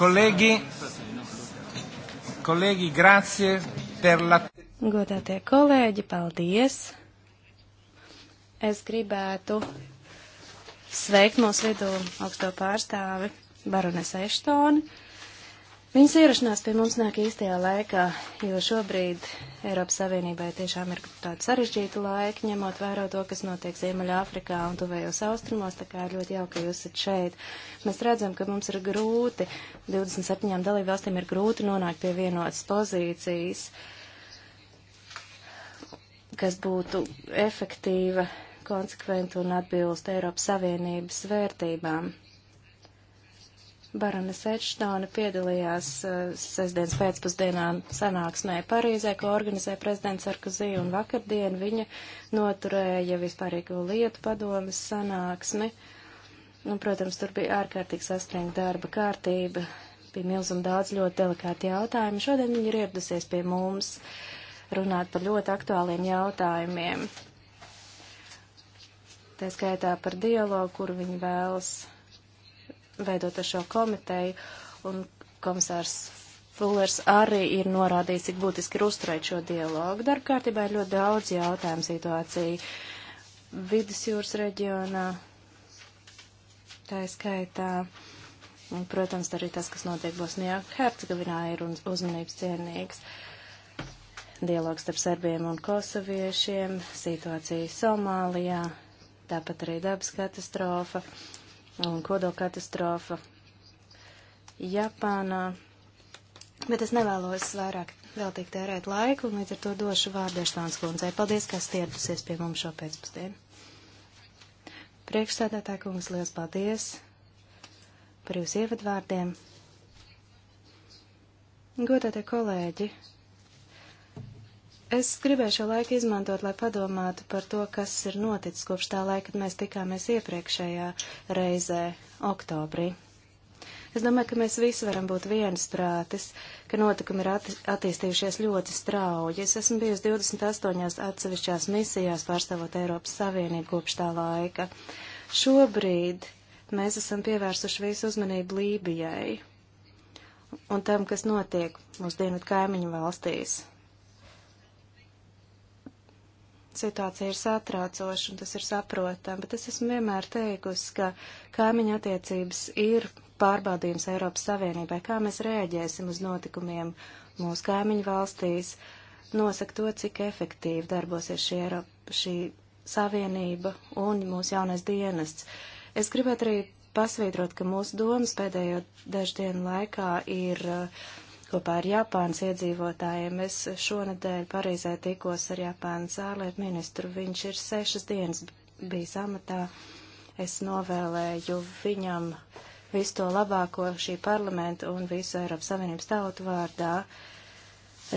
Kolēģi, kolēģi, grazie per la. Godātie kolēģi, paldies. Es gribētu sveikt mūsu vidū augsto pārstāvi Barones Eštoni. Viņas ierašanās pie mums nāk īstajā laikā, jo šobrīd Eiropas Savienībai tiešām ir tāda sarežģīta laika, ņemot vērā to, kas notiek Ziemeļāfrikā un tuvējos austrumos, tā kā ir ļoti jauki, ka jūs esat šeit. Mēs redzam, ka mums ir grūti, 27 dalībvalstīm ir grūti nonākt pie vienotas pozīcijas, kas būtu efektīva, konsekventa un atbilst Eiropas Savienības vērtībām. Baranes Ečtāne piedalījās uh, sestdienas pēcpusdienā sanāksmē Parīzē, ko organizē prezidents Sarkozī, un vakardien viņa noturēja vispārīgo lietu padomas sanāksmi. Un, protams, tur bija ārkārtīgi saspringta darba kārtība, bija milzuma daudz ļoti delikāti jautājumi. Šodien viņa ir ieradusies pie mums runāt par ļoti aktuāliem jautājumiem. Tā skaitā par dialogu, kuru viņa vēlas veidot ar šo komiteju, un komisārs Fullers arī ir norādījis, cik būtiski ir uzturēt šo dialogu. Darbkārtībā ir ļoti daudz jautājumu situācija vidusjūras reģionā, tā ir skaitā. Un, protams, arī tas, kas notiek Bosnijā, Hercegovinā, ir uzmanības cienīgs. Dialogs starp serbiem un kosoviešiem, situācija Somālijā, tāpat arī dabas katastrofa. Uh, un kodokatastrofa Japānā. Bet es nevēlos vairāk veltīt tērēt laiku, un līdz ar to došu vārdu Eštāns kundzei. Paldies, ka stieptusies pie mums šo pēcpusdienu. Priekšsēdētā kungs, liels paldies par jūsu ievadvārdiem. Godātie kolēģi, Es gribēju šo laiku izmantot, lai padomātu par to, kas ir noticis kopš tā laika, kad mēs tikāmies iepriekšējā reizē, oktobrī. Es domāju, ka mēs visi varam būt viensprātis, ka notikumi ir atti attīstījušies ļoti strauji. Es esmu bijusi 28 atsevišķās misijās pārstāvot Eiropas Savienību kopš tā laika. Šobrīd mēs esam pievērsuši visu uzmanību Lībijai un tam, kas notiek mūsu dienvidu kaimiņu valstīs situācija ir satraucoša, un tas ir saprotami, bet es esmu vienmēr teikusi, ka kaimiņa attiecības ir pārbaudījums Eiropas Savienībai, kā mēs rēģēsim uz notikumiem mūsu kaimiņu valstīs, nosaka to, cik efektīvi darbosies šī, Eiropa, šī Savienība un mūsu jaunais dienests. Es gribētu arī pasvītrot, ka mūsu domas pēdējo dažu dienu laikā ir uh, kopā ar Japānas iedzīvotājiem. Es šonadēļ Parīzē tikos ar Japānas ārlietu ministru. Viņš ir sešas dienas bijis amatā. Es novēlēju viņam visu to labāko šī parlamenta un visu Eiropas Savienības tautu vārdā,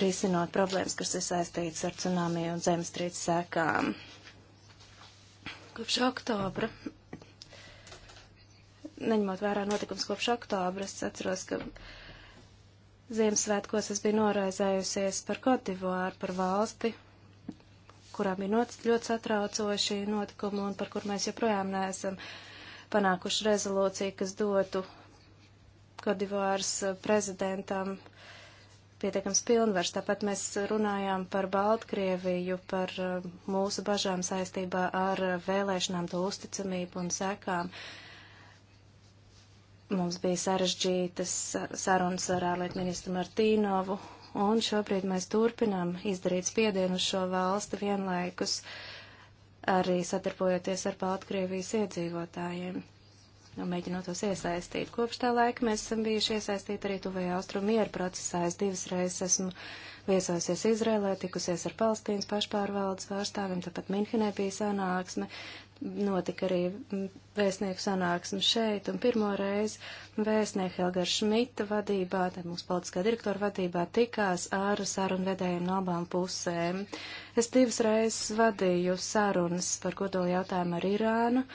risinot problēmas, kas ir saistītas ar tsunami un zemestrīces sekām. Kopš oktobra neņemot vērā notikums kopš oktobra, es atceros, ka Ziemassvētkos es biju noraizējusies par Kotivāru, par valsti, kurām bija notic, ļoti satraucoši notikumi un par kur mēs joprojām neesam panākuši rezolūciju, kas dotu Kotivāras eh, prezidentam pietiekams pilnvars. Tāpat mēs runājām par Baltkrieviju, par eh, mūsu bažām saistībā ar eh, vēlēšanām, to uzticamību un sekām. Uh, Mums bija sarežģītas sarunas ar ārlietu ministru Martīnovu, un šobrīd mēs turpinām izdarīt spiedienu uz šo valsti vienlaikus, arī sadarbojoties ar Baltkrievijas iedzīvotājiem un mēģinot tos iesaistīt. Kopš tā laika mēs esam bijuši iesaistīti arī tuvajā austrumu mieru procesā. Es divas reizes esmu viesosies Izrēlē, tikusies ar Palestīnas pašpārvaldes pārstāvim, tāpat Minhenē bija sanāksme notika arī mm, vēstnieku sanāksme šeit, un pirmo reizi vēstnieku Helga Šmita vadībā, tad mūsu politiskā direktora vadībā, tikās ar sarunvedējiem no abām pusēm. Es divas reizes vadīju sarunas par kodoli jautājumu ar Irānu.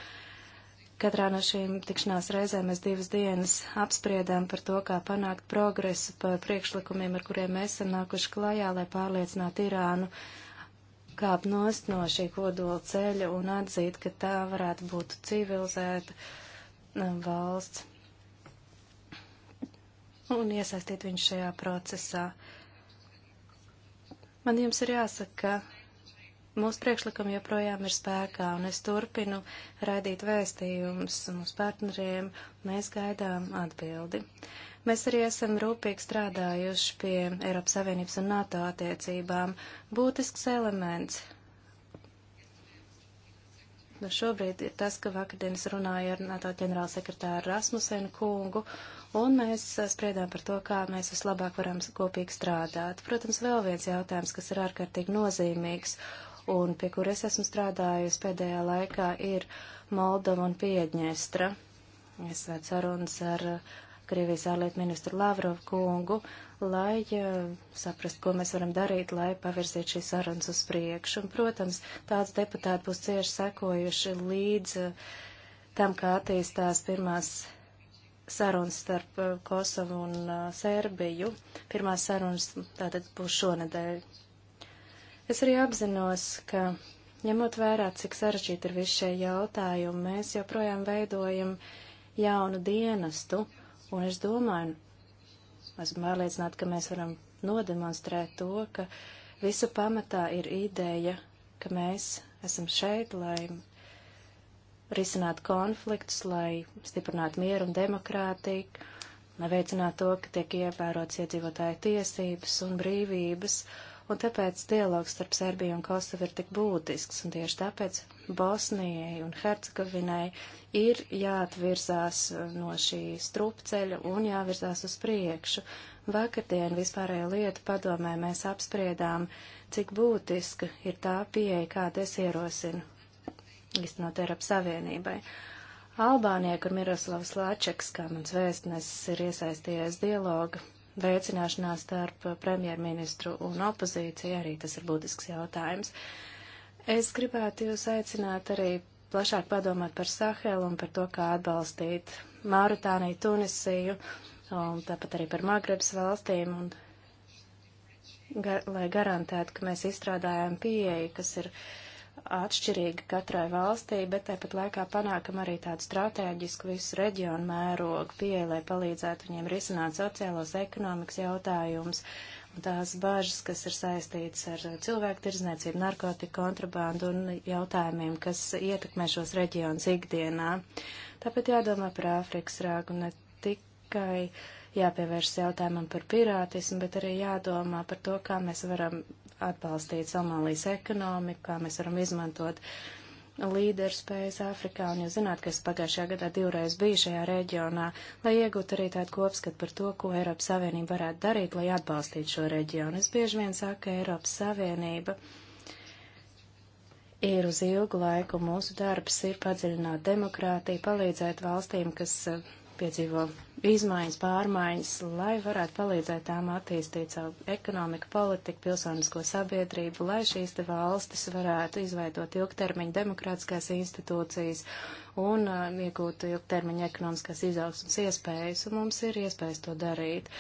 Katrā no šīm tikšanās reizēm mēs divas dienas apspriedām par to, kā panākt progresu par priekšlikumiem, ar kuriem mēs esam nākuši klajā, lai pārliecinātu Irānu kāp nost no šī kodola ceļa un atzīt, ka tā varētu būt civilizēta e, valsts un iesaistīt viņu šajā procesā. Man jums ir jāsaka, ka mūsu priekšlikumi joprojām ir spēkā, un es turpinu raidīt vēstījumus mūsu partneriem, mēs gaidām atbildi. Uh, Mēs arī esam rūpīgi strādājuši pie Eiropas Savienības un NATO attiecībām. Būtisks elements. Nu, šobrīd ir tas, ka vakardienas runāja ar NATO ģenerālsekretāru Rasmusenu kungu, un mēs spriedām par to, kā mēs vislabāk varam kopīgi strādāt. Protams, vēl viens jautājums, kas ir ārkārtīgi nozīmīgs, un pie kur es esmu strādājusi pēdējā laikā, ir Moldova un Piedņestra. Es vedu sarunas ar Krievijas ārlietu ministru Lavrovu kungu, lai saprastu, ko mēs varam darīt, lai pavirzītu šīs sarunas uz priekšu. Un, protams, tāds deputāti būs cieši sekojuši līdz eh, tam, kā attīstās pirmās sarunas starp eh, Kosovu un eh, Sērbiju. Pirmās sarunas tātad būs šonadēļ. Es arī apzinos, ka ņemot vērā, cik sarežģīti ir visi šie jautājumi, mēs joprojām veidojam jaunu dienestu, Un es domāju, esmu pārliecināta, ka mēs varam nodemonstrēt to, ka visa pamatā ir ideja, ka mēs esam šeit, lai risinātu konfliktus, lai stiprinātu mieru un demokrātiju, lai veicinātu to, ka tiek ievērots iedzīvotāju tiesības un brīvības, un tāpēc dialogs starp Serbiju un Kosovu ir tik būtisks, un tieši tāpēc Bosnijai un Hercegovinai ir jāatvirzās uh, no šī strupceļa un jāvirzās uz priekšu. Vakardien vispārējo lietu padomē mēs apspriedām, cik būtiska ir tā pieeja, kāda es ierosinu īstenot Eiropas Savienībai. Albānija, kur Miroslavs Lāčeks, kā mans vēstnesis, ir iesaistījies dialogu veicināšanās starp premjerministru un opozīciju, arī tas ir būtisks jautājums. Es gribētu jūs aicināt arī plašāk padomāt par Sahelu un par to, kā atbalstīt Mauritāniju, Tunisiju, un tāpat arī par Magrebas valstīm, un gar, lai garantētu, ka mēs izstrādājam pieeju, kas ir uh, atšķirīga katrai valstī, bet tāpat laikā panākam arī tādu strateģisku visu reģionu mērogu pieeja, lai palīdzētu viņiem risināt sociālos ekonomikas jautājumus un tās bažas, kas ir saistītas ar cilvēku tirzniecību, narkotiku kontrabandu un jautājumiem, kas ietekmē šos reģionus ikdienā. Tāpat jādomā par Āfrikas rāgu ne tikai jāpievērš jautājumam par pirātismu, bet arī jādomā par to, kā mēs varam atbalstīt Somālijas ekonomiku, kā mēs varam izmantot līderspējas Āfrikā. Un jūs zināt, ka es pagājušajā gadā divreiz biju šajā reģionā, lai iegūtu arī tādu kopskatu par to, ko Eiropas Savienība varētu darīt, lai atbalstītu šo reģionu. Es bieži vien saku, ka Eiropas Savienība ir uz ilgu laiku. Mūsu darbs ir padziļināt demokrātiju, palīdzēt valstīm, kas piedzīvo izmaiņas, pārmaiņas, lai varētu palīdzēt tām attīstīt savu ekonomiku, politiku, pilsonisko sabiedrību, lai šīs te valstis varētu izveidot ilgtermiņa demokrātiskās institūcijas un uh, iegūt ilgtermiņa ekonomiskās izaugsmas iespējas, un mums ir iespējas to darīt.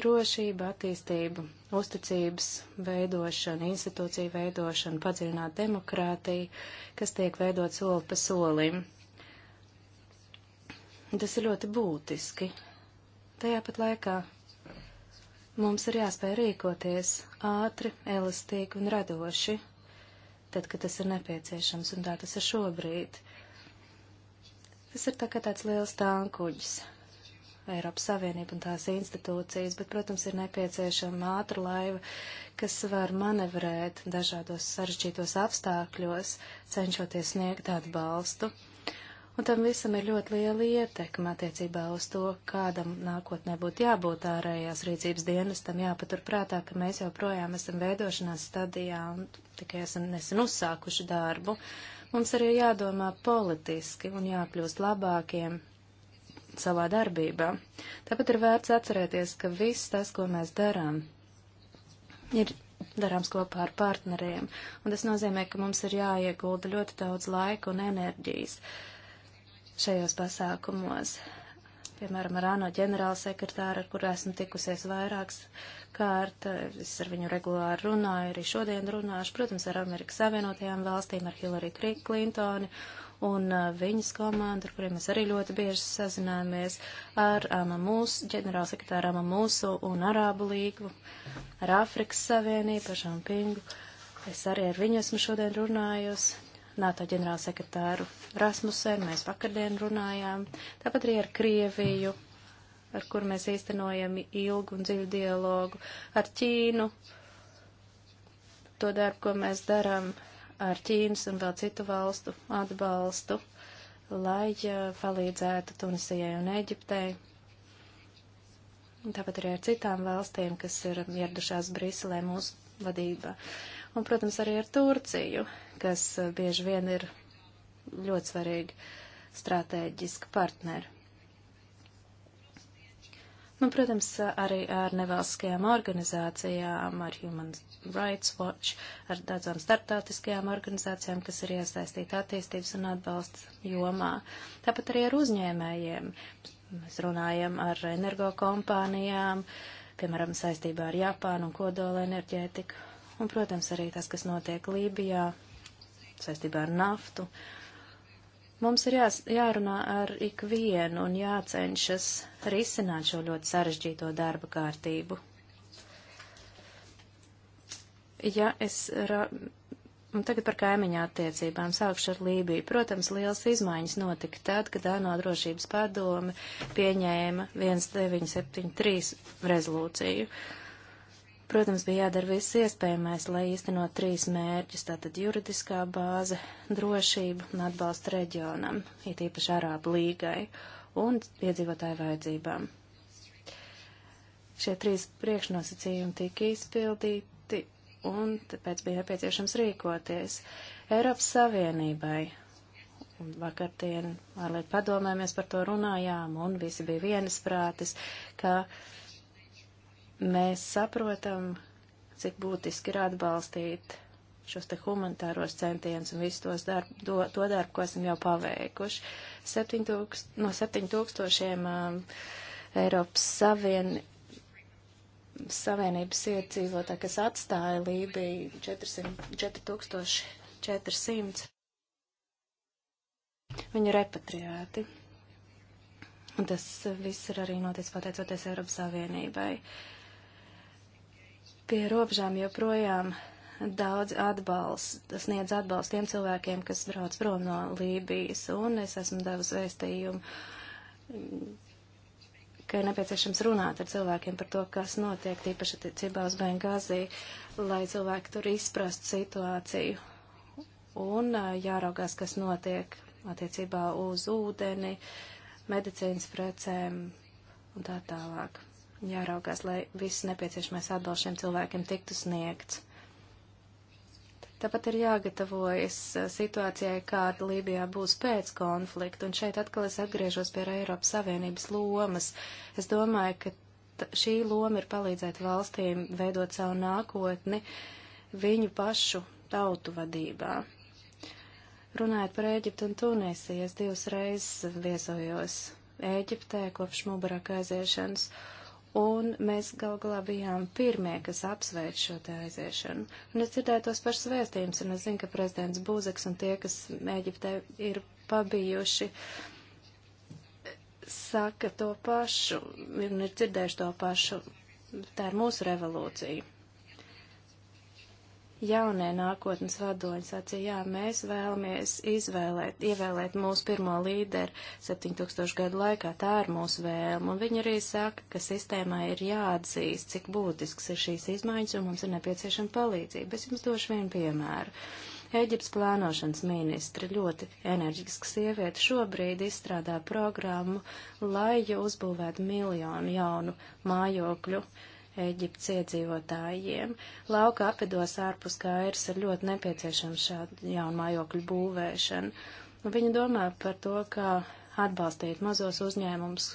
Drošība, attīstība, uzticības veidošana, institūcija veidošana, padziļināt demokrātiju, kas tiek veidot soli pa solim. Tas ir ļoti būtiski. Tajā pat laikā mums ir jāspēj rīkoties ātri, elastīgi un radoši, tad, kad tas ir nepieciešams, un tā tas ir šobrīd. Tas ir tā kā tāds liels tankuģis. Eiropas Savienība un tās institūcijas, bet, protams, ir nepieciešama ātra laiva, kas var manevrēt dažādos sarežģītos apstākļos, cenšoties sniegt atbalstu un tam visam ir ļoti liela ietekme attiecībā uz to, kādam nākotnē būtu jābūt ārējās rīcības dienestam, jāpaturprātā, ka mēs joprojām esam veidošanās stadijā un tikai esam nesen uzsākuši darbu. Mums arī jādomā politiski un jākļūst labākiem savā darbībā. Tāpat ir vērts atcerēties, ka viss tas, ko mēs darām, ir darāms kopā ar partneriem, un tas nozīmē, ka mums ir jāiegulda ļoti daudz laika un enerģijas. Uh, šajos pasākumos. Piemēram, ar ANO ģenerālsekretāru, ar kuru esmu tikusies vairākas kārt, es ar viņu regulāri runāju, arī šodien runāšu, protams, ar Amerikas Savienotajām valstīm, ar Hillary Clintoni un uh, viņas komandu, ar kuriem mēs arī ļoti bieži sazinājāmies, ar mūsu ģenerālsekretāru Amamusu un Arābu līgu, ar Āfrikas Savienību, ar Žanpingu. Es arī ar viņu esmu šodien runājusi. NATO ģenerālsekretāru Rasmusen, mēs vakardien runājām, tāpat arī ar Krieviju, ar kur mēs īstenojam ilgu un dziļu dialogu, ar Ķīnu, to darbu, ko mēs darām ar Ķīnas un vēl citu valstu atbalstu, lai palīdzētu Tunisijai un Eģiptei. Tāpat arī ar citām valstīm, kas ir ieradušās Briselē mūsu vadībā. Uh, un, protams, arī ar Turciju, kas eh, bieži vien ir ļoti svarīgi stratēģiski partneri. Nu, protams, arī ar nevalstiskajām organizācijām, ar Human Rights Watch, ar daudzām starptautiskajām organizācijām, kas ir iesaistīta attīstības un atbalsta jomā. Tāpat arī ar uzņēmējiem. Mēs runājam ar energokompānijām, piemēram, saistībā ar Japānu un kodola enerģētiku Un, protams, arī tas, kas notiek Lībijā saistībā ar naftu. Mums ir jā, jārunā ar ikvienu un jācenšas risināt šo ļoti sarežģīto darba kārtību. Ja es ra... Un tagad par kaimiņu attiecībām sākšu ar Lībiju. Protams, liels izmaiņas notika tad, kad ANO drošības padome pieņēma 1973 rezolūciju. Uh, Protams, bija jādara viss iespējamais, lai īstenot trīs mērķus - tātad juridiskā bāze, drošība un atbalsta reģionam, it īpaši Arābu līgai un iedzīvotāju vajadzībām. Šie trīs priekšnosacījumi tika izpildīti un tāpēc bija nepieciešams rīkoties. Eiropas Savienībai un vakardien ārlietu padomē mēs par to runājām un visi bija vienas prātes, ka mēs saprotam, cik būtiski ir atbalstīt šos te humanitāros centienus un visu tos darbu, do, to darbu, ko esam jau paveikuši. 7000, no 7000 um, Eiropas Savien, Savienības iedzīvotāji, kas atstāja Lībiju 4400, viņi ir repatriēti. Un tas viss ir arī noticis pateicoties Eiropas Savienībai. Uh, pie robežām joprojām daudz atbalsta, sniedz atbalstu tiem cilvēkiem, kas brauc prom no Lībijas, un es esmu devusi vēstījumu, ka ir nepieciešams runāt ar cilvēkiem par to, kas notiek, tīpaši attiecībā uz Bengāzī, lai cilvēki tur izprastu situāciju, un jāraugās, kas notiek attiecībā uz ūdeni, medicīnas precēm un tā tālāk jāraugās, lai viss nepieciešamais atbalsts šiem cilvēkiem tiktu sniegts. Tāpat ir jāgatavojas situācijai, kāda Lībijā būs pēc konflikta, un šeit atkal es atgriežos pie Eiropas Savienības lomas. Es domāju, ka šī loma ir palīdzēt valstīm veidot savu nākotni viņu pašu tautu vadībā. Runājot par Ēģiptu un Tunisiju, es divas reizes viesojos Ēģiptē kopš Mubaraka aiziešanas. Uh, Un mēs gal galā bijām pirmie, kas apsveic šo te aiziešanu. Un es dzirdēju tos pašus vēstījumus, un es zinu, ka prezidents Būzeks un tie, kas Ēģiptē ir pabijuši, saka to pašu, un ir dzirdējuši to pašu. Tā ir mūsu revolūcija jaunie nākotnes vadoņi sacīja, jā, mēs vēlamies izvēlēt, ievēlēt mūsu pirmo līderu 7000 gadu laikā, tā ir mūsu vēlme, un viņi arī saka, ka sistēmai ir jāatzīst, cik būtisks ir šīs izmaiņas, un mums ir nepieciešama palīdzība. Es jums došu vienu piemēru. Eģiptes plānošanas ministra ļoti enerģiska sieviete šobrīd izstrādā programmu, lai uzbūvētu miljonu jaunu mājokļu uh, Eģiptes iedzīvotājiem. Lauka apedos ārpus Kairas ir ļoti nepieciešama šāda jauna mājokļu būvēšana. Un viņi domā par to, kā atbalstīt mazos uzņēmumus,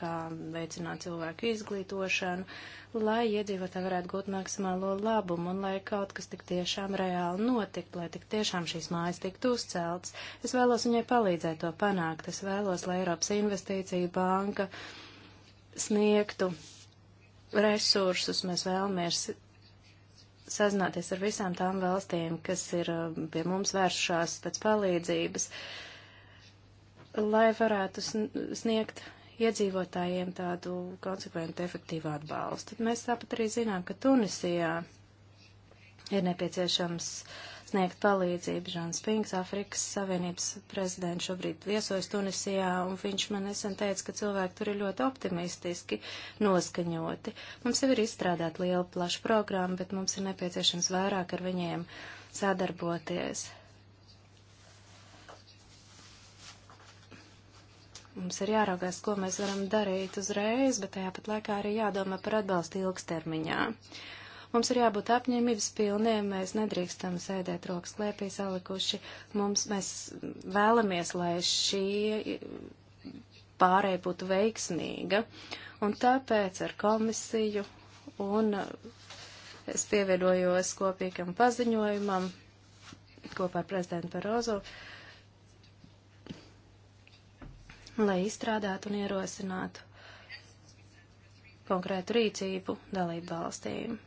kā veicināt cilvēku izglītošanu, lai iedzīvotāji varētu gūt maksimālo labumu un lai kaut kas tik tiešām reāli notikt, lai tik tiešām šīs mājas tiktu uzcelts. Es vēlos viņai palīdzēt to panākt. Es vēlos, lai Eiropas investīcija banka sniegtu resursus, mēs vēlamies sazināties ar visām tām valstīm, kas ir um, pie mums vēršās pēc palīdzības, lai varētu sniegt iedzīvotājiem tādu konsekventu efektīvu atbalstu. Tad mēs tāpat arī zinām, ka Tunisijā ir nepieciešams uh, sniegt palīdzību. Žans Pings, Afrikas Savienības prezidents, šobrīd viesojas Tunisijā, un viņš man nesen teica, ka cilvēki tur ir ļoti optimistiski noskaņoti. Mums jau ir izstrādāta liela plaša programma, bet mums ir nepieciešams vairāk ar viņiem sadarboties. Mums ir jāraugās, ko mēs varam darīt uzreiz, bet tajā pat laikā arī jādomā par atbalstu ilgstermiņā. Uh, Mums ir jābūt apņēmības pilniem, mēs nedrīkstam sēdēt rokas klēpī salikuši. Mums mēs vēlamies, lai šī pārēja būtu veiksmīga. Un tāpēc ar komisiju un es pievienojos kopīgam paziņojumam kopā ar prezidentu Barozu, lai izstrādātu un ierosinātu konkrētu rīcību dalību valstīm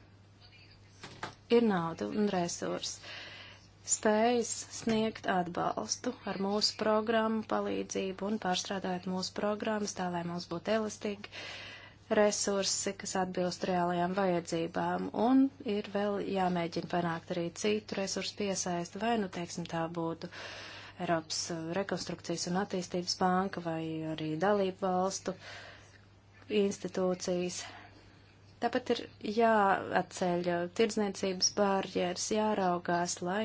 ir nauda un resursi. Spējas sniegt atbalstu ar mūsu programmu palīdzību un pārstrādājot mūsu programmas tā, lai mums būtu elastīgi resursi, kas atbilst reālajām vajadzībām. Un ir vēl jāmēģina panākt arī citu resursu piesaisti, vai nu, teiksim, tā būtu Eiropas rekonstrukcijas un attīstības banka vai arī dalību valstu institūcijas, Tāpat ir jāatceļ tirdzniecības barjeras, jāraugās, lai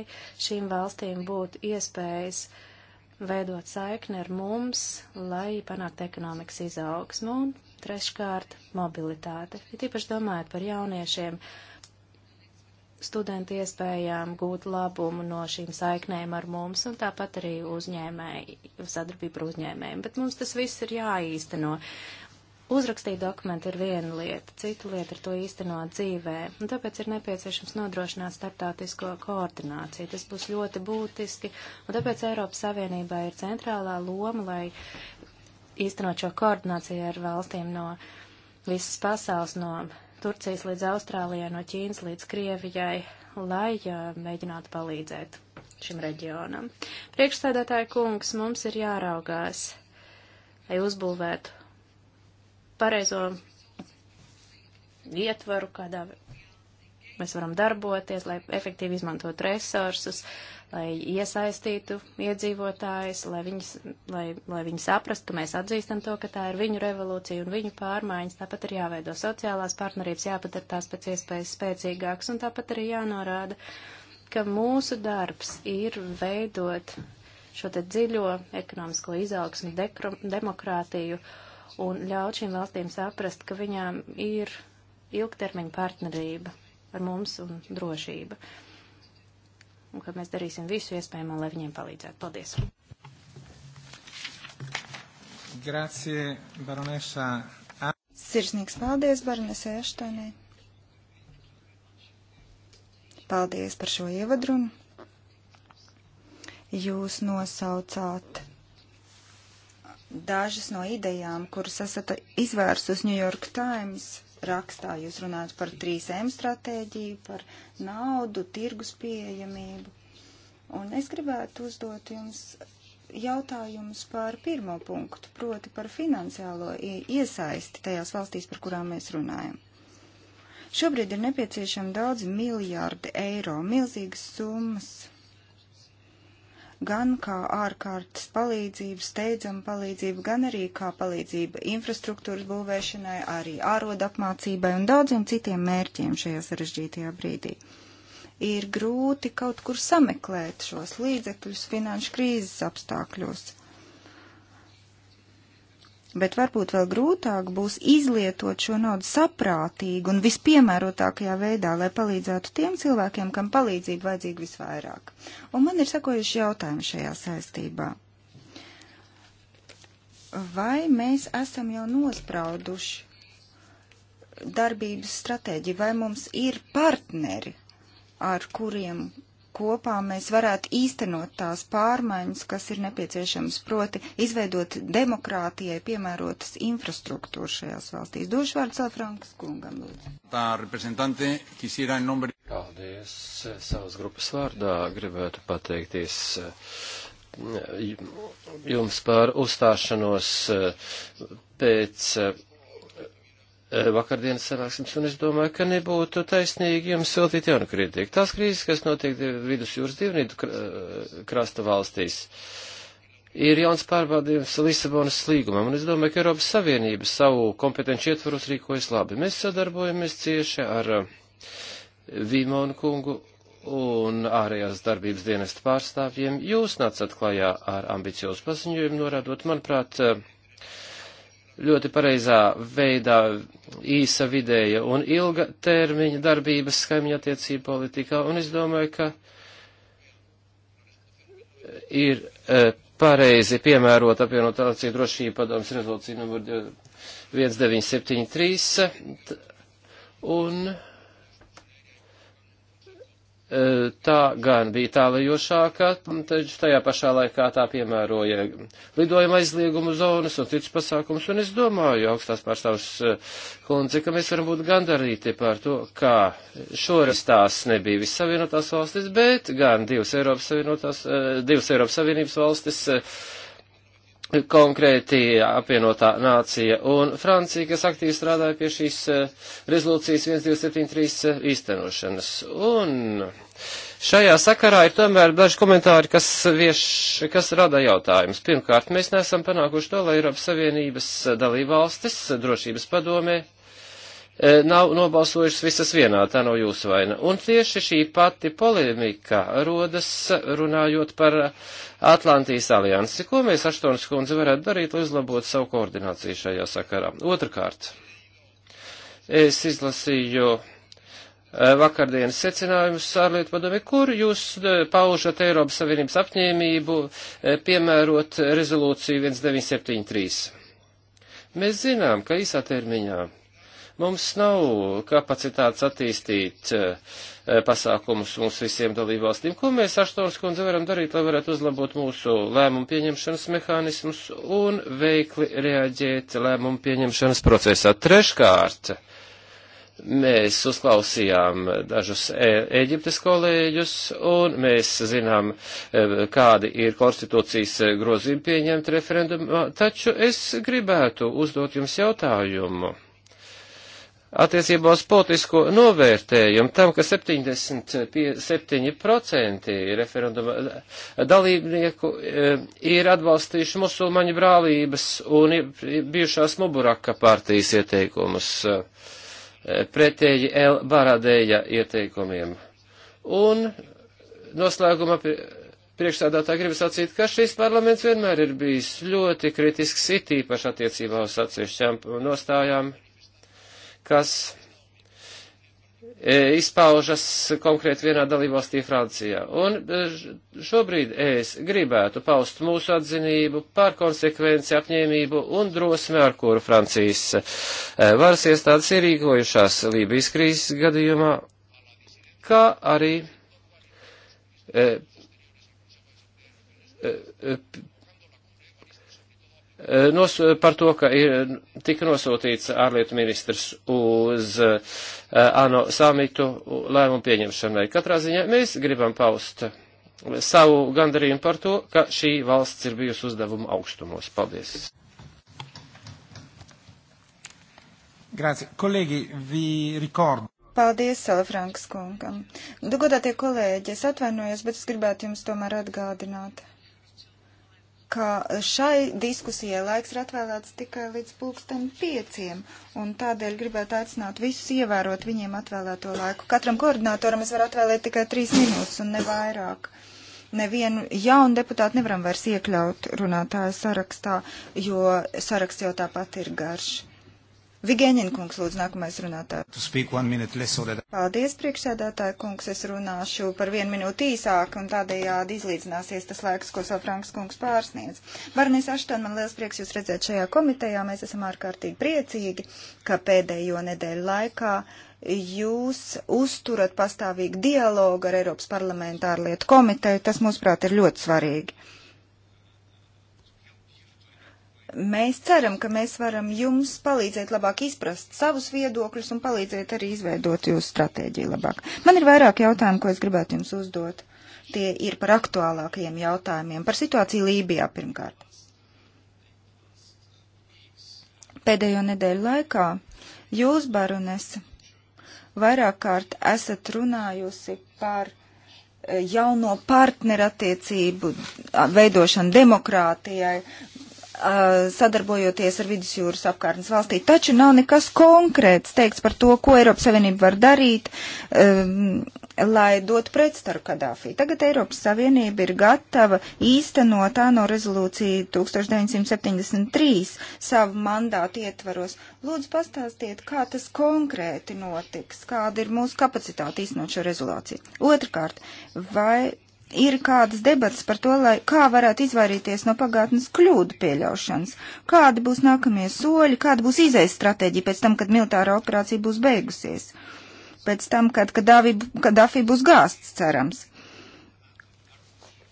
šīm valstīm būtu iespējas veidot saikni ar mums, lai panāktu ekonomikas izaugsmu un treškārt mobilitāte. Ja tīpaši domājot par jauniešiem, studenti iespējām gūt labumu no šīm saiknēm ar mums un tāpat arī uzņēmēji, sadarbību ar uzņēmējiem. Bet mums tas viss ir jāīsteno. No Uzrakstīt dokumentu ir viena lieta, cita lieta ir to īstenot dzīvē, un tāpēc ir nepieciešams nodrošināt starptautisko koordināciju. Tas būs ļoti būtiski, un tāpēc Eiropas Savienībā ir centrālā loma, lai īstenot šo koordināciju ar valstīm no visas pasaules, no Turcijas līdz Austrālijai, no Ķīnas līdz Krievijai, lai uh, mēģinātu palīdzēt šim reģionam. Priekšstādātāja kungs, mums ir jāraugās, lai uzbūvētu pareizo ietvaru, kādā mēs varam darboties, lai efektīvi izmantot resursus, lai iesaistītu iedzīvotājus, lai, viņas, lai, lai viņi saprastu, ka mēs atzīstam to, ka tā ir viņu revolūcija un viņu pārmaiņas. Tāpat ir jāveido sociālās partnerības, jāpadara tās pēc iespējas spēcīgākas, un tāpat arī jānorāda, ka mūsu darbs ir veidot šo te dziļo ekonomisko izaugsmu, demokrātiju un ļaut šīm valstīm saprast, ka viņām ir ilgtermiņa partnerība ar mums un drošība. Un ka mēs darīsim visu iespējamo, lai viņiem palīdzētu. Paldies! Grazie, baronesa. Sirsnīgs paldies, baronesa Eštonē. Paldies par šo ievadrunu. Jūs nosaucāt dažas no idejām, kuras esat izvērsus New York Times rakstā. Jūs runājat par 3M stratēģiju, par naudu, tirgus pieejamību. Un es gribētu uzdot jums jautājumus par pirmo punktu, proti par finansiālo iesaisti tajās valstīs, par kurām mēs runājam. Šobrīd ir nepieciešami daudz miljārdi eiro, milzīgas summas gan kā ārkārtas palīdzību, steidzama palīdzību, gan arī kā palīdzība infrastruktūras būvēšanai, arī ārodu apmācībai un daudziem citiem mērķiem šajā sarežģītajā brīdī. Ir grūti kaut kur sameklēt šos līdzekļus finanšu krīzes apstākļos bet varbūt vēl grūtāk būs izlietot šo naudu saprātīgi un vispiemērotākajā veidā, lai palīdzētu tiem cilvēkiem, kam palīdzība vajadzīga visvairāk. Un man ir sakojuši jautājumi šajā saistībā. Vai mēs esam jau nosprauduši darbības stratēģiju, vai mums ir partneri, ar kuriem kopā mēs varētu īstenot tās pārmaiņas, kas ir nepieciešams, proti izveidot demokrātijai piemērotas infrastruktūras šajās valstīs. Došu vārdu Salfrankas kungam, lūdzu. Tā reprezentante, kisīrā nombri. Paldies. Savas grupas vārdā gribētu pateikties eh, jums par uzstāšanos eh, pēc eh, Eh, vakardienas sanāksmes, un es domāju, ka nebūtu taisnīgi jums veltīt jaunu kritiku. Tās krīzes, kas notiek vidusjūras divnīdu eh, krasta valstīs, ir jauns pārbaudījums Lisabonas līgumam, un es domāju, ka Eiropas Savienība savu kompetenci ietvarus rīkojas labi. Mēs sadarbojamies cieši ar eh, Vīmonu kungu un ārējās darbības dienesta pārstāvjiem. Jūs nācat klajā ar ambiciozu paziņojumu, norādot, manuprāt, ļoti pareizā veidā īsa vidēja un ilga termiņa darbības skaimiņa attiecību politikā, un es domāju, ka ir e, pareizi piemērot apvienotā nācija drošība padomas rezolūcija numur 1973, e, un E, tā gan bija tālajošāka, taču tajā pašā laikā tā piemēroja lidojuma aizliegumu zonas un citus pasākumus, un es domāju, augstās pārstāvs e, kundze, ka mēs varam būt gandarīti par to, ka šoreiz tās nebija visas Savienotās valstis, bet gan divas Eiropas, e, divas Eiropas Savienības valstis konkrēti apvienotā nācija un Francija, kas aktīvi strādāja pie šīs eh, rezolūcijas 1273 eh, īstenošanas. Un šajā sakarā ir tomēr daži komentāri, kas, vieš, kas rada jautājumus. Pirmkārt, mēs neesam panākuši to, lai Eiropas Savienības dalībvalstis drošības padomē E, nav nobalsojušas visas vienā, tā nav jūsu vaina. Un tieši šī pati polemika rodas runājot par Atlantijas aliansi. Ko mēs, Aštonas kundze, varētu darīt, lai uzlabotu savu koordināciju šajā sakarā? Otrakārt, es izlasīju e, vakardienas secinājumus ārlietu padomi, kur jūs e, paužat Eiropas Savienības apņēmību piemērot rezolūciju 1973. Mēs zinām, ka īsā termiņā Mums nav kapacitātes attīstīt eh, eh, pasākumus mums visiem dalībvalstīm. Ko mēs, Aštons kundze, varam darīt, lai varētu uzlabot mūsu lēmumu pieņemšanas mehānismus un veikli reaģēt lēmumu pieņemšanas procesā? Treškārt mēs uzklausījām dažus Ēģiptes kolēģus, un mēs zinām, eh, kādi ir konstitūcijas grozījumi pieņemt referendumā, taču es gribētu uzdot jums jautājumu attiecībā uz politisko novērtējumu tam, ka 77% referenduma dalībnieku e, ir atbalstījuši musulmaņu brālības un bijušās Muburaka partijas ieteikumus e, pretēji El Baradēja ieteikumiem. Un noslēguma priekšstādātā gribas sacīt, ka šis parlaments vienmēr ir bijis ļoti kritisks, it īpaši attiecībā uz atsevišķām nostājām kas e, izpaužas konkrēti vienā dalībvalstī Francijā. Un e, šobrīd es gribētu paust mūsu atzinību par konsekvenci, apņēmību un drosmi, ar kuru Francijas e, varas iestādes ir rīkojušās Lībijas krīzes gadījumā, kā arī Eh, nos, eh, par to, ka ir, tika nosūtīts ārlietu ministrs uz uh, ANO samitu lēmumu pieņemšanai. Katrā ziņā mēs gribam paust savu gandarījumu par to, ka šī valsts ir bijusi uzdevuma augstumos. Paldies! Grazie. Kolēģi, vi ricordo. Paldies, Salafrankas kungam. Dugodātie kolēģi, es atvainojos, bet es gribētu jums tomēr atgādināt ka šai diskusijai laiks ir atvēlēts tikai līdz pulksten pieciem, un tādēļ gribētu aicināt visus ievērot viņiem atvēlēto laiku. Katram koordinatoram es varu atvēlēt tikai trīs minūtes un ne vairāk. Nevienu jaunu deputātu nevaram vairs iekļaut runātāju sarakstā, jo saraksts jau tāpat ir garš. Vigēņina kungs, lūdzu, nākamais runātājs. Paldies, priekšsēdētāja kungs, es runāšu par vienu minūti īsāk un tādējādi izlīdzināsies tas laiks, ko savu Franks kungs pārsniedz. Barnīs Ašton, man liels prieks jūs redzēt šajā komitejā, mēs esam ārkārtīgi priecīgi, ka pēdējo nedēļu laikā jūs uzturat pastāvīgu dialogu ar Eiropas parlamentāru lietu komiteju, tas, mūsuprāt, ir ļoti svarīgi Mēs ceram, ka mēs varam jums palīdzēt labāk izprast savus viedokļus un palīdzēt arī izveidot jūsu stratēģiju labāk. Man ir vairāk jautājumu, ko es gribētu jums uzdot. Tie ir par aktuālākajiem jautājumiem, par situāciju Lībijā pirmkārt. Pēdējo nedēļu laikā jūs, baronese, vairāk kārt esat runājusi par eh, jauno partnerattiecību veidošanu demokrātijai Uh, sadarbojoties ar vidusjūras apkārtnes valstī. Taču nav nekas konkrēts teikts par to, ko Eiropas Savienība var darīt, um, lai dotu pretstaru Kadāfī. Tagad Eiropas Savienība ir gatava īstenot ANO rezolūciju 1973 savu mandātu ietvaros. Lūdzu, pastāstiet, kā tas konkrēti notiks, kāda ir mūsu kapacitāte īstenot šo rezolūciju. Otrakārt, vai ir kādas debatas par to, lai kā varētu izvairīties no pagātnes kļūdu pieļaušanas, kādi būs nākamie soļi, kāda būs izējas stratēģija pēc tam, kad militārā operācija būs beigusies, pēc tam, kad Kadāfi būs gāsts, cerams.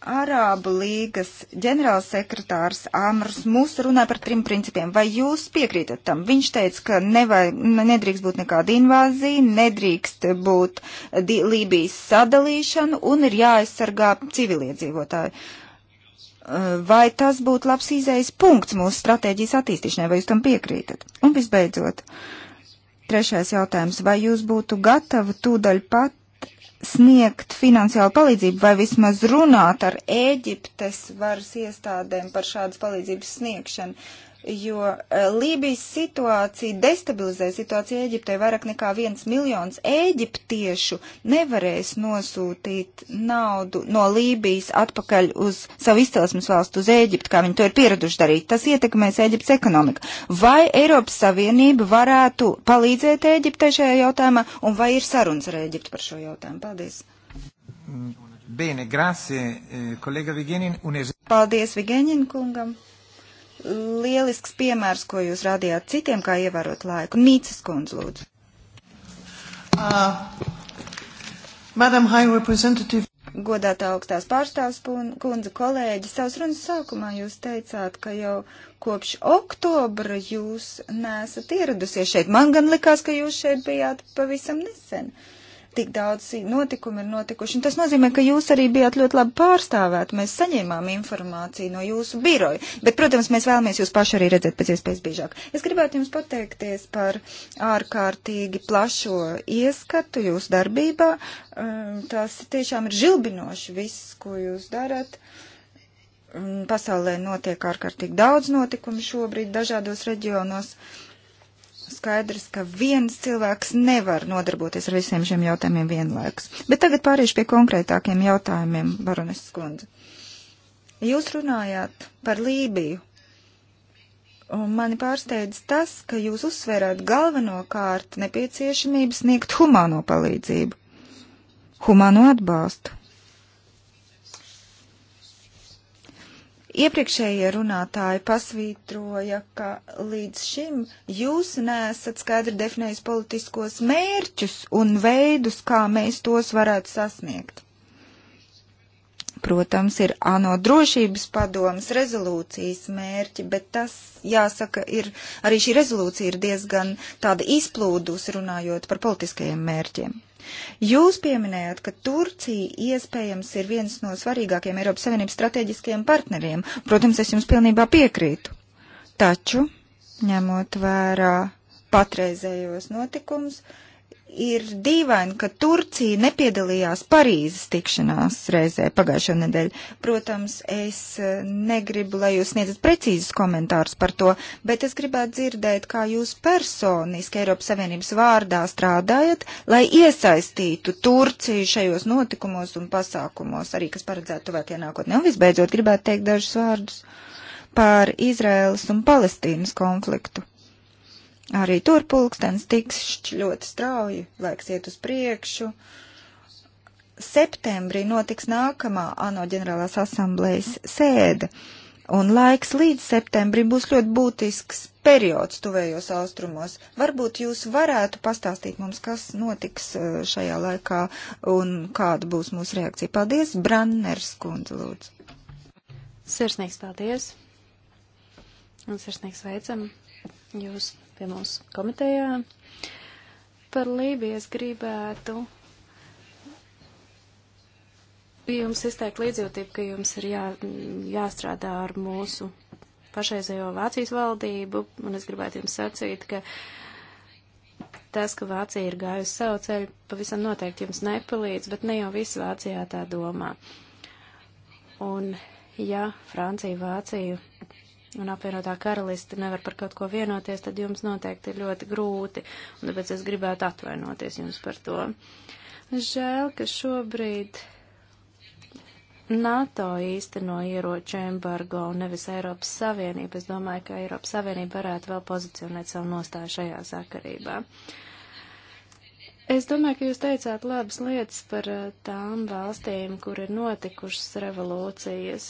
Arābu līgas ģenerālsekretārs Āmrs mūs runāja par trim principiem. Vai jūs piekrītat tam? Viņš teica, ka nevajag, nedrīkst būt nekāda invāzija, nedrīkst būt Lībijas sadalīšana un ir jāaizsargā civiliedzīvotāji. Uh, vai tas būtu labs izējas punkts mūsu stratēģijas attīstīšanai, vai jūs tam piekrītat? Un visbeidzot, trešais jautājums, vai jūs būtu gatavi tūdaļ pat sniegt finansiālu palīdzību vai vismaz runāt ar Ēģiptes varas iestādēm par šādas palīdzības sniegšanu jo eh, Lībijas situācija destabilizē situāciju Eģiptē. Vairāk nekā viens miljons eģiptiešu nevarēs nosūtīt naudu no Lībijas atpakaļ uz savu izcelsmes valstu, uz Eģiptu, kā viņi to ir pieraduši darīt. Tas ietekmēs Eģiptes ekonomiku. Vai Eiropas Savienība varētu palīdzēt Eģiptē šajā jautājumā, un vai ir sarunas ar Eģiptu par šo jautājumu? Paldies! Bene, grazie, kolēga eh, Vigenin. Un... Paldies Vigenin kungam! lielisks piemērs, ko jūs rādījāt citiem, kā ievērot laiku. Nīcas kundze, lūdzu. Uh, Godātā augstās pārstāvs kundze, kolēģi, savas runas sākumā jūs teicāt, ka jau kopš oktobra jūs nesat ieradusies šeit. Man gan likās, ka jūs šeit bijāt pavisam nesen. Uh, tik daudz notikumu ir notikuši. Un tas nozīmē, ka jūs arī bijāt ļoti labi pārstāvēti. Mēs saņēmām informāciju no jūsu biroja. Bet, protams, mēs vēlamies jūs paši arī redzēt pēc iespējas biežāk. Es gribētu jums pateikties par ārkārtīgi plašo ieskatu jūsu darbībā. Um, tas tiešām ir žilbinoši viss, ko jūs darat pasaulē notiek ārkārtīgi daudz notikumu šobrīd dažādos reģionos. Uh, skaidrs, ka viens cilvēks nevar nodarboties ar visiem šiem jautājumiem vienlaikus. Bet tagad pāriešu pie konkrētākiem jautājumiem, Baronis Skundze. Jūs runājāt par Lībiju. Un mani pārsteidz tas, ka jūs uzsverāt galvenokārt nepieciešamību sniegt humāno palīdzību, humāno atbalstu. Iepriekšējie runātāji pasvītroja, ka līdz šim jūs nesat skaidri definējis politiskos mērķus un veidus, kā mēs tos varētu sasniegt protams, ir ANO drošības padomas rezolūcijas mērķi, bet tas, jāsaka, ir arī šī rezolūcija ir diezgan tāda izplūdus runājot par politiskajiem mērķiem. Jūs pieminējāt, ka Turcija iespējams ir viens no svarīgākajiem Eiropas Savienības strateģiskajiem partneriem. Protams, es jums pilnībā piekrītu. Taču, ņemot vērā patreizējos notikumus, uh, ir dīvaini, ka Turcija nepiedalījās Parīzes tikšanās reizē pagājušo nedēļu. Protams, es e, negribu, lai jūs sniedzat precīzus komentārus par to, bet es gribētu dzirdēt, kā jūs personiski Eiropas Savienības vārdā strādājat, lai iesaistītu Turciju šajos notikumos un pasākumos, arī kas paredzētu tuvākajā nākotnē. Un visbeidzot, gribētu teikt dažus vārdus par Izraēlas un Palestīnas konfliktu Arī tur pulkstens tiks ļoti strauji, laiks iet uz priekšu. Septembrī notiks nākamā ANO ģenerālās asamblējas sēde, un laiks līdz septembrim būs ļoti būtisks periods tuvējos austrumos. Varbūt jūs varētu pastāstīt mums, kas notiks e, šajā laikā un kāda būs mūsu reakcija. Paldies, Branners kundze, lūdzu. Sirsnīgs paldies. Un sirsnīgs veicam jūs pie mums komitejā. Par Lībijas gribētu jums izteikt līdzjūtību, ka jums ir jā, jāstrādā ar mūsu pašreizējo Vācijas valdību, un es gribētu jums sacīt, ka tas, ka Vācija ir gājusi savu ceļu, pavisam noteikti jums nepalīdz, bet ne jau viss Vācijā tā domā. Un ja Francija Vāciju un apvienotā karaliste nevar par kaut ko vienoties, tad jums noteikti ir ļoti grūti, un tāpēc es gribētu atvainoties jums par to. Žēl, ka šobrīd NATO īsteno ieroču embargo un nevis Eiropas Savienība. Es domāju, ka Eiropas Savienība varētu vēl pozicionēt savu nostāju šajā sakarībā. Uh, Es domāju, ka jūs teicāt labas lietas par eh, tām valstīm, kur ir notikušas revolūcijas,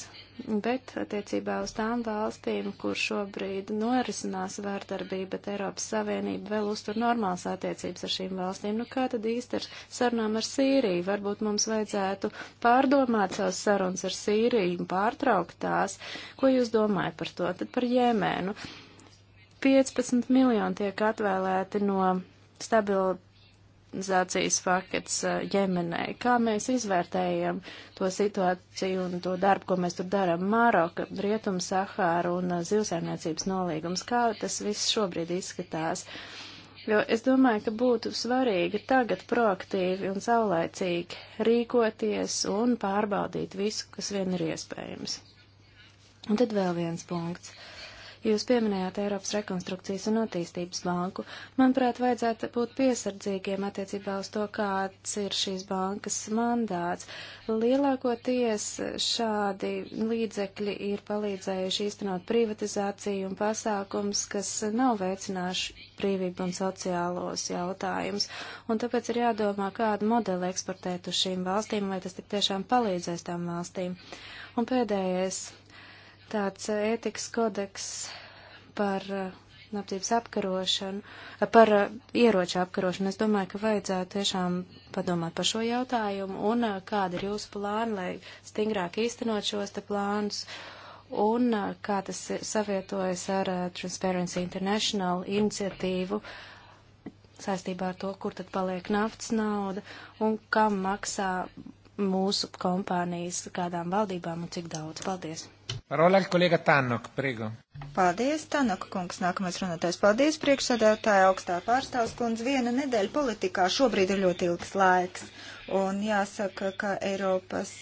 bet attiecībā uz tām valstīm, kur šobrīd norisinās vārdarbība, bet Eiropas Savienība vēl uztur normāls attiecības ar šīm valstīm, nu kā tad īsti ar sarunām ar Sīriju? Varbūt mums vajadzētu pārdomāt savus sarunas ar Sīriju un pārtraukt tās. Ko jūs domājat par to? Tad par Jēmēnu. 15 miljoni tiek atvēlēti no stabila stabilizācijas pakets eh, Jemenē. Kā mēs izvērtējam to situāciju un to darbu, ko mēs tur darām Māroka, Rietum Sahāra un eh, zivsēmniecības nolīgums? Kā tas viss šobrīd izskatās? Jo es domāju, ka būtu svarīgi tagad proaktīvi un saulēcīgi rīkoties un pārbaudīt visu, kas vien ir iespējams. Un tad vēl viens punkts. Uh, Jūs pieminējāt Eiropas rekonstrukcijas un attīstības banku. Manuprāt, vajadzētu būt piesardzīgiem attiecībā uz to, kāds ir šīs bankas mandāts. Lielākoties šādi līdzekļi ir palīdzējuši īstenot privatizāciju un pasākums, kas nav veicinājuši brīvību un sociālos jautājumus. Un tāpēc ir jādomā, kādu modeli eksportēt uz šīm valstīm, lai tas tik tiešām palīdzēs tām valstīm. Un pēdējais tāds ētikas kodeks par uh, nabadzības apkarošanu, uh, par uh, ieroču apkarošanu. Es domāju, ka vajadzētu tiešām padomāt par šo jautājumu un kāda ir jūsu plāna, lai stingrāk īstenot šos te plānus un kā tas savietojas ar Transparency International iniciatīvu saistībā ar to, kur tad paliek naftas nauda un kam maksā mūsu kompānijas kādām valdībām un cik daudz. Paldies! Parola al kolega Tannok, prego. Paldies, Tanaka kungs, nākamais runātājs. Paldies, priekšsādātāja augstā pārstāvs kundze. Viena nedēļa politikā šobrīd ir ļoti ilgs laiks. Un jāsaka, ka Eiropas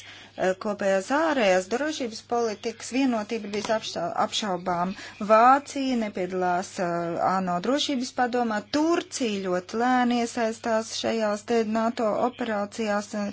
Eh, kopējās ārējās drošības politikas vienotība bija apša, apšaubām. Vācija nepiedalās uh, ANO drošības padomā, Turcija ļoti lēni iesaistās šajās NATO operācijās uh,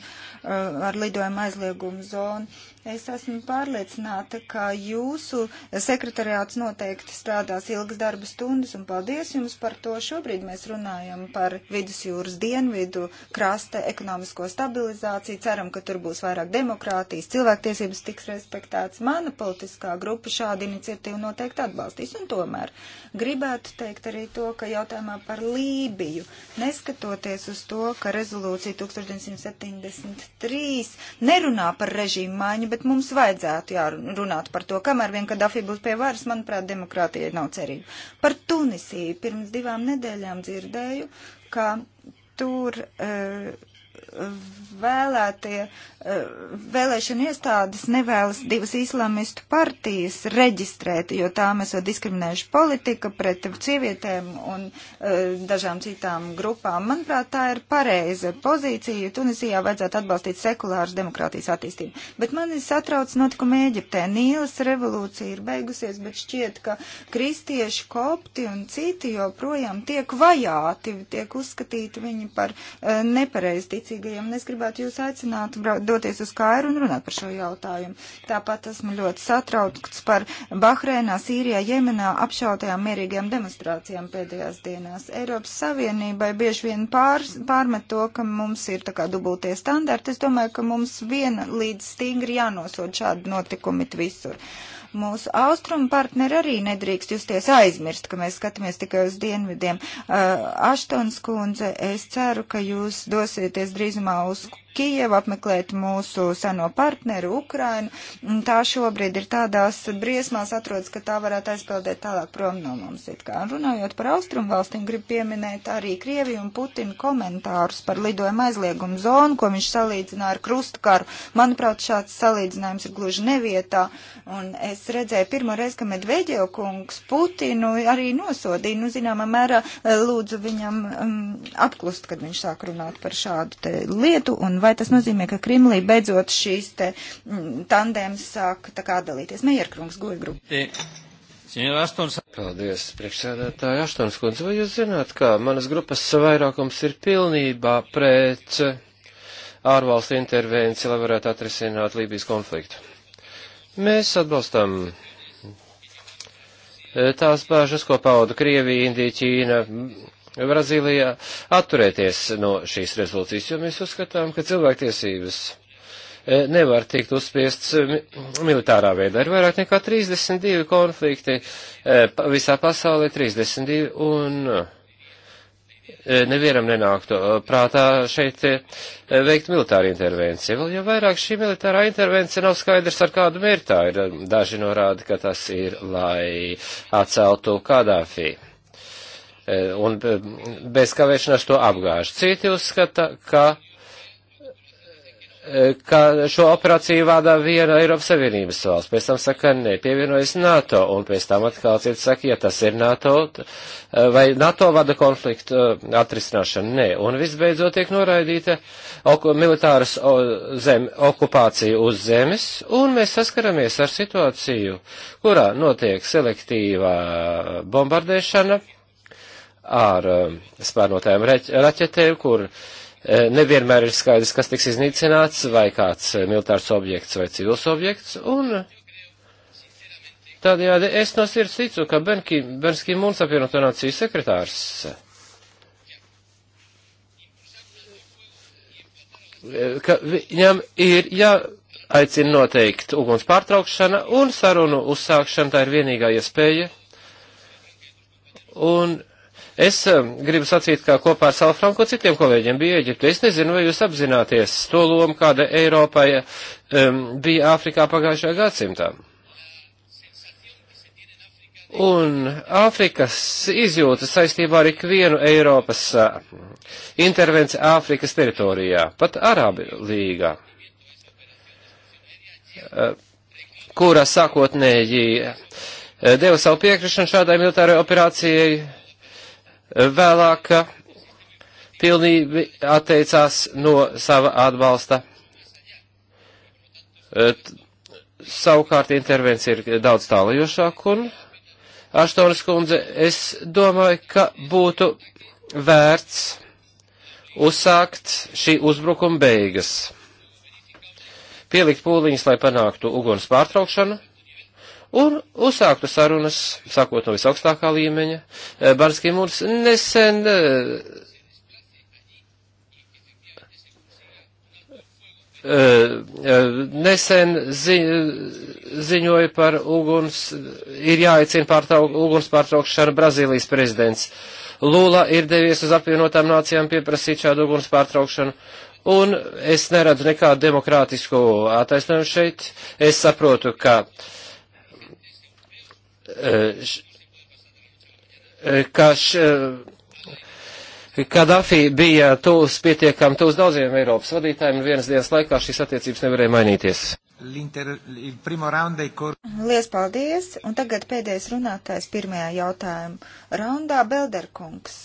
ar lidojumu aizliegumu zonu. Es esmu pārliecināta, ka jūsu sekretariāts noteikti strādās ilgas darba stundas, un paldies jums par to. Šobrīd mēs runājam par vidusjūras dienvidu krasta ekonomisko stabilizāciju. Ceram, ka tur būs vairāk demokrātijas, cilvēktiesības tiks respektēts. Mana politiskā grupa šādu iniciatīvu noteikti atbalstīs, un tomēr gribētu teikt arī to, ka jautājumā par Lībiju, neskatoties uz to, ka rezolūcija 1973 nerunā par režīmu maiņu, bet mums vajadzētu jārunāt par to. Kamēr vien, kad Dafī būs pie varas, manuprāt, demokrātijai nav cerību. Par Tunisiju pirms divām nedēļām dzirdēju, ka tur uh, vēlētie, eh, vēlēšana iestādes nevēlas divas islamistu partijas reģistrēt, jo tām esot diskriminējuši politika pret sievietēm un eh, dažām citām grupām. Manuprāt, tā ir pareiza pozīcija. Tunisijā vajadzētu atbalstīt sekulāras demokrātijas attīstību. Bet mani satrauc notikumi Ēģiptē. Nīlas revolūcija ir beigusies, bet šķiet, ka kristieši, kopti un citi joprojām tiek vajāti, tiek uzskatīti viņi par eh, nepareizticīgi svarīgajiem, un es gribētu jūs aicināt doties uz Kairu un runāt par šo jautājumu. Tāpat esmu ļoti satraukts par Bahreinā, Sīrijā, Jemenā apšautajām mierīgajām demonstrācijām pēdējās dienās. Eiropas Savienībai bieži vien pār, pārmet to, ka mums ir tā kā dubultie standarti. Es domāju, ka mums viena līdz stingri jānosod šādi notikumi visur. Mūsu austrumu partneri arī nedrīkst justies aizmirst, ka mēs skatāmies tikai uz dienvidiem. Uh, Aštons kundze, es ceru, ka jūs dosieties drīzumā uz Kijevu apmeklēt mūsu seno partneru Ukrainu. Tā šobrīd ir tādās briesmās atrodas, ka tā varētu aizpeldēt tālāk prom no mums. It kā runājot par austrumu valstīm, grib pieminēt arī Krieviju un Putinu komentārus par lidojuma aizliegumu zonu, ko viņš salīdzināja ar krustu karu. Manuprāt, šāds salīdzinājums ir gluži nevietā, un es es redzēju pirmo reizi, ka Medveģev kungs Putinu arī nosodīja, nu, zināmā mērā e, lūdzu viņam um, apklust, kad viņš sāk runāt par šādu te lietu, un vai tas nozīmē, ka Krimlī beidzot šīs te mm, tandēmas sāk tā kā dalīties. Mejerkrungs, gojgrupa. E, Paldies, priekšsēdētāji Aštons kundze, vai jūs zināt, kā manas grupas vairākums ir pilnībā pret ārvalstu intervenciju, lai varētu atrisināt Lībijas konfliktu? Mēs atbalstam e, tās bāžas, ko pauda Krievija, Indija, Ķīna, Brazīlijā, atturēties no šīs rezolūcijas, jo mēs uzskatām, ka cilvēktiesības e, nevar tikt uzspiests militārā veidā. Ir vairāk nekā 32 konflikti e, visā pasaulē, 32 un Eh, nevienam nenāktu eh, prātā šeit eh, veikt militāru intervenciju. Vēl jau vairāk šī militārā intervencija nav skaidrs, ar kādu mērķi tā ir. Daži norāda, ka tas ir, lai atceltu Kadāfī. Un bez kavēšanās to apgāž. Citi uzskata, ka E, ka šo operāciju vādā viena Eiropas Savienības valsts, pēc tam saka, nē, pievienojas NATO, un pēc tam atkal cits saka, ja tas ir NATO, e, vai NATO vada konfliktu e, atrisināšana, nē, un visbeidzot tiek noraidīta oku, militāras o, zem, okupācija uz zemes, un mēs saskaramies ar situāciju, kurā notiek selektīvā bombardēšana ar spērnotēm raķetēm, kur uh, Eh, nevienmēr ir skaidrs, kas tiks iznīcināts, vai kāds eh, militārs objekts vai civils objekts, un tādējādi es no sirds ticu, ka Benskī Mūns apvienoto nāciju sekretārs, eh, ka viņam ir jāaicina ja noteikti uguns pārtraukšana un sarunu uzsākšana, tā ir vienīgā iespēja, un Es eh, gribu sacīt, kā kopā ar Salfranku citiem kolēģiem bija Eģipte. Es nezinu, vai jūs apzināties to lomu, kāda Eiropai um, bija Āfrikā pagājušajā gadsimtā. Un Āfrikas izjūta saistībā ar ikvienu Eiropas uh, eh, intervenciju Āfrikas teritorijā, pat Arābi līgā, uh, eh, kura sākotnēji uh, deva savu piekrišanu šādai militārai operācijai vēlāk pilnīgi atteicās no sava atbalsta. Savukārt intervencija ir daudz tālajošāka un Aštonas kundze, es domāju, ka būtu vērts uzsākt šī uzbrukuma beigas. Pielikt pūliņus, lai panāktu uguns pārtraukšanu un uzsāktu sarunas, sākot no visaugstākā līmeņa. Eh, Barski Mūrs nesen eh, eh, nesen zi, ziņoja par uguns, ir jāicina pārtrauk, uguns pārtraukšanu Brazīlijas prezidents. Lula ir devies uz apvienotām nācijām pieprasīt šādu uguns pārtraukšanu. Un es neredzu nekādu demokrātisku attaisnojumu šeit. Es saprotu, ka uh, ka š, e, Kadafi bija tūs pietiekam tūs daudziem Eiropas vadītājiem, un vienas dienas laikā šīs attiecības nevarēja mainīties. Lielas paldies, un tagad pēdējais runātājs pirmajā jautājuma raundā - Belderkungs.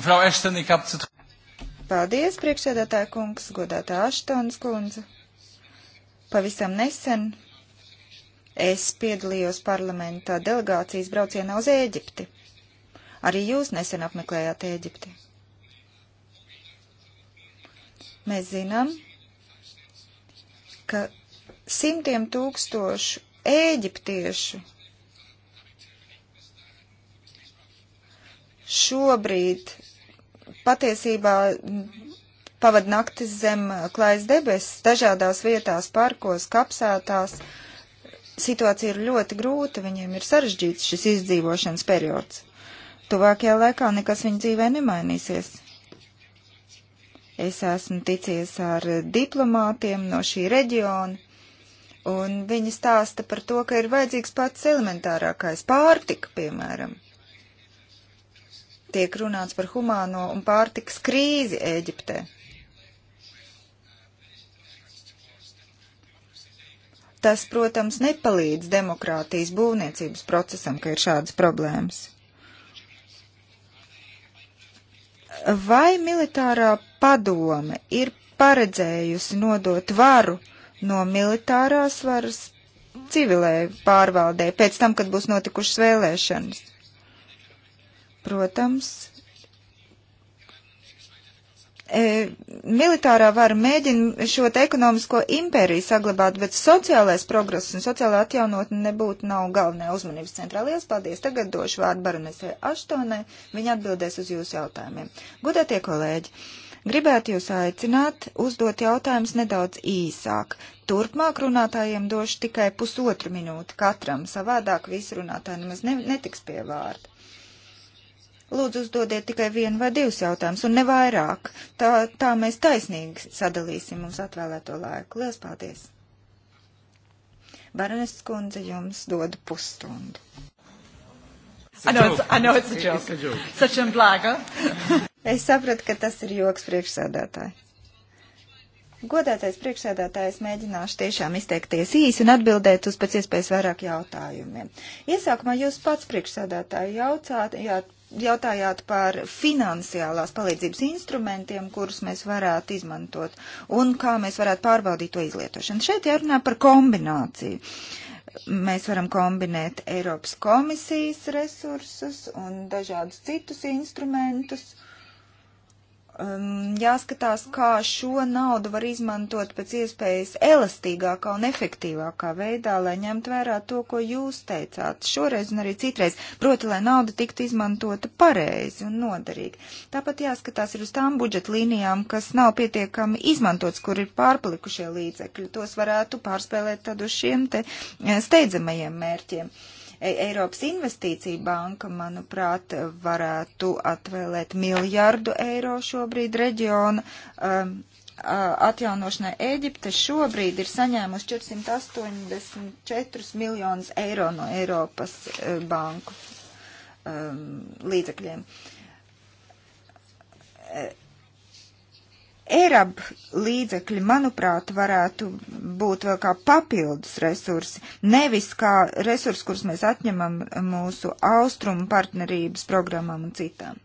Frau Ashton, ich hab zu. Paldies, priekšsēdētāja kungs, godātā Aštons kundze. Pavisam nesen Es piedalījos parlamentā delegācijas braucienā uz Ēģipti. Arī jūs nesen apmeklējāt Ēģipti. Mēs zinām, ka simtiem tūkstošu ēģiptiešu šobrīd patiesībā pavad naktis zem klājas debesis dažādās vietās, parkos, kapsētās. Uh, situācija ir ļoti grūta, viņiem ir sarežģīts šis izdzīvošanas periods. Tuvākajā laikā nekas viņu dzīvē nemainīsies. Es esmu ticies ar diplomātiem no šī reģiona, un viņi stāsta par to, ka ir vajadzīgs pats elementārākais - pārtika, piemēram. Tiek runāts par humāno un pārtikas krīzi Ēģiptē. Tas, protams, nepalīdz demokrātijas būvniecības procesam, ka ir šādas problēmas. Vai militārā padome ir paredzējusi nodot varu no militārās varas civilai pārvaldē pēc tam, kad būs notikušas vēlēšanas? Protams, E, militārā vara mēģina šo te ekonomisko impēriju saglabāt, bet sociālais progress un sociālā atjaunotne nebūtu nav galvenajā uzmanības centrā. Lielas paldies! Tagad došu vārdu baronesē Aštonai, viņa atbildēs uz jūsu jautājumiem. Gudētie kolēģi! Gribētu jūs aicināt uzdot jautājumus nedaudz īsāk. Turpmāk runātājiem došu tikai pusotru minūti katram, savādāk visi runātāji nemaz ne, netiks pie vārda. Lūdzu, uzdodiet tikai vienu vai divus jautājumus, un ne vairāk. Tā, tā mēs taisnīgi sadalīsim mums atvēlēto laiku. Lielas paldies! Baronis Skundze jums dod pusstundu. I know, I know it's a joke. It's a joke. Such a blaga. es sapratu, ka tas ir joks priekšsēdētāji. Godātais priekšsēdētājs mēģināšu tiešām izteikties īsi un atbildēt uz pēc iespējas vairāk jautājumiem. Iesākumā jūs pats priekšsēdētāji jautājāt, jā, jautājāt par finansiālās palīdzības instrumentiem, kurus mēs varētu izmantot un kā mēs varētu pārbaudīt to izlietošanu. Šeit jārunā par kombināciju. Mēs varam kombinēt Eiropas komisijas resursus un dažādus citus instrumentus um, jāskatās, kā šo naudu var izmantot pēc iespējas elastīgākā un efektīvākā veidā, lai ņemt vērā to, ko jūs teicāt šoreiz un arī citreiz. Proti, lai nauda tiktu izmantota pareizi un noderīgi. Tāpat jāskatās ir uz tām budžeta līnijām, kas nav pietiekami izmantots, kur ir pārpalikušie līdzekļi. Tos varētu pārspēlēt tad uz šiem te eh, steidzamajiem mērķiem. Uh, E, Eiropas investīcija banka, manuprāt, varētu atvēlēt miljardu eiro šobrīd reģiona. Um, atjaunošanai Ēģipte šobrīd ir saņēmusi 484 miljonus eiro no Eiropas e, banku um, līdzekļiem. E, ERAB līdzekļi, manuprāt, varētu būt vēl kā papildus resursi, nevis kā resursi, kurus mēs atņemam mūsu austrumu partnerības programmām un citām.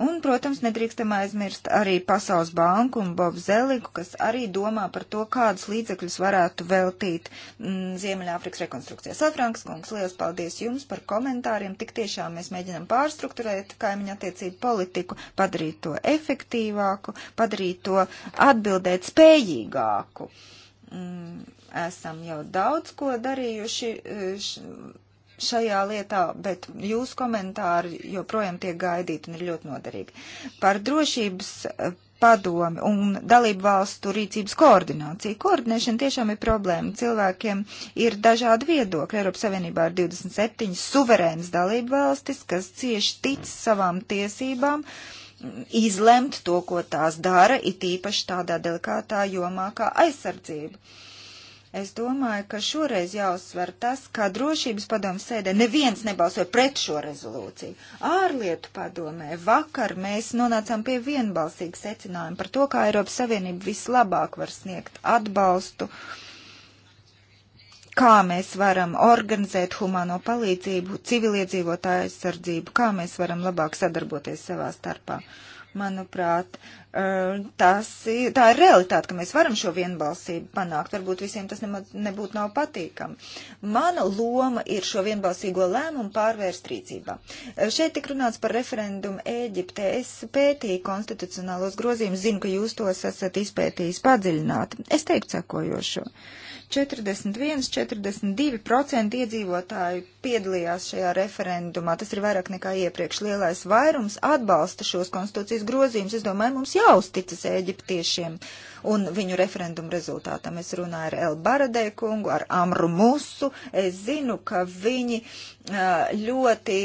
Un, protams, nedrīkstam aizmirst arī Pasaules banku un Bobu Zeliku, kas arī domā par to, kādus līdzekļus varētu veltīt mm, Ziemeļāfrikas rekonstrukcijai. Safranks kungs, liels paldies jums par komentāriem. Tik tiešām mēs mēģinam pārstruktūrēt kaimiņa attiecību politiku, padarīt to efektīvāku, padarīt to atbildēt spējīgāku. Mm, esam jau daudz ko darījuši. Eh, š, šajā lietā, bet jūsu komentāri joprojām tiek gaidīti un ir ļoti noderīgi. Par drošības eh, padomi un dalību valstu rīcības koordināciju. Koordinēšana tiešām ir problēma. Cilvēkiem ir dažādi viedokļi. Eiropas Savienībā ir 27 suverēnas dalību valstis, kas cieši tic savām tiesībām mm, izlemt to, ko tās dara, it īpaši tādā delikātā jomā kā aizsardzība. Uh, Es domāju, ka šoreiz jāuzsver tas, kā drošības padomu sēdē neviens nebalsoja pret šo rezolūciju. Ārlietu padomē vakar mēs nonācām pie vienbalsīga secinājuma par to, kā Eiropas Savienība vislabāk var sniegt atbalstu, kā mēs varam organizēt humāno palīdzību, civiliedzīvotāju aizsardzību, kā mēs varam labāk sadarboties savā starpā. Uh, Manuprāt, tas, tā ir realitāte, ka mēs varam šo vienbalsību panākt. Varbūt visiem tas nebūtu nav patīkami. Mana loma ir šo vienbalsīgo lēmumu pārvērst rīcībā. Šeit tik runāts par referendumu Ēģiptē. Es pētīju konstitucionālos grozījumus, zinu, ka jūs tos esat izpētījis padziļināti. Es teiktu sekojošo. Uh, 41-42% iedzīvotāju piedalījās šajā referendumā. Tas ir vairāk nekā iepriekš. Lielais vairums atbalsta šos konstitūcijas grozījumus. Es domāju, mums jāuzticas eģiptiešiem un viņu referendumu rezultātam. Es runāju ar El Baradē kungu, ar Amru Musu. Es zinu, ka viņi ļoti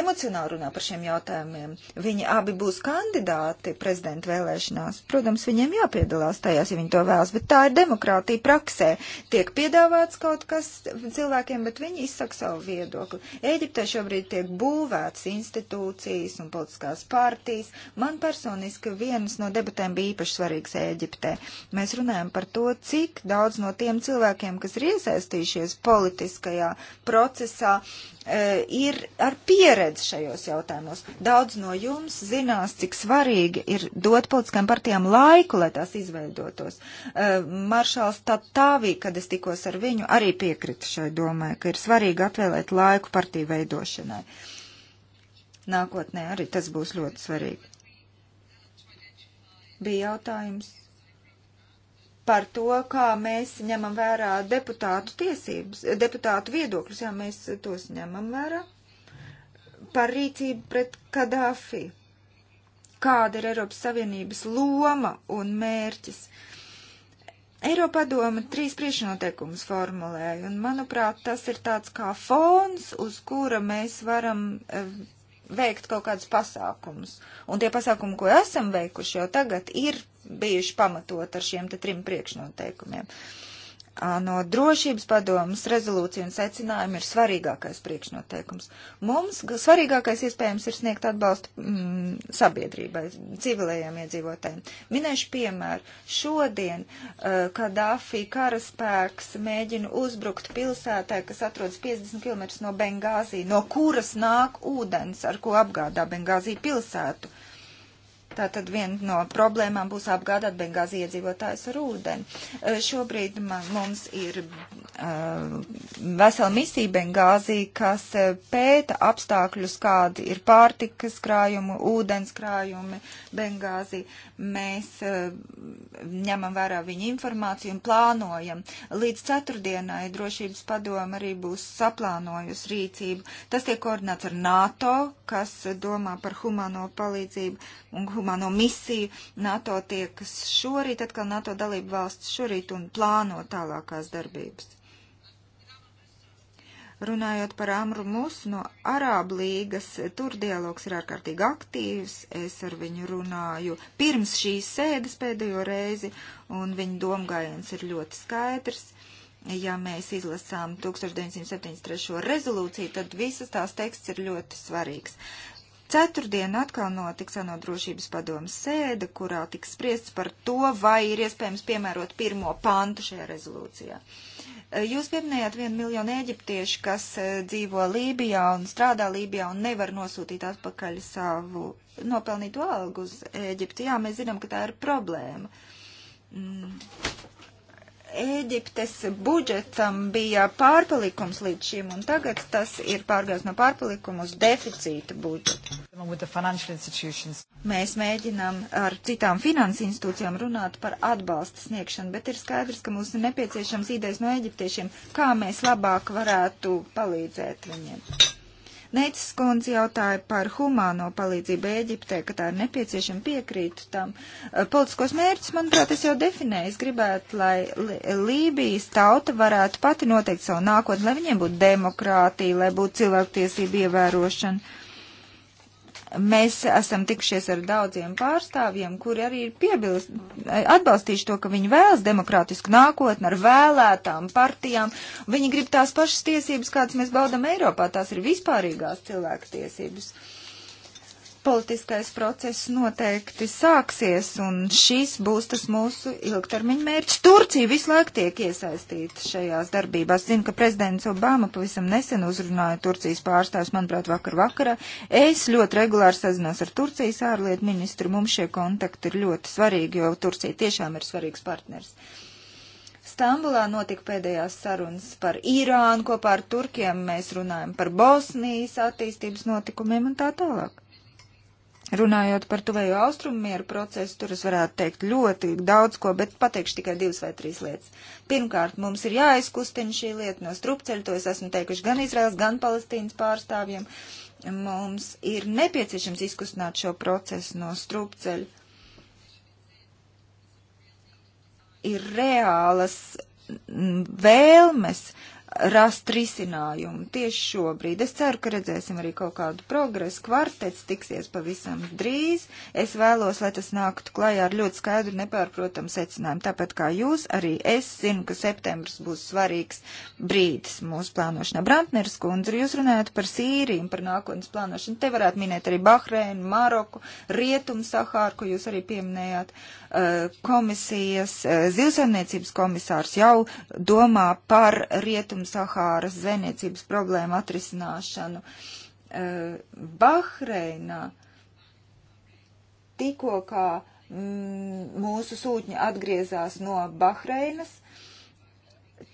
emocionāli runā par šiem jautājumiem. Viņi abi būs kandidāti prezidenta vēlēšanās. Protams, viņiem jāpiedalās tajās, ja viņi to vēlas, bet tā ir demokrātija praktiski praksē. Tiek piedāvāts kaut kas cilvēkiem, bet viņi izsaka savu viedokli. Ēģiptē šobrīd tiek būvēts institūcijas un politiskās partijas. Man personiski vienas no debatēm bija īpaši svarīgs Ēģiptē. Mēs runājam par to, cik daudz no tiem cilvēkiem, kas ir iesaistījušies politiskajā procesā, e, ir ar pieredzi šajos jautājumos. Daudz no jums zinās, cik svarīgi ir dot politiskajām partijām laiku, lai tās izveidotos. E, Maršāls Atāvī, kad es tikos ar viņu, arī piekrita šai domai, ka ir svarīgi atvēlēt laiku partiju veidošanai. Nākotnē arī tas būs ļoti svarīgi. Bija jautājums par to, kā mēs ņemam vērā deputātu tiesības, deputātu viedokļus, jā, mēs tos ņemam vērā, par rīcību pret Kadāfi. Kāda ir Eiropas Savienības loma un mērķis? Uh, Eiropadoma trīs priekšnoteikumus formulēja, un manuprāt, tas ir tāds kā fons, uz kura mēs varam e, veikt kaut kādus pasākumus. Un tie pasākumi, ko esam veikuši jau tagad, ir bijuši pamatot ar šiem te trim priekšnoteikumiem. Uh, no drošības padomas rezolūcija un secinājumi ir svarīgākais priekšnoteikums. Mums svarīgākais iespējams ir sniegt atbalstu mm, sabiedrībai, civilējiem iedzīvotājiem. Minēšu piemēru. Šodien uh, Kadāfī karaspēks mēģina uzbrukt pilsētai, kas atrodas 50 km no Bengāzī, no kuras nāk ūdens, ar ko apgādā Bengāzī pilsētu. Uh, Tātad viena no problēmām būs apgādāt Bengāzi iedzīvotājus ar ūdeni. Šobrīd man, mums ir uh, vesela misija Bengāzī, kas pēta apstākļus, kādi ir pārtikas krājumi, ūdens krājumi Bengāzī. Mēs uh, ņemam vērā viņu informāciju un plānojam. Līdz ceturtdienai drošības padoma arī būs saplānojusi rīcību. Tas tiek koordinēts ar NATO, kas domā par humano palīdzību un humano humano misiju. NATO tiekas šorīt, atkal NATO dalību valsts šorīt un plāno tālākās darbības. Runājot par Amru Musu no Arābu līgas, tur dialogs ir ārkārtīgi aktīvs. Es ar viņu runāju pirms šīs sēdes pēdējo reizi, un viņa domgājiens ir ļoti skaidrs ja mēs izlasām 1973. rezolūciju, tad visas tās teksts ir ļoti svarīgs. Ceturtdien atkal notiks ANO drošības padomas sēde, kurā tiks spriests par to, vai ir iespējams piemērot pirmo pantu šajā rezolūcijā. Eh, jūs pieminējāt vienu miljonu eģiptiešu, kas eh, dzīvo Lībijā un strādā Lībijā un nevar nosūtīt atpakaļ savu nopelnīto algu uz Eģipti. Jā, mēs zinām, ka tā ir problēma. Mm. Ēģiptes budžetam bija pārpalikums līdz šim, un tagad tas ir pārgājis no pārpalikuma uz deficīta budžetu. Mēs mēģinām ar citām finansu institūcijām runāt par atbalsta sniegšanu, bet ir skaidrs, ka mums ir nepieciešams idejas no eģiptiešiem, kā mēs labāk varētu palīdzēt viņiem. Neicis Kundze jautāja par humāno palīdzību Ēģiptē, ka tā ir nepieciešama piekrītu tam. Politiskos mērķus, manuprāt, es jau definēju. Es gribētu, lai Lībijas tauta varētu pati noteikt savu nākotni, lai viņiem būtu demokrātija, lai būtu cilvēktiesība ievērošana Mēs esam tikšies ar daudziem pārstāvjiem, kuri arī ir piebilst, atbalstījuši to, ka viņi vēlas demokrātisku nākotni ar vēlētām partijām. Viņi grib tās pašas tiesības, kādas mēs baudam Eiropā, tās ir vispārīgās cilvēku tiesības. Uh, politiskais process noteikti sāksies, un šis būs tas mūsu ilgtermiņa mērķis. Turcija visu laiku tiek iesaistīta šajās darbībās. Zinu, ka prezidents Obama pavisam nesen uzrunāja Turcijas pārstāvis, manuprāt, vakar vakarā. Es ļoti regulāri sazinos ar Turcijas ārlietu ministru. Mums šie kontakti ir ļoti svarīgi, jo Turcija tiešām ir svarīgs partners. Stambulā notika pēdējās sarunas par Īrānu, kopā ar Turkiem mēs runājam par Bosnijas attīstības notikumiem un tā tālāk. Runājot par tuvējo austrumu mieru procesu, tur es varētu teikt ļoti daudz ko, bet pateikšu tikai divas vai trīs lietas. Pirmkārt, mums ir jāizkustina šī lieta no strupceļa, to es esmu teikuši gan Izraels, gan Palestīnas pārstāvjiem. Mums ir nepieciešams izkustināt šo procesu no strupceļa. Ir reālas mm, vēlmes rast risinājumu tieši šobrīd. Es ceru, ka redzēsim arī kaut kādu progresu. Kvartets tiksies pavisam drīz. Es vēlos, lai tas nāktu klajā ar ļoti skaidru nepārprotamu secinājumu. Tāpat kā jūs, arī es zinu, ka septembris būs svarīgs brīdis mūsu plānošanā. Brantners kundze, jūs runājat par Sīriju un par nākotnes plānošanu. Te varētu minēt arī Bahreinu, Maroku, Rietumu, Sahāru, ko jūs arī pieminējāt. Uh, Eh, komisijas eh, zivsaimniecības komisārs jau domā par Rietum-Sahāras zvejniecības problēmu atrisināšanu. Eh, Bahreinā tikko kā mm, mūsu sūtņi atgriezās no Bahreinas,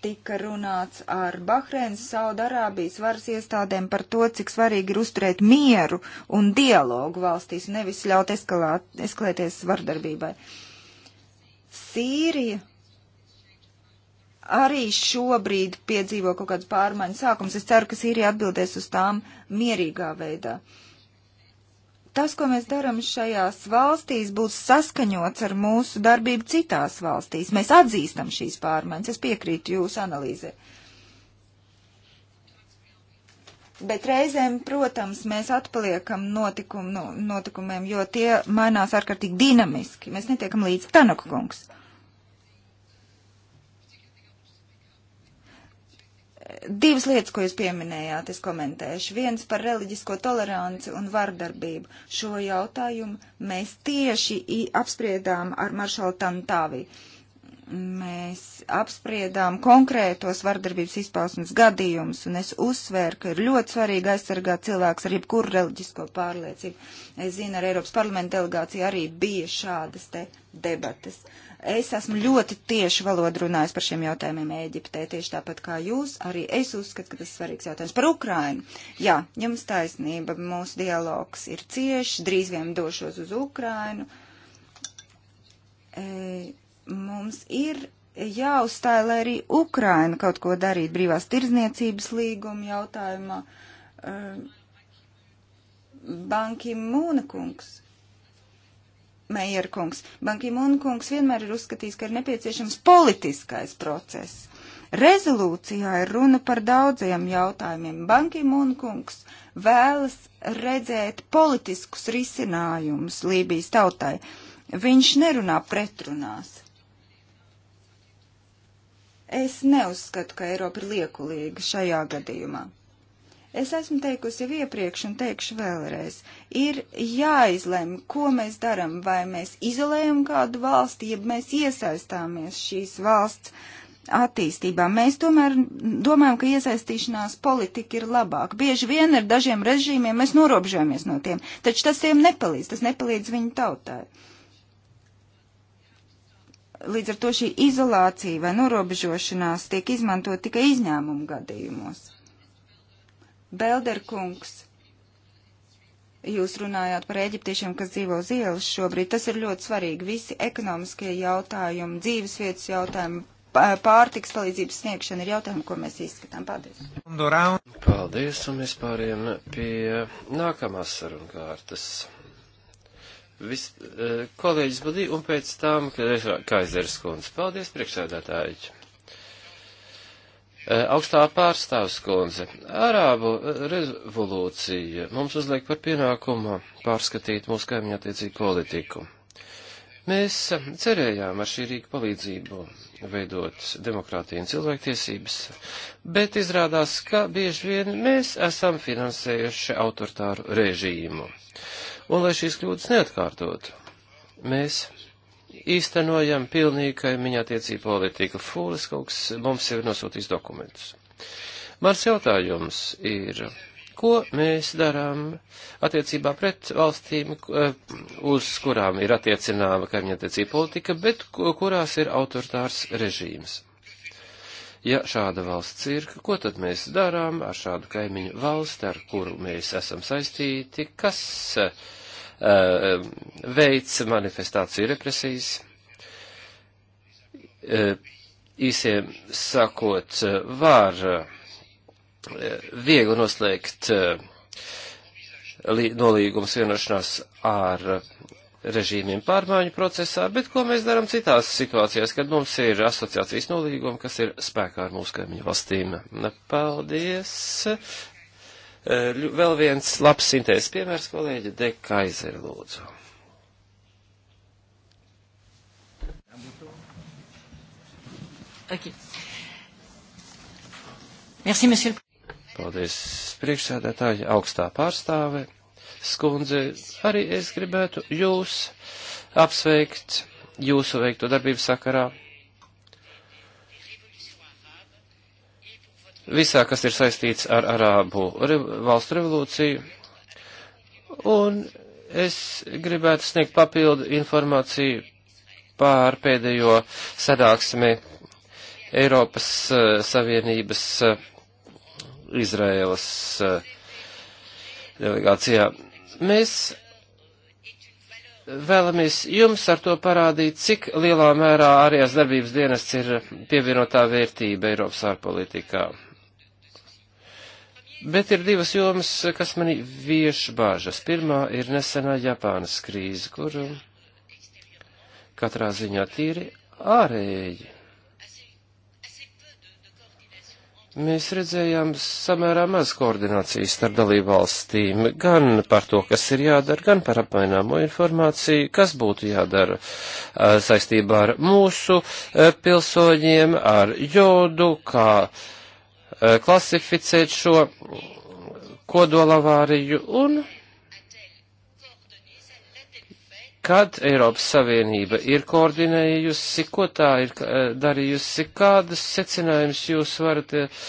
tika runāts ar Bahreinas Saudarābijas varas iestādēm par to, cik svarīgi ir uzturēt mieru un dialogu valstīs, nevis ļaut eskalāt, eskalēties vardarbībai. Uh, Sīrija arī šobrīd piedzīvo kaut kādas pārmaiņas sākums. Es ceru, ka Sīrija atbildēs uz tām mierīgā veidā. Tas, ko mēs darām šajās valstīs, būs saskaņots ar mūsu darbību citās valstīs. Mēs atzīstam šīs pārmaiņas, es piekrītu jūsu analīzē. Uh, Bet reizēm, protams, mēs atpaliekam notikumu, nu, no, notikumiem, jo tie mainās ārkārtīgi dinamiski. Mēs netiekam līdz Tanaka kungs. Divas lietas, ko jūs pieminējāt, es komentēšu. Viens par reliģisko toleranci un vardarbību. Šo jautājumu mēs tieši apspriedām ar maršalu Tantāvi. Uh, mēs apspriedām konkrētos vardarbības izpausmes gadījumus, un es uzsvēru, ka ir ļoti svarīgi aizsargāt cilvēks ar jebkuru reliģisko pārliecību. Es zinu, ar Eiropas parlamenta delegāciju arī bija šādas te debates. Es esmu ļoti tieši valodu runājis par šiem jautājumiem Ēģiptē, tieši tāpat kā jūs, arī es uzskatu, ka tas svarīgs jautājums par Ukrainu. Jā, jums taisnība, mūsu dialogs ir cieši, drīz vien došos uz Ukrainu. E Mums ir jāuzstāja, lai arī Ukraina kaut ko darītu brīvās tirzniecības līguma jautājumā. Ehm, Banki Mūna kungs, Meijer kungs, Banki Mūna kungs vienmēr ir uzskatījis, ka ir nepieciešams politiskais process. Rezolūcijā ir runa par daudziem jautājumiem. Banki Mūna kungs vēlas redzēt politiskus risinājumus Lībijas tautai. Viņš nerunā pretrunās Es neuzskatu, ka Eiropa ir liekulīga šajā gadījumā. Es esmu teikusi jau iepriekš un teikšu vēlreiz. Ir jāizlem, ko mēs darām, vai mēs izolējam kādu valsti, ja mēs iesaistāmies šīs valsts attīstībā. Mēs tomēr domājam, ka iesaistīšanās politika ir labāka. Bieži vien ar dažiem režīmiem mēs norobžojamies no tiem, taču tas tiem nepalīdz, tas nepalīdz viņu tautai. Uh, Līdz ar to šī izolācija vai norobežošanās tiek izmantot tikai izņēmumu gadījumos. Belderkungs, jūs runājāt par eģiptiešiem, kas dzīvo uz ielas šobrīd. Tas ir ļoti svarīgi. Visi ekonomiskie jautājumi, dzīvesvietas jautājumi, pārtiks palīdzības sniegšana ir jautājumi, ko mēs izskatām. Paldies. Paldies, un mēs pāriem pie nākamās sarunkārtas. Vis, e, kolēģis Budī un pēc tam Kaizers kundze. Paldies, priekšsēdētāji. E, augstā pārstāvs kundze. Arābu revolūcija mums uzliek par pienākumu pārskatīt mūsu kaimiņu attiecību politiku. Mēs cerējām ar šī rīka palīdzību veidot demokrātiju un cilvēktiesības, bet izrādās, ka bieži vien mēs esam finansējuši autoritāru režīmu un lai šīs kļūdas neatkārtotu. Mēs īstenojam pilnīgi kaimiņa attiecību politiku. Fūlis kaut kas mums jau ir nosūtījis dokumentus. Mans jautājums ir, ko mēs darām attiecībā pret valstīm, eh, uz kurām ir attiecināma kaimiņa attiecība politika, bet kurās ir autoritārs režīms? Ja šāda valsts ir, ko tad mēs darām ar šādu kaimiņu valsti, ar kuru mēs esam saistīti, kas uh, Eh, veids manifestāciju represijas. Eh, Īsiem sakot, var eh, viegli noslēgt nolīgums vienošanās ar režīmiem pārmaiņu procesā, bet ko mēs darām citās situācijās, kad mums ir asociācijas nolīgumi, kas ir spēkā ar mūsu kaimiņu valstīm. Paldies! Eh, vēl viens labs sintēzes piemērs, kolēģi, De Kaiser, lūdzu. Okay. Merci, monsieur. Paldies, priekšsēdētāji, augstā pārstāve. Skundze, arī es gribētu jūs apsveikt jūsu veikto darbību sakarā visā, kas ir saistīts ar Arābu valstu revolūciju. Un es gribētu sniegt papildu informāciju pār pēdējo sadāksmi Eiropas uh, Savienības uh, Izraēlas uh, delegācijā. Mēs vēlamies jums ar to parādīt, cik lielā mērā ārējās darbības dienests ir pievienotā vērtība Eiropas ārpolitikā. Bet ir divas jomas, kas mani vieš bāžas. Pirmā ir nesenā Japānas krīze, kur katrā ziņā tīri ārēji. Mēs redzējām samērā maz koordinācijas starp dalībvalstīm, gan par to, kas ir jādara, gan par apmaināmo informāciju, kas būtu jādara saistībā ar mūsu pilsoņiem, ar jodu, kā uh, Eh, klasificēt šo kodolavāriju un kad Eiropas Savienība ir koordinējusi, ko tā ir eh, darījusi, kādas secinājumus jūs varat eh,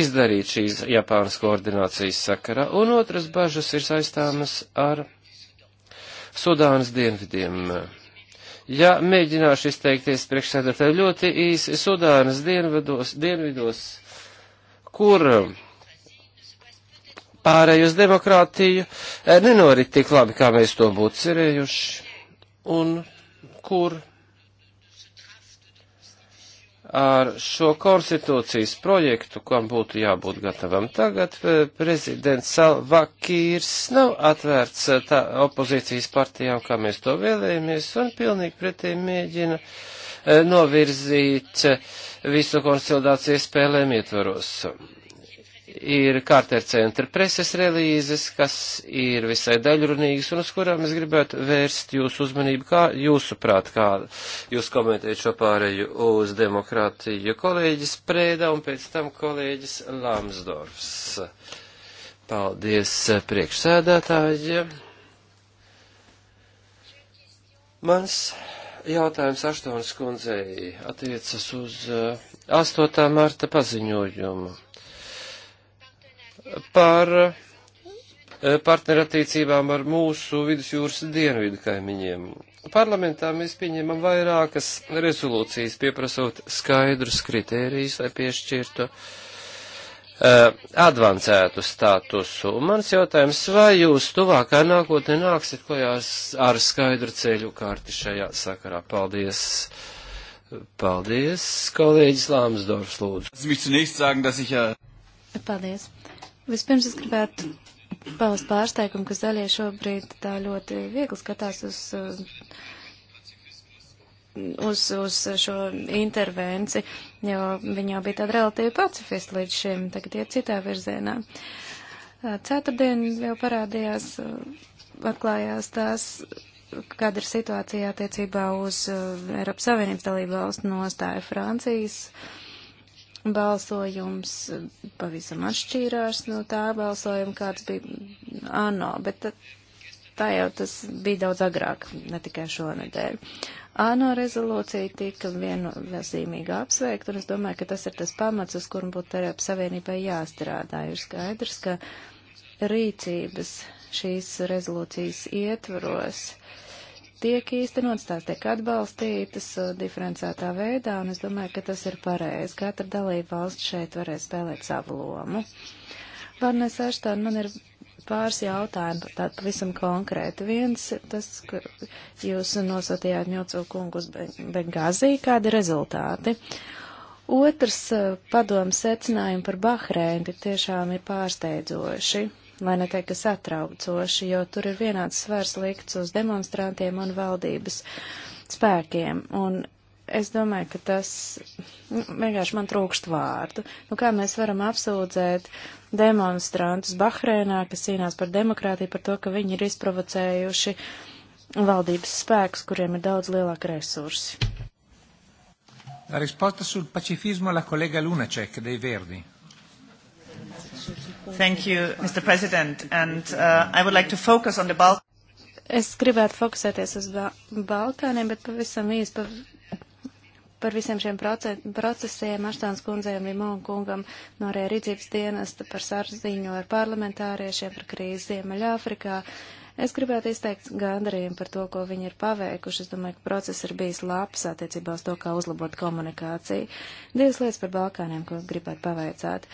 izdarīt šīs Japānas koordinācijas sakarā. Un otras bažas ir saistāmas ar Sudānas dienvidiem. Ja mēģināšu izteikties priekšsēdētāji ļoti īsi, Sudānas dienvidos, dienvidos kur eh, pārējus demokrātiju eh, nenorit tik labi, kā mēs to būtu cerējuši, un kur ar šo konstitūcijas projektu, kam būtu jābūt gatavam tagad, eh, prezidents Salvakīrs nav atvērts tā opozīcijas partijām, kā mēs to vēlējamies, un pilnīgi pretēji mēģina uh, novirzīt visu konsolidāciju spēlēm ietvaros. Ir Kārter centra preses relīzes, kas ir visai daļrunīgas un uz kurām es gribētu vērst jūsu uzmanību, kā jūsu prāt, kā jūs komentējat šo pāreju uz demokrātiju. Kolēģis Prēda un pēc tam kolēģis Lamsdorfs. Paldies priekšsēdētāji. Mans jautājums Aštonas kundzei attiecas uz 8. Eh, marta paziņojumu par eh, partnerattiecībām ar mūsu vidusjūras dienvidu kaimiņiem. Parlamentā mēs pieņemam vairākas rezolūcijas, pieprasot skaidrus kritērijus, lai piešķirtu uh, Uh, advancētu statusu. Mans jautājums, vai jūs tuvākā nākotnē nāksiet klajā ar skaidru ceļu kārti šajā sakarā? Paldies! Paldies, kolēģis Lāmsdorfs, lūdzu. Äh, Paldies. Vispirms es gribētu paust pārsteigumu, ka zaļie šobrīd tā ļoti viegli skatās uz uh, uz, uz šo intervenci, jo viņa jau bija tāda relatīva pacifista līdz šim, tagad iet citā virzienā. Ceturtdien jau parādījās, atklājās tās, kāda ir situācija attiecībā uz Eiropas Savienības dalību valstu nostāju Francijas balsojums pavisam atšķīrās no tā balsojuma, kāds bija ANO, bet tā jau tas bija daudz agrāk, ne tikai šonadēļ. ANO rezolūcija tika viennozīmīgi apsveikta, un es domāju, ka tas ir tas pamats, uz kuru būtu Eiropas Savienībai jāstrādā. Ir skaidrs, ka rīcības šīs rezolūcijas ietvaros tiek īstenots, tās tiek atbalstītas uh, diferencētā veidā, un es domāju, ka tas ir pareizi. Katra dalība valsts šeit varēs spēlēt savu lomu. Varnes Eštāna, man ir pāris jautājumu, tādu pavisam konkrēti. Viens ir tas, ka jūs nosūtījāt ņoco kungu uz Bengāzī, kādi rezultāti. Otrs padomu secinājumi par Bahreinu tiešām ir pārsteidzoši, lai neteikt, ka satraucoši, jo tur ir vienāds svars likts uz demonstrantiem un valdības spēkiem. Un es domāju, ka tas nu, vienkārši man trūkst vārdu. Nu, kā mēs varam apsūdzēt demonstrantus Bahreinā, kas cīnās par demokrātiju, par to, ka viņi ir izprovocējuši valdības spēkus, kuriem ir daudz lielāka resursi. La risposta sul pacifismo alla collega Lunacek dei Verdi. Thank you, Mr. President, and uh, I would like to focus on the Balkans. Es gribētu fokusēties uz ba Balkāniem, bet pavisam īsti Par visiem šiem procesiem Aštāns kundzei un Limon kungam no arī rīcības dienesta par sarziņu ar parlamentāriešiem par krīzi Ziemeļāfrikā. Es gribētu izteikt gandarījumu par to, ko viņi ir paveikuši. Es domāju, ka process ir bijis labs attiecībā uz to, kā uzlabot komunikāciju. Divas lietas par Balkāniem, ko gribētu pavaicāt.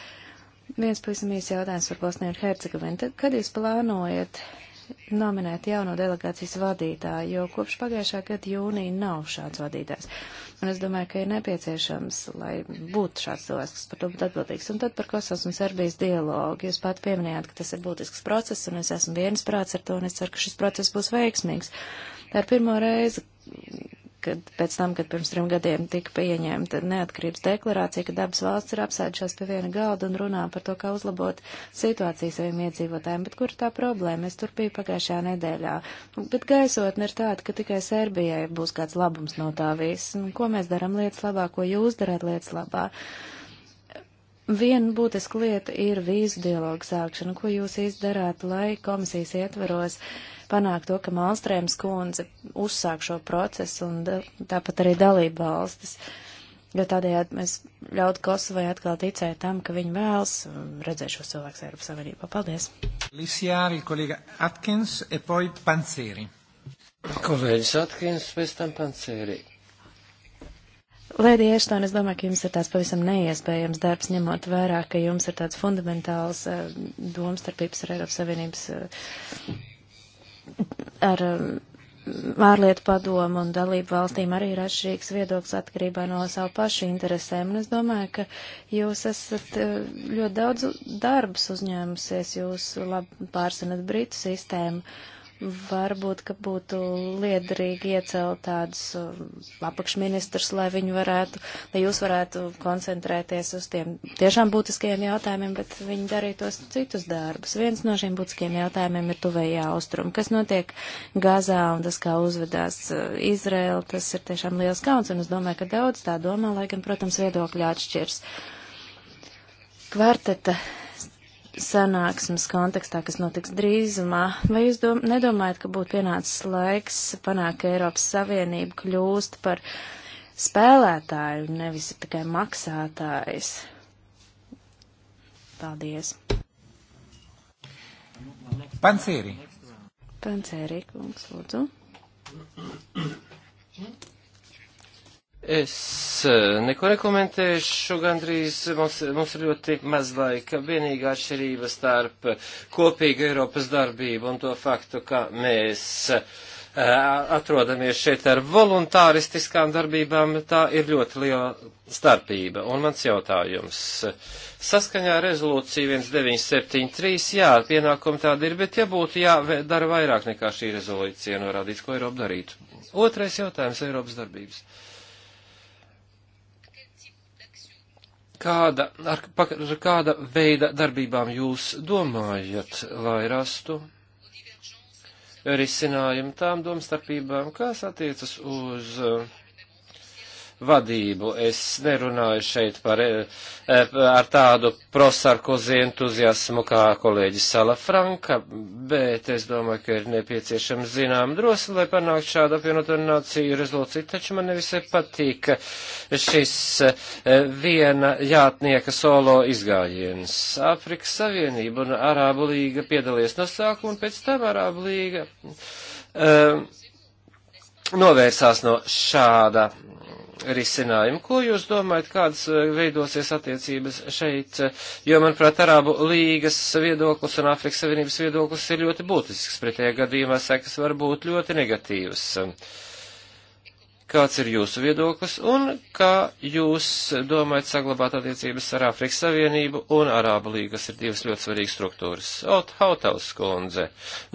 Viens pavisam īsi jautājums par Bosniju un Hercegovinu. Tad, kad jūs plānojat nominēt jauno delegācijas vadītāju, jo kopš pagājušā gada jūnija nav šāds vadītājs. Un es domāju, ka ir nepieciešams, lai būtu šāds cilvēks, kas par to būtu atbildīgs. Un tad par Kosovas un Serbijas dialogu. Jūs pat pieminējāt, ka tas ir būtisks process, un es esmu viensprāts ar to, un es ceru, ka šis process būs veiksmīgs. Tā ir pirmo reizi kad pēc tam, kad pirms trim gadiem tika pieņemta neatkarības deklarācija, ka dabas valsts ir apsēdušās pie viena galda un runā par to, kā uzlabot situāciju saviem iedzīvotājiem, bet kur ir tā problēma? Es tur biju pagājušajā nedēļā. Bet gaisotne ir tāda, ka tikai Serbijai būs kāds labums no tā viss. Ko mēs darām lietas labā, ko jūs darāt lietas labā? Viena būtiska lieta ir vīzu dialogu sākšana. Ko jūs izdarāt, lai komisijas ietvaros? Uh, panākt to, ka Malstrēms kundze uzsāk šo procesu un tāpat arī dalība valstis. Jo tādējādi mēs ļautu Kosovai atkal ticēt tam, ka viņi vēlas redzēt šos cilvēkus Eiropas Savienībā. Paldies! Lisiāri, kolēga Atkins, e poi Pancēri. Kolēģis Atkins, pēc tam Pancēri. Lēdija Eštāna, es domāju, ka jums ir tāds pavisam neiespējams darbs, ņemot vērā, ka jums ir tāds fundamentāls uh, domstarpības ar Eiropas Savienības uh, ar um, ārlietu padomu un dalību valstīm arī ir atšķirīgs viedoklis atkarībā no savu pašu interesēm. Un es domāju, ka jūs esat uh, ļoti daudz darbus uzņēmusies, jūs labi pārzinat Britu sistēmu. Uh, Varbūt, ka būtu liederīgi iecelt tādus um, apakšministrus, lai viņi varētu, lai jūs varētu koncentrēties uz tiem tiešām būtiskajiem jautājumiem, bet viņi darītos citus darbus. Viens no šiem būtiskajiem jautājumiem ir tuvējā austruma. Kas notiek Gazā un tas, kā uzvedās uh, Izraela, tas ir tiešām liels kauns, un es domāju, ka daudz tā domā, lai gan, protams, viedokļi atšķirs. Kvarteta sanāksmes kontekstā, kas notiks drīzumā, vai jūs dom nedomājat, ka būtu pienācis laiks panākt, ka Eiropas Savienība kļūst par spēlētāju, nevis tikai maksātājs? Paldies. Pancēri. Pancēri, kungs, lūdzu. Es eh, neko nekomentēšu, gandrīz mums, mums ir ļoti maz laika. Vienīgā atšķirība starp kopīgu Eiropas darbību un to faktu, ka mēs eh, atrodamies šeit ar voluntāristiskām darbībām, tā ir ļoti liela starpība. Un mans jautājums. Saskaņā rezolūcija 1973, jā, pienākumi tādi ir, bet ja būtu jādara vairāk nekā šī rezolūcija norādīts, ko Eiropa darītu. Otrais jautājums - Eiropas darbības. kāda, ar, ar kāda veida darbībām jūs domājat, lai rastu risinājumu tām domstarpībām, kas attiecas uz uh, vadību. Es nerunāju šeit par, e, e, ar tādu prosarkozi entuziasmu kā kolēģis Salafranka, bet es domāju, ka ir nepieciešama zinām drosme, lai panāktu šādu apvienoto nāciju rezolūciju. Taču man nevisai patīk šis e, viena jātnieka solo izgājiens. Afrikas Savienība un Arābu līga piedalies no sākuma, pēc tam Arābu līga. Um, novērsās no šāda risinājumu. Ko jūs domājat, kādas eh, veidosies attiecības šeit? Jo, manuprāt, Arābu līgas viedoklis un Afrikas Savienības viedoklis ir ļoti būtisks. Pretējā gadījumā sekas var būt ļoti negatīvas. Kāds ir jūsu viedoklis un kā jūs domājat saglabāt attiecības ar Afrikas Savienību un Arābu līgu, kas ir divas ļoti svarīgas struktūras? Ot, Hautaus kundze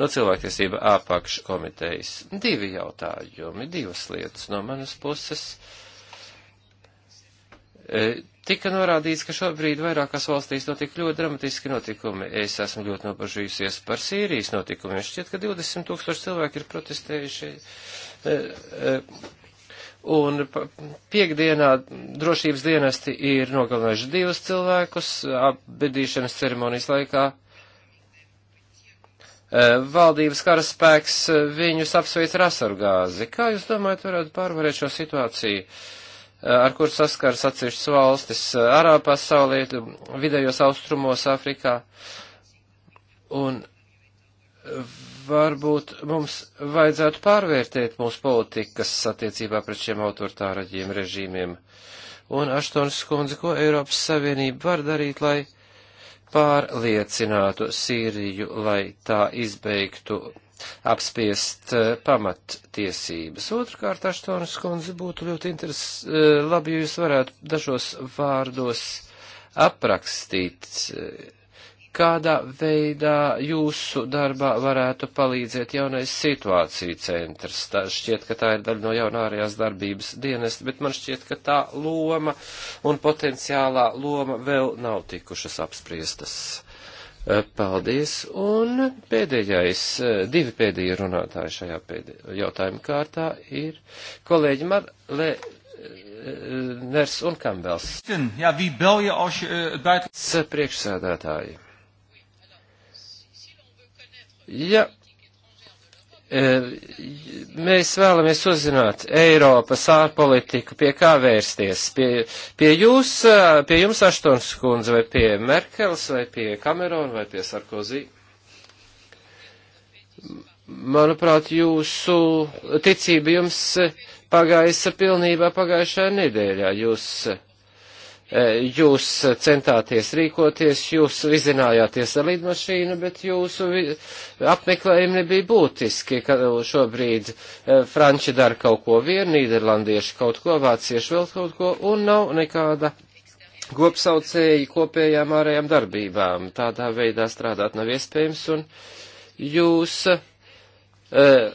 no cilvēktiesība apakškomitejas. Divi jautājumi, divas lietas no manas puses. Uh, E, tika norādīts, ka šobrīd vairākās valstīs notiek ļoti dramatiski notikumi. Es esmu ļoti nobažījusies par Sīrijas notikumiem. Šķiet, ka 20 tūkstoši cilvēki ir protestējuši. E, e, un piekdienā drošības dienesti ir nogalinājuši divus cilvēkus apbedīšanas ceremonijas laikā. Valdības karaspēks viņus apsveic ar asargāzi. Kā jūs domājat, varētu pārvarēt šo situāciju? Uh, Eh, ar kur saskars atsevišķas valstis eh, Arābu pasaulē, vidējos austrumos, Āfrikā. Un varbūt mums vajadzētu pārvērtēt mūsu politikas attiecībā pret šiem autoritāraģiem režīmiem. Un Aštons skundze, ko Eiropas Savienība var darīt, lai pārliecinātu Sīriju, lai tā izbeigtu apspiest eh, pamattiesības. Otrkārt, Aštonas kundze, būtu ļoti interes, eh, labi, ja jūs varētu dažos vārdos aprakstīt, eh, kādā veidā jūsu darbā varētu palīdzēt jaunais situācija centrs. Tā šķiet, ka tā ir daļa no jaunā ārējās darbības dienesta, bet man šķiet, ka tā loma un potenciālā loma vēl nav tikušas apspriestas. Eh, paldies. Un pēdējais, eh, divi pēdējie runātāji šajā jautājuma kārtā ir kolēģi Marle eh, Ners un Kambels. Jā, wie bel je als je het buitenlands... Priekšsēdētāji. Ja E, mēs vēlamies uzzināt Eiropas ārpolitiku, pie kā vērsties, pie, pie jūs, e, pie jums Aštons kundze, vai pie Merkels, vai pie Kamerona, vai pie Sarkozī. Manuprāt, jūsu ticība jums pagaisa pilnībā pagājušajā nedēļā. Jūs Eh, jūs centāties rīkoties, jūs vizinājāties ar lidmašīnu, bet jūsu apmeklējumi nebija būtiski, ka šobrīd eh, Franči dara kaut ko vienu, Nīderlandieši kaut ko, Vācieši vēl kaut ko, un nav nekāda kopsaucēji kopējām ārējām darbībām. Tādā veidā strādāt nav iespējams, un jūs. Uh,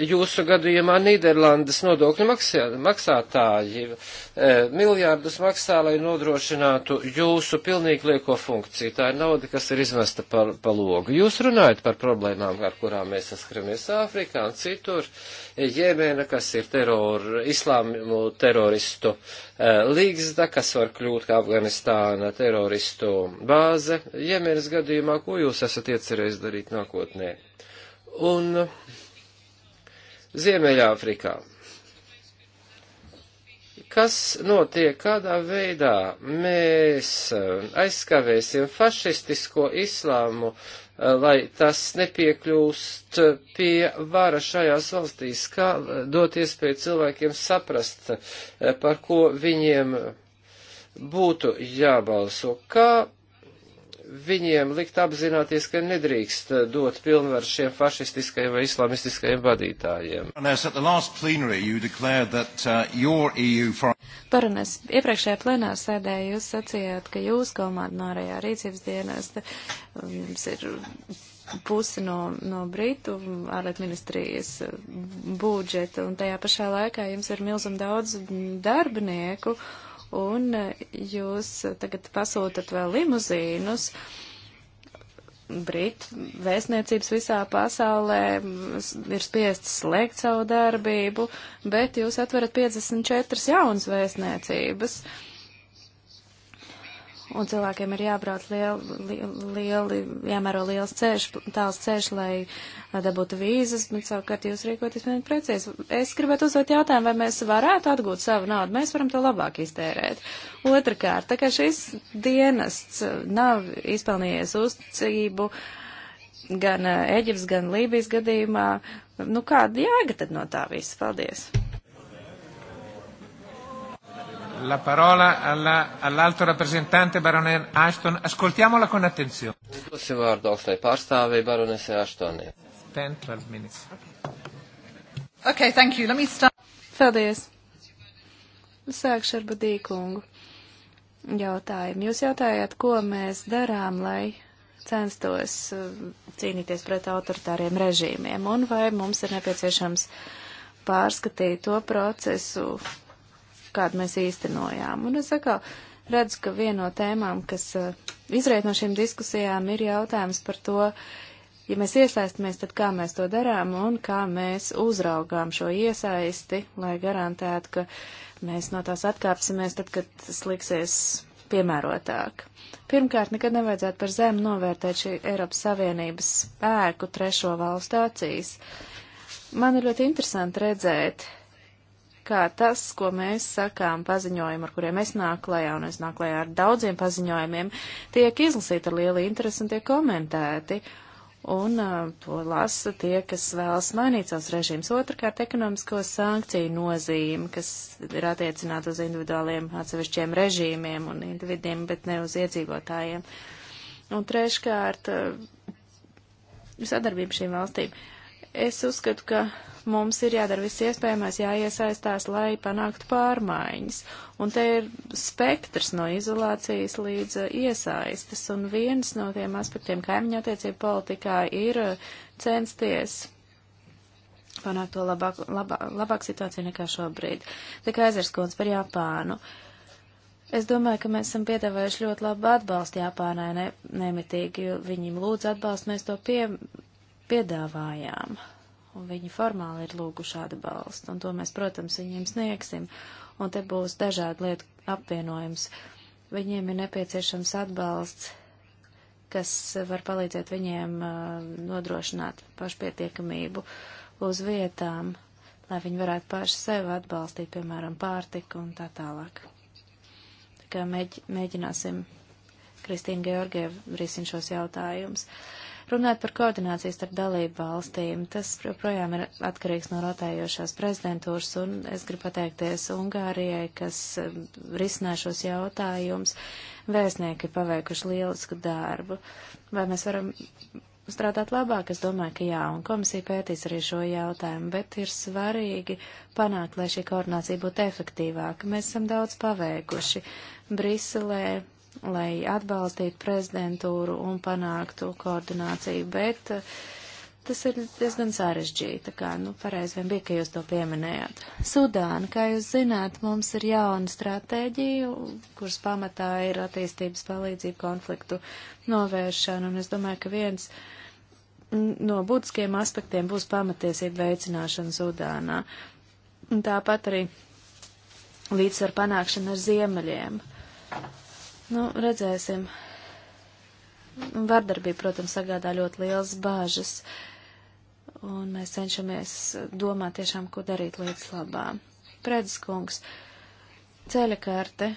jūsu gadījumā Nīderlandes nodokļu maksā, maksātāji e, miljārdus maksā, lai nodrošinātu jūsu pilnīgi lieko funkciju. Tā ir nauda, kas ir izmesta pa, pa logu. Jūs runājat par problēmām, ar kurām mēs saskaramies Āfrikā un citur. Jēmēna, kas ir teror, islāmu teroristu e, līgzda, kas var kļūt kā Afganistāna teroristu bāze. Jēmēnas gadījumā, ko jūs esat iecerējis darīt nākotnē? Un uh, Ziemeļāfrikā. Kas notiek, kādā veidā mēs eh, aizskavēsim fašistisko islāmu, eh, lai tas nepiekļūst pie vara šajās valstīs, kā eh, dot iespēju cilvēkiem saprast, par ko viņiem būtu jābalso, kā viņiem likt apzināties, ka nedrīkst dot pilnvaru šiem fašistiskajiem vai islamistiskajiem vadītājiem. Paranes, uh, e iepriekšējā plenārā sēdē jūs sacījāt, ka jūs komandinārajā rīcības dienesta jums ir pusi no, no Britu ārlietu ministrijas uh, budžeta, un tajā pašā laikā jums ir milzum daudz darbinieku. Uh, un e, jūs tagad pasūtat vēl limuzīnus. Britu vēstniecības visā pasaulē ir spiestas slēgt savu darbību, bet jūs atverat 54 jaunas vēstniecības. Uh, un cilvēkiem ir jābrauc lieli, lieli jāmēro liels ceļš, tāls ceļš, lai dabūtu vīzas, bet savukārt jūs rīkoties vien precīzi. Es gribētu uzdot jautājumu, vai mēs varētu atgūt savu naudu, mēs varam to labāk iztērēt. Otrakārt, tā kā šis dienests nav izpelnījies uzticību gan eh, Eģips, gan Lībijas gadījumā, nu kāda jēga tad no tā viss? Paldies! la parola alla, all'alto rappresentante Baroner Ashton. Ascoltiamola con attenzione. Dosim vārdu augstai pārstāvei Baronese Ashtonai. 10-12 minutes. Okay. ok, thank you. Let me start. Paldies. Sākšu ar Budīkungu jautājumu. Jūs jautājāt, ko mēs darām, lai censtos uh, cīnīties pret autoritāriem režīmiem un vai mums ir nepieciešams pārskatīt to procesu, kādu mēs īstenojām. Un es atkal redzu, ka viena no tēmām, kas eh, izriet no šīm diskusijām, ir jautājums par to, ja mēs iesaistamies, tad kā mēs to darām un kā mēs uzraugām šo iesaisti, lai garantētu, ka mēs no tās atkāpsimies tad, kad tas liksies piemērotāk. Pirmkārt, nekad nevajadzētu par zemu novērtēt šī Eiropas Savienības ēku trešo valstu acīs. Man ir ļoti interesanti redzēt, kā tas, ko mēs sakām paziņojumu, ar kuriem es nāku klajā, un es nāku klajā ar daudziem paziņojumiem, tiek izlasīti ar lielu interesi un tiek komentēti. Un uh, to lasa tie, kas vēlas mainīt savus režīmus. Otrakārt, ekonomisko sankciju nozīme, kas ir attiecināta uz individuāliem atsevišķiem režīmiem un individiem, bet ne uz iedzīvotājiem. Un treškārt, uh, sadarbība šīm valstīm. Es uzskatu, ka Mums ir jādara viss iespējamais, jāiesaistās, lai panāktu pārmaiņas. Un te ir spektrs no izolācijas līdz uh, iesaistas, un viens no tiem aspektiem kaimiņa attiecību politikā ir uh, censties panākt to labāk, labā, labāk situāciju nekā šobrīd. Tā kā aizarskons par Japānu. Es domāju, ka mēs esam piedāvājuši ļoti labu atbalstu Japānai ne, nemitīgi. Viņiem lūdz atbalstu, mēs to pie, piedāvājām un viņi formāli ir lūguši atbalstu, un to mēs, protams, viņiem sniegsim, un te būs dažādi lietu apvienojums. Viņiem ir nepieciešams atbalsts, kas var palīdzēt viņiem uh, nodrošināt pašpietiekamību uz vietām, lai viņi varētu paši sevi atbalstīt, piemēram, pārtiku un tā tālāk. Tā kā mēģināsim Kristīna Georgiev risina šos jautājumus. Uh, Runāt par koordinācijas starp dalību valstīm, tas joprojām ir atkarīgs no rotējošās prezidentūras, un es gribu pateikties Ungārijai, kas um, risinā šos jautājumus. Vēstnieki paveikuši lielisku darbu. Vai mēs varam strādāt labāk, es domāju, ka jā, un komisija pētīs arī šo jautājumu, bet ir svarīgi panākt, lai šī koordinācija būtu efektīvāka. Mēs esam daudz paveikuši. Briselē lai atbalstītu prezidentūru un panāktu koordināciju, bet eh, tas ir diezgan sarežģīti, tā kā, nu, pareizi vien bija, ka jūs to pieminējāt. Sudāna, kā jūs zināt, mums ir jauna stratēģija, kuras pamatā ir attīstības palīdzība konfliktu novēršana, un es domāju, ka viens no būtiskiem aspektiem būs pamatiesība veicināšana Sudānā. Un tāpat arī līdzsvaru panākšana ar ziemeļiem. Nu, redzēsim. Vardarbība, protams, sagādā ļoti liels bāžas, un mēs cenšamies domāt tiešām, ko darīt lietas labā. Predz kungs, ceļa karte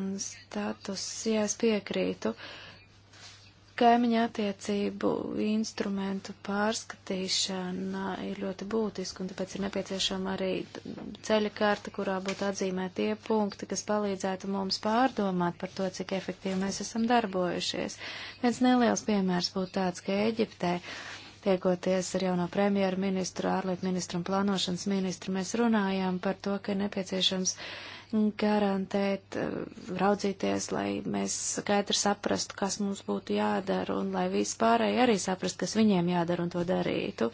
un status, ja es piekrītu. Uh, Kaimiņa attiecību instrumentu pārskatīšana ir ļoti būtiska, un tāpēc ir nepieciešama arī ceļa karta, kurā būtu atzīmēt tie punkti, kas palīdzētu mums pārdomāt par to, cik efektīvi mēs esam darbojušies. Viens neliels piemērs būtu tāds, ka Eģiptē tiekoties ar jauno premjeru ministru, ārlietu ministru un plānošanas ministru, mēs runājām par to, ka ir nepieciešams uh, garantēt, eh, raudzīties, lai mēs skaidri saprastu, kas mums būtu jādara, un lai vispārēji arī saprast, kas viņiem jādara un to darītu.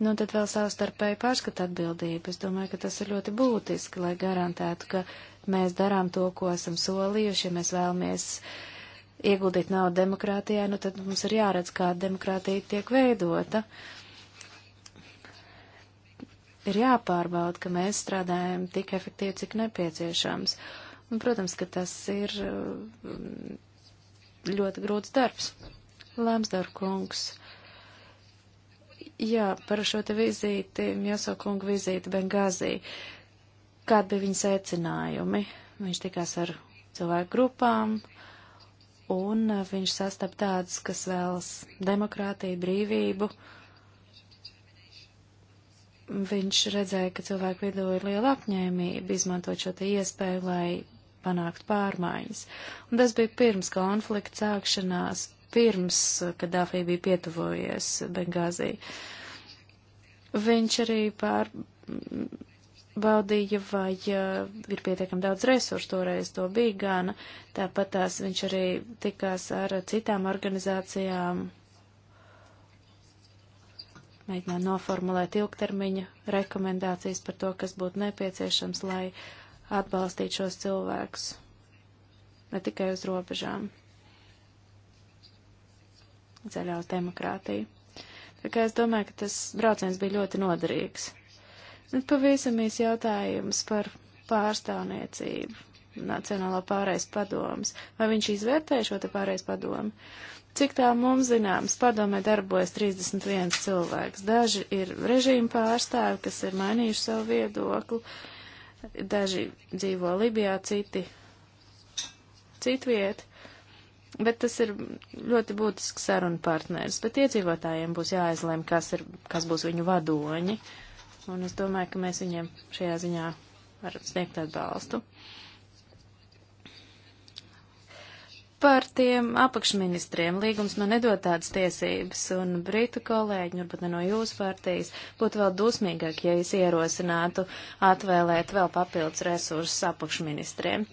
Nu, tad vēl savstarpēji pārskata atbildība. Es domāju, ka tas ir ļoti būtiski, lai garantētu, ka mēs darām to, ko esam solījuši, ja mēs vēlamies ieguldīt naudu demokrātijā, nu tad mums ir jāredz, kā demokrātija tiek veidota. Uh, ir jāpārbauda, ka mēs strādājam tik efektīvi, cik nepieciešams. Un, protams, ka tas ir mm, ļoti grūts darbs. Lēmsdār kungs. Jā, par šo te vizīti, Mjoso kungu vizīti Bengāzī. Kādi bija viņa secinājumi? Viņš tikās ar cilvēku grupām, un uh, viņš sastap tāds, kas vēlas demokrātiju, brīvību. Uh, viņš redzēja, ka cilvēku vidū ir liela apņēmība izmantot šo te iespēju, lai panāktu pārmaiņas. Un tas bija pirms konflikta sākšanās, pirms, kad uh, Dafī bija pietuvojies Bengāzī. Viņš arī pārbaudīja, vai uh, ir pietiekami daudz resursu, toreiz to bija gana. Tāpat tās viņš arī tikās ar citām organizācijām, mēģināt noformulēt ilgtermiņa rekomendācijas par to, kas būtu nepieciešams, lai atbalstītu šos cilvēkus, ne tikai uz robežām, ceļā uz demokrātiju. Tā kā es domāju, ka tas brauciens bija ļoti noderīgs. Tad pavisam īsi jautājums par pārstāvniecību Nacionālā pārējais padomas. Vai viņš izvērtē šo te pārējais padomu? Cik tā mums zināms, padomē darbojas 31 cilvēks. Daži ir režīma pārstāvi, kas ir mainījuši savu viedokli, daži dzīvo Libijā, citi citviet, bet tas ir ļoti būtisks saruna partners, bet iedzīvotājiem būs jāizlēm, kas, ir, kas būs viņu vadoņi, un es domāju, ka mēs viņiem šajā ziņā varam sniegt atbalstu. Uh, par tiem apakšministriem. Līgums man nu nedod tādas tiesības, un britu kolēģi, varbūt nu, ne no jūsu partijas, būtu vēl dusmīgāk, ja es ierosinātu atvēlēt vēl papildus resursus apakšministriem.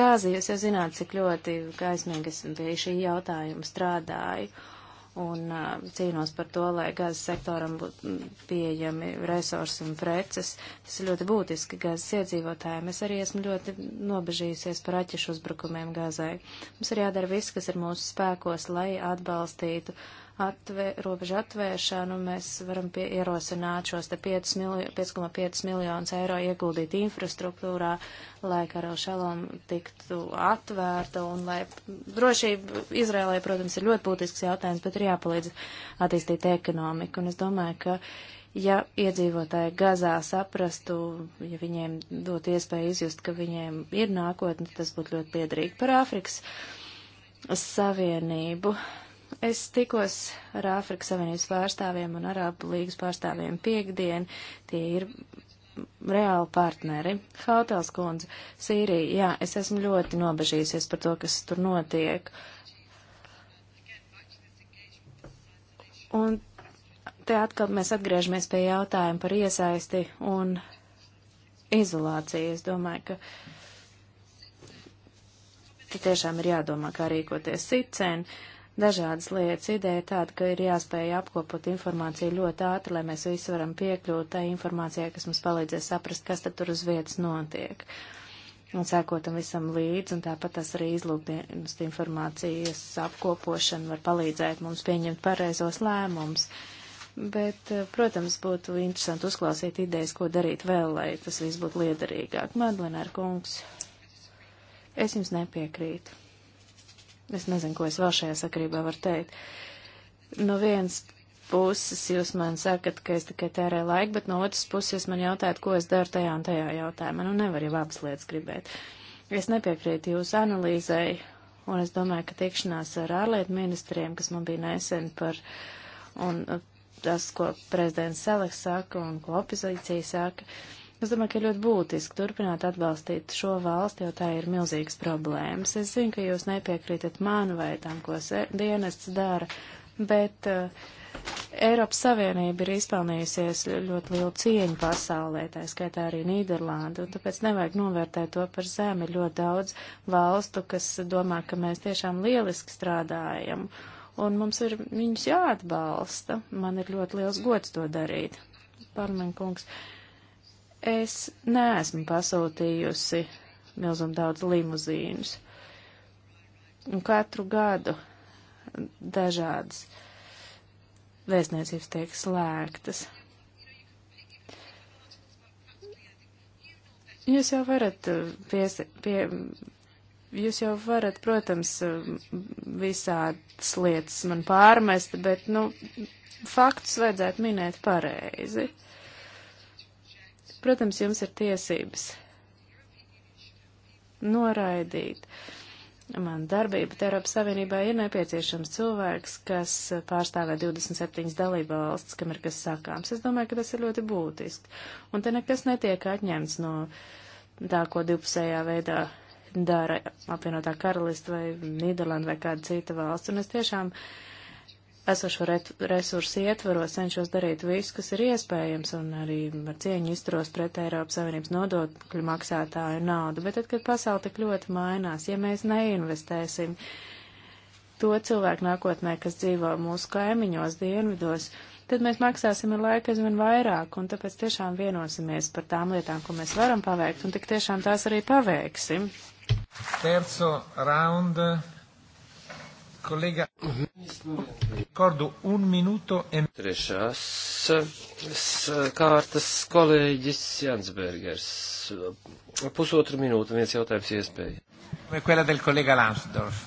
Gāzi, jūs jau zināt, cik ļoti gaismīgi es pie šī jautājuma strādāju. Uh, un uh, cīnos par to, lai gazas sektoram būtu mm, pieejami resursi un preces. Tas ir ļoti būtiski gazas iedzīvotājiem. Es arī esmu ļoti nobežījusies par aķešu uzbrukumiem gazai. Mums ir jādara viss, kas ir mūsu spēkos, lai atbalstītu uh, atvēr, robežu atvēršanu, mēs varam pie, ierosināt šos te 5,5 miljo, miljonus eiro ieguldīt infrastruktūrā, lai Karel Šalom tiktu atvērta un lai drošība Izrēlē, protams, ir ļoti būtisks jautājums, bet ir jāpalīdz attīstīt ekonomiku. Un es domāju, ka ja iedzīvotāji Gazā saprastu, ja viņiem dot iespēju izjust, ka viņiem ir nākotne, tas būtu ļoti piedrīgi par Āfrikas Savienību. Es tikos ar Āfrikas Savienības pārstāvjiem un Arābu līgas pārstāvjiem piekdien. Tie ir reāli partneri. Hautels kundze, Sīrija, jā, es esmu ļoti nobežījusies par to, kas tur notiek. Un te atkal mēs atgriežamies pie jautājuma par iesaisti un izolāciju. Es domāju, ka te tiešām ir jādomā, kā rīkoties sicēni dažādas lietas. Ideja tāda, ka ir jāspēj apkopot informāciju ļoti ātri, lai mēs visi varam piekļūt tai informācijai, kas mums palīdzēs saprast, kas tad tur uz vietas notiek. Un sēkotam visam līdzi, un tāpat tas arī izlūkdienas informācijas apkopošana var palīdzēt mums pieņemt pareizos lēmumus. Bet, eh, protams, būtu interesanti uzklausīt idejas, ko darīt vēl, lai tas viss būtu liederīgāk. Madlina ar kungs, es jums nepiekrītu. Es nezinu, ko es vēl šajā sakarībā varu teikt. No vienas puses jūs man sakat, ka es tikai tērēju laiku, bet no otras puses jūs man jautājat, ko es daru tajā un tajā jautājumā. Nu, nevar jau abas lietas gribēt. Es nepiekrītu jūsu analīzei, un es domāju, ka tikšanās ar ārlietu ministriem, kas man bija nesen par, un tas, ko prezidents Seleks saka un ko opozīcija saka, uh, Es domāju, ka ir ļoti būtiski turpināt atbalstīt šo valsti, jo tā ir milzīgas problēmas. Es zinu, ka jūs nepiekrītat man vai tam, ko dienests dara, bet uh, Eiropas Savienība ir izpelnījusies ļoti lielu cieņu pasaulē, tā skaitā arī Nīderlanda, un tāpēc nevajag novērtēt to par zemi. Ir ļoti daudz valstu, kas domā, ka mēs tiešām lieliski strādājam, un mums ir viņus jāatbalsta. Man ir ļoti liels gods to darīt. Parmen kungs, Es neesmu pasūtījusi milzum daudz limuzīnus. Un katru gadu dažādas vēstniecības tiek slēgtas. Jūs jau varat uh, pies, pie, jūs jau varat, protams, uh, visādas lietas man pārmest, bet, nu, faktus vajadzētu minēt pareizi. Uh, Protams, jums ir tiesības noraidīt. Man darbība Eiropas Savienībā ir nepieciešams cilvēks, kas pārstāvē 27 dalību valsts, kam ir kas sakāms. Es domāju, ka tas ir ļoti būtiski. Un te nekas netiek atņemts no tā, ko divpusējā veidā dara apvienotā karalista vai Nīderlanda vai kāda cita valsts. Un es tiešām uh, esošo resursu ietvaros cenšos darīt visu, kas ir iespējams, un arī ar cieņu izturos pret Eiropas Savienības nodokļu maksātāju naudu. Bet tad, kad pasauli tik ļoti mainās, ja mēs neinvestēsim to cilvēku nākotnē, kas dzīvo mūsu kaimiņos, dienvidos, tad mēs maksāsim ar laiku aizvien vairāk, un tāpēc tiešām vienosimies par tām lietām, ko mēs varam paveikt, un tik tiešām tās arī paveiksim. Terzo raunda Kolega, kordu un minūto. Em... Trešās kārtas kolēģis Jansbergers. Pusotru minūtu, viens jautājums iespēja. Quella del kolega Lansdorf.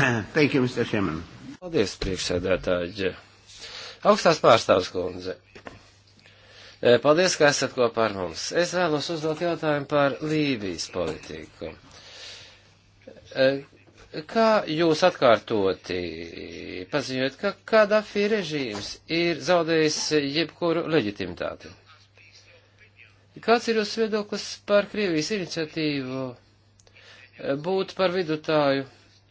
Thank you, Mr. Chairman. Paldies, priekšsēdētāji. Augstās pārstāvs kundze. E, paldies, ka esat kopā ar mums. Es vēlos uzdot jautājumu par Lībijas politiku e, kā jūs atkārtoti paziņojat, ka Kadafi režīms ir zaudējis jebkuru leģitimitāti? Kāds ir jūsu viedoklis par Krievijas iniciatīvu eh, būt par vidutāju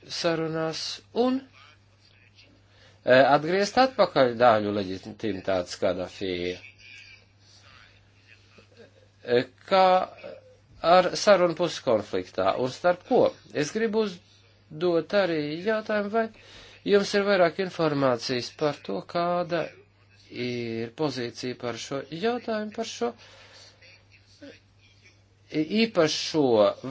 sarunās un eh, atgriezt atpakaļ dāļu leģitimitātes Kadafī? Eh, kā ar sarunu pusi konfliktā un starp ko? Es gribu uz uzdot arī jautājumu, vai jums ir vairāk informācijas par to, kāda ir pozīcija par šo jautājumu, par šo īpašo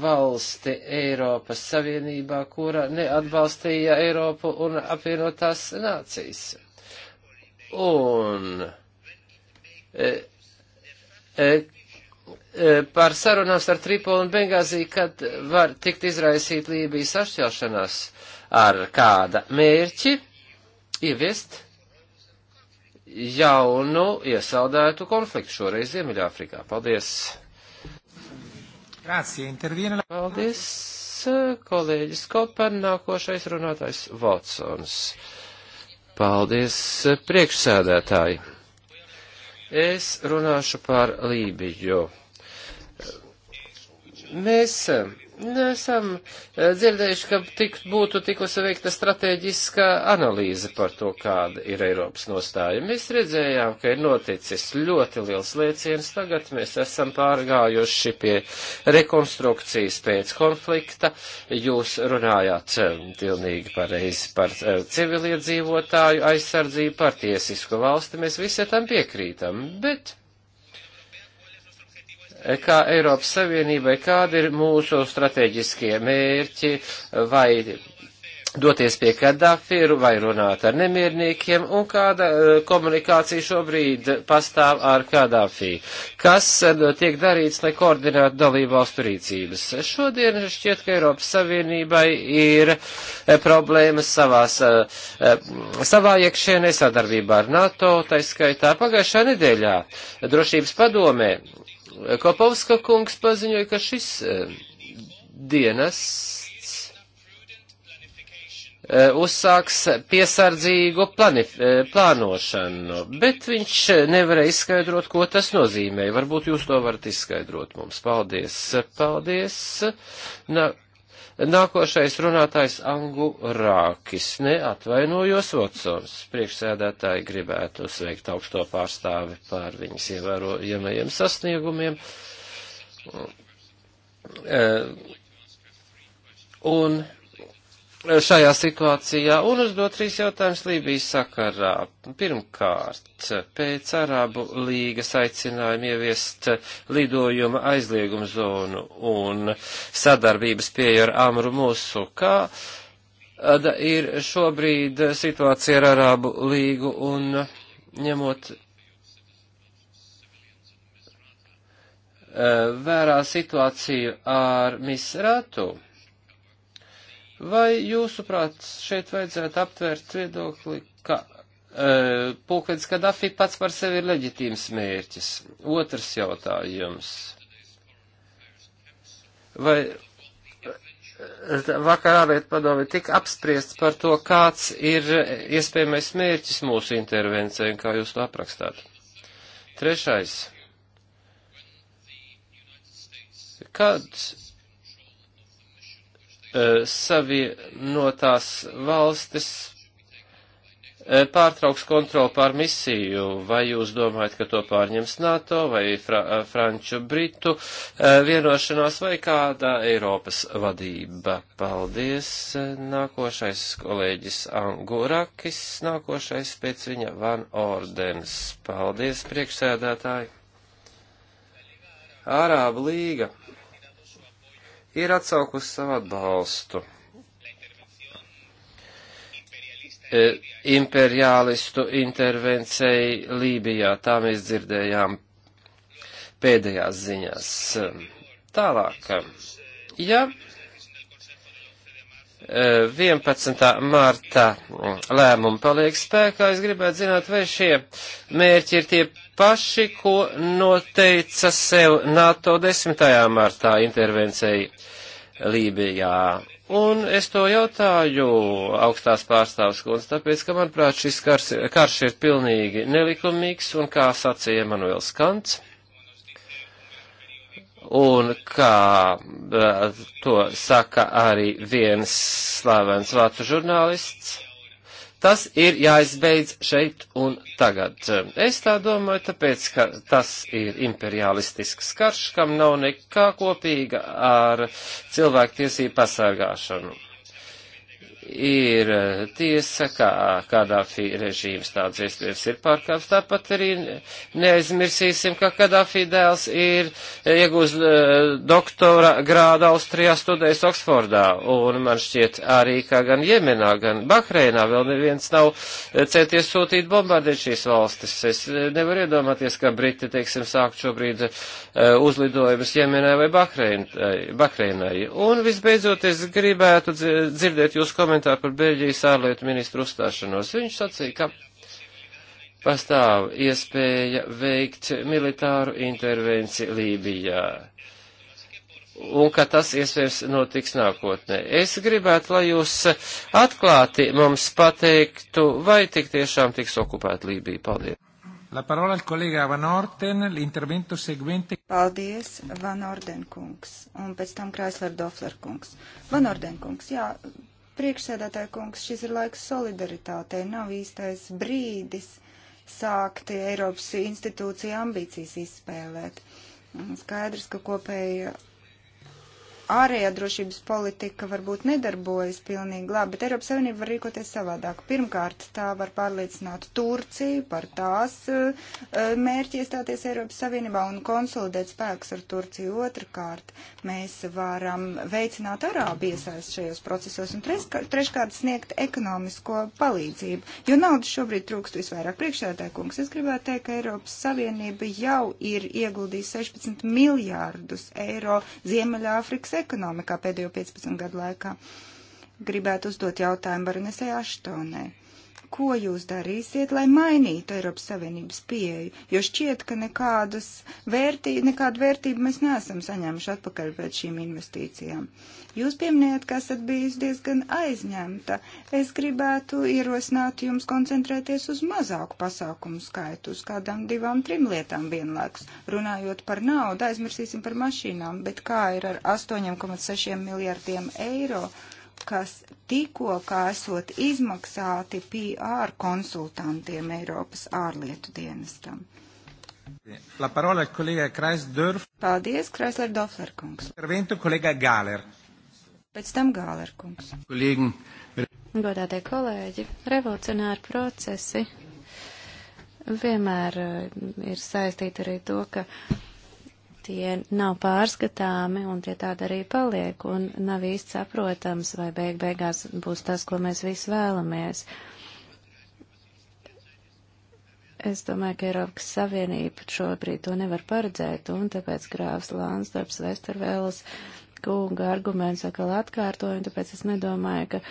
valsti Eiropas Savienībā, kura neatbalstīja Eiropu un apvienotās nācijas. Un e, e, Eh, par sarunām ar Tripoli un Bengāzī, kad var tikt izraisīt Lībijas sašķelšanās ar kāda mērķi ieviest jaunu iesaldētu konfliktu šoreiz Ziemeļāfrikā. Paldies! Grācija, intervīna. Paldies, kolēģis Kopen, nākošais runātājs Watsons. Paldies, priekšsēdētāji. Es runāšu par Lībiju. Mēs e, neesam e, dzirdējuši, ka tik, būtu tikusi veikta strateģiska analīze par to, kāda ir Eiropas nostāja. Mēs redzējām, ka ir noticis ļoti liels lēciens, tagad mēs esam pārgājuši pie rekonstrukcijas pēc konflikta. Jūs runājāt e, pilnīgi pareizi par civiliedzīvotāju aizsardzību, par tiesisku valsti, mēs visi tam piekrītam, bet kā Eiropas Savienībai, kādi ir mūsu strateģiskie mērķi, vai doties pie Kadafiru, vai runāt ar nemierniekiem, un kāda eh, komunikācija šobrīd pastāv ar Kadafī. Kas eh, tiek darīts, lai koordinētu dalību valstu rīcības? Šodien šķiet, ka Eiropas Savienībai ir eh, problēmas savās, savā iekšienē sadarbībā ar NATO, taiskaitā pagājušā nedēļā drošības padomē Kopovska kungs paziņoja, ka šis e, dienests e, uzsāks piesardzīgu planif, e, plānošanu, bet viņš nevarēja izskaidrot, ko tas nozīmē. Varbūt jūs to varat izskaidrot mums. Paldies, paldies. Na, Nākošais runātājs Angu Rākis. Neatvainojos, Votsons. Priekšsēdētāji gribētu sveikt augsto pārstāvi par viņas ievērojamajiem sasniegumiem. Un šajā situācijā un uzdot trīs jautājumus Lībijas sakarā. Pirmkārt, pēc Arābu līgas aicinājuma ieviest lidojuma aizliegumu zonu un sadarbības pieeja ar Amru Musu, kā ir šobrīd situācija ar Arābu līgu un ņemot eh, vērā situāciju ar Misratu Vai jūsuprāt šeit vajadzētu aptvērt viedokli, ka e, pulkvedis Kadafi pats par sevi ir leģitīms mērķis? Otrs jautājums. Vai e, vakar ārlietu padomi tika apspriests par to, kāds ir iespējamais mērķis mūsu intervencijai un kā jūs to aprakstāt. Trešais. Kad E, savienotās valstis e, pārtrauks kontroli pār misiju, vai jūs domājat, ka to pārņems NATO vai fra e, Franču Britu vienošanās vai kāda Eiropas vadība? Paldies, nākošais kolēģis Angurakis, nākošais pēc viņa Van Ordens. Paldies, priekšsēdētāji. Arāba līga ir atsaukusi savu atbalstu e, imperialistu intervencei Lībijā. Tā mēs dzirdējām pēdējās ziņās. Tālāk, ja 11. marta lēmumi paliek spēkā. Es gribētu zināt, vai šie mērķi ir tie paši, ko noteica sev NATO 10. martā intervencija Lībijā. Un es to jautāju augstās pārstāvs kundze, tāpēc, ka, manuprāt, šis karš, karš ir pilnīgi nelikumīgs, un kā sacīja Emanuels Kants, Un kā to saka arī viens slavens vācu žurnālists, tas ir jāizbeidz šeit un tagad. Es tā domāju, tāpēc, ka tas ir imperialistisks karš, kam nav nekā kopīga ar cilvēku tiesību pasargāšanu ir eh, tiesa, kā Kadāfī režīms tāds iespējams ir pārkāps, tāpat arī neaizmirsīsim, ka Kadāfī dēls ir eh, iegūst eh, doktora grādu Austrijā studējis Oksfordā, un man šķiet arī, ka gan Jemenā, gan Bahreinā vēl neviens nav centies sūtīt bombardēt šīs valstis. Es nevaru iedomāties, ka Briti, teiksim, sākt šobrīd uzlidojumus Jemenai vai Bahreinai. Un visbeidzot, es gribētu dzirdēt jūs komentārus komentāru par Beļģijas ārlietu ministru uzstāšanos. Viņš sacīja, ka pastāv iespēja veikt militāru intervenciju Lībijā un ka tas iespējams notiks nākotnē. Es gribētu, lai jūs atklāti mums pateiktu, vai tik tiešām tiks okupēta Lībija. Paldies! La parola al collega Van Orten, l'intervento seguente. Paldies, Van Orden kungs, un pēc tam Kreisler Dofler kungs. Van Orden kungs, jā, Priekšsēdētāja kungs, šis ir laiks solidaritātei, nav īstais brīdis sākt Eiropas institūciju ambīcijas izspēlēt. Skaidrs, ka kopēja ārējā drošības politika varbūt nedarbojas pilnīgi labi, bet Eiropas Savienība var rīkoties savādāk. Pirmkārt, tā var pārliecināt Turciju par tās uh, mērķi iestāties Eiropas Savienībā un konsolidēt spēkus ar Turciju. Otrakārt, mēs varam veicināt arābu iesaist šajos procesos un treškārt sniegt ekonomisko palīdzību, jo naudas šobrīd trūkst visvairāk priekšētāju kungs. Es gribētu teikt, ka Eiropas Savienība jau ir ieguldījusi 16 miljārdus eiro Ziemeļāfrikas ekonomikā pēdējo 15 gadu laikā. Gribētu uzdot jautājumu Baronesei Aštonai. Ko jūs darīsiet, lai mainītu Eiropas Savienības pieeju? Jo šķiet, ka nekādas vērtī, nekādu vērtību mēs neesam saņēmuši atpakaļ pēc šīm investīcijām. Jūs pieminējat, ka esat bijis diezgan aizņemta. Es gribētu ierosināt jums koncentrēties uz mazāku pasākumu skaitu, uz kādām divām, trim lietām vienlaikus. Runājot par naudu, aizmirsīsim par mašīnām, bet kā ir ar 8,6 miljardiem eiro? kas tikko kā esot izmaksāti PR konsultantiem Eiropas ārlietu dienestam. La parola al collega Kreisdorf. Paldies, Kreisler Dofler kungs. Intervento kolēga Gāler. Pēc tam Gāler kungs. Kolēģi. Godātie kolēģi, revolucionāri procesi vienmēr eh, ir saistīti arī to, ka tie nav pārskatāmi un tie tāda arī paliek un nav īsti saprotams, vai beig beigās būs tas, ko mēs visi vēlamies. Es domāju, ka Eiropas Savienība šobrīd to nevar paredzēt un tāpēc grāvs Lānsdarbs Vestervēlas kunga arguments atkal atkārtoju, tāpēc es nedomāju, ka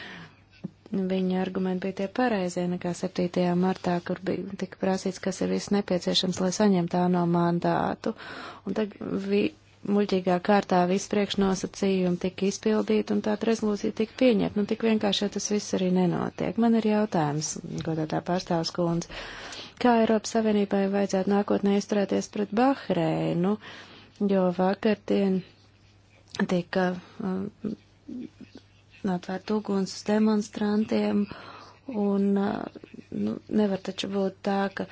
viņa argumenti bija tie pareizie nekā 7. martā, kur bija tika prasīts, kas ir viss nepieciešams, lai saņemtu ANO mandātu. Un tad vi, muļķīgā kārtā viss priekšnosacījumi tika izpildīti un tāda rezolūcija tika pieņemta. Nu, tik vienkārši tas viss arī nenotiek. Man ir jautājums, godātā pārstāvs kundze, kā Eiropas Savienībai vajadzētu nākotnē izturēties pret Bahreinu, jo vakardien tika. Um, atvērt uguns uz demonstrantiem, un uh, nu, nevar taču būt tā, ka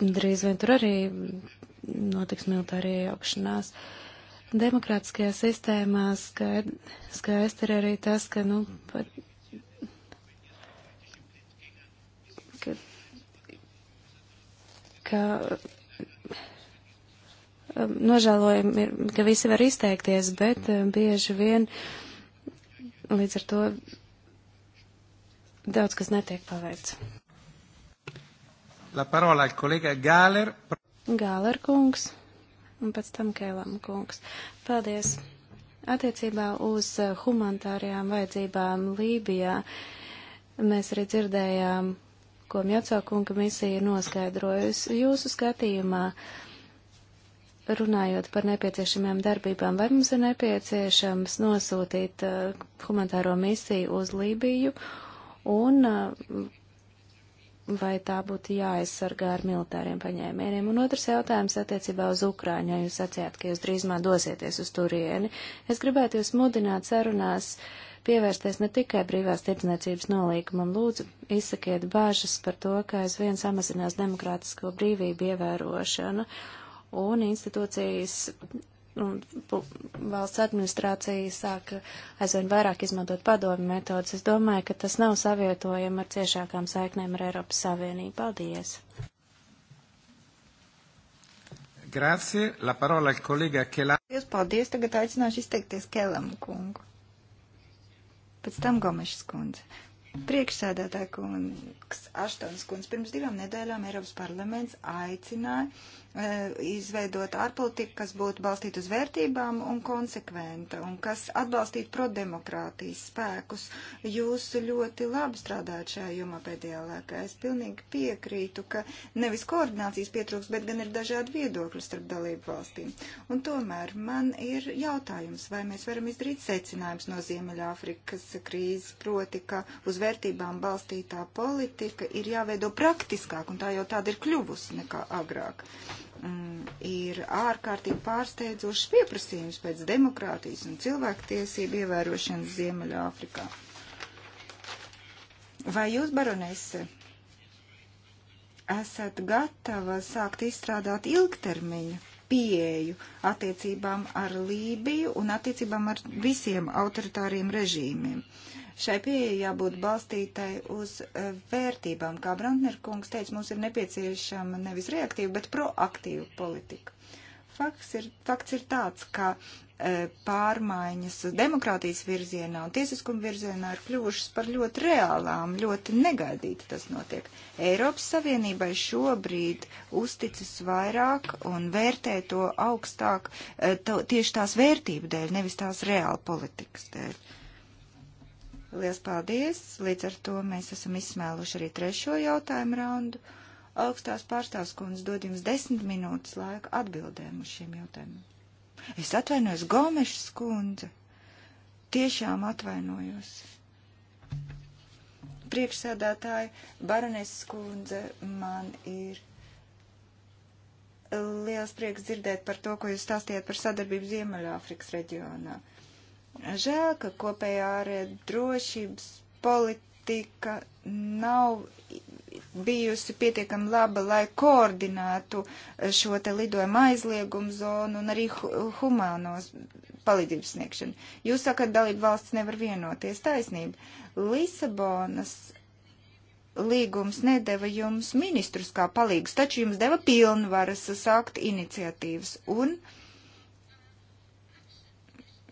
drīz vien tur arī notiks militārie iejaukšanās. Demokrātiskajā sistēmā skaisti ir arī tas, ka, nu, pat, ka, ka um, nožēlojami ir, ka visi var izteikties, bet um, bieži vien uh, Līdz ar to daudz kas netiek paveikts. La parola al kolega Gāler. Gāler kungs un pēc tam Kēlam kungs. Paldies. Attiecībā uz humanitārajām vajadzībām Lībijā mēs arī dzirdējām, ko Mjocā kunga misija ir noskaidrojusi jūsu skatījumā. Uh, runājot par nepieciešamajām darbībām, vai mums ir nepieciešams nosūtīt uh, humanitāro misiju uz Lībiju, un uh, vai tā būtu jāaizsargā ar militāriem paņēmieniem? Un otrs jautājums attiecībā uz Ukrāņu, ja jūs sacījāt, ka jūs drīzumā dosieties uz turieni. Es gribētu jūs mudināt sarunās pievērsties ne tikai brīvās tirdzniecības nolīgumam. Lūdzu, izsakiet bāžas par to, ka aizvien samazinās demokrātisko brīvību ievērošana. Uh, un institūcijas un valsts administrācija sāka aizvien vairāk izmantot padomu metodas. Es domāju, ka tas nav savietojami ar ciešākām saiknēm ar Eiropas Savienību. Paldies! Grācie, la parola kolēga Kelā. Jūs paldies, tagad aicināšu izteikties Kelam kungu. Pēc tam Gomešas kundze. Priekšsēdētāja kungs, Aštons kungs, pirms divām nedēļām Eiropas parlaments aicināja Eh, izveidot ārpolitiku, kas būtu balstīta uz vērtībām un konsekventa, un kas atbalstītu prodemokrātijas spēkus. Jūs ļoti labi strādājat šajā jomā pēdējā laikā. Es pilnīgi piekrītu, ka nevis koordinācijas pietrūks, bet gan ir dažādi viedokļi starp dalību valstīm. Un tomēr man ir jautājums, vai mēs varam izdarīt secinājums no Ziemeļāfrikas krīzes, proti, ka uz vērtībām balstītā politika ir jāveido praktiskāk, un tā jau tāda ir kļuvusi nekā agrāk mm, ir ārkārtīgi pārsteidzošs pieprasījums pēc demokrātijas un cilvēktiesību ievērošanas Ziemeļāfrikā. Vai jūs, baronese, esat gatava sākt izstrādāt ilgtermiņu pieeju attiecībām ar Lībiju un attiecībām ar visiem autoritāriem režīmiem? Uh, Šai pieeja jābūt balstītai uz e, vērtībām. Kā Brantner kungs teica, mums ir nepieciešama nevis reaktīva, bet proaktīva politika. Fakts ir, fakts ir tāds, ka e, pārmaiņas demokrātijas virzienā un tiesiskuma virzienā ir kļuvušas par ļoti reālām, ļoti negaidīti tas notiek. Eiropas Savienībai šobrīd uzticas vairāk un vērtē to augstāk e, to, tieši tās vērtību dēļ, nevis tās reāla politikas dēļ. Lielas paldies! Līdz ar to mēs esam izsmēluši arī trešo jautājumu raundu. Augstās pārstāvs kundze dod jums desmit minūtes laika atbildēm uz šiem jautājumiem. Es atvainojos, Gomešs kundze! Tiešām atvainojos! Priekšsēdētāji, baroneses kundze, man ir liels prieks dzirdēt par to, ko jūs stāstījāt par sadarbību Ziemeļāfrikas reģionā. Uh, Žēl, ka kopējā ārējā drošības politika nav bijusi pietiekami laba, lai koordinētu šo te lidojumu aizliegumu zonu un arī humānos palīdzības sniegšanu. Jūs sakat, dalību valsts nevar vienoties. Taisnība. Lisabonas līgums nedeva jums ministrus kā palīgus, taču jums deva pilnvaras sākt iniciatīvas. Un uh,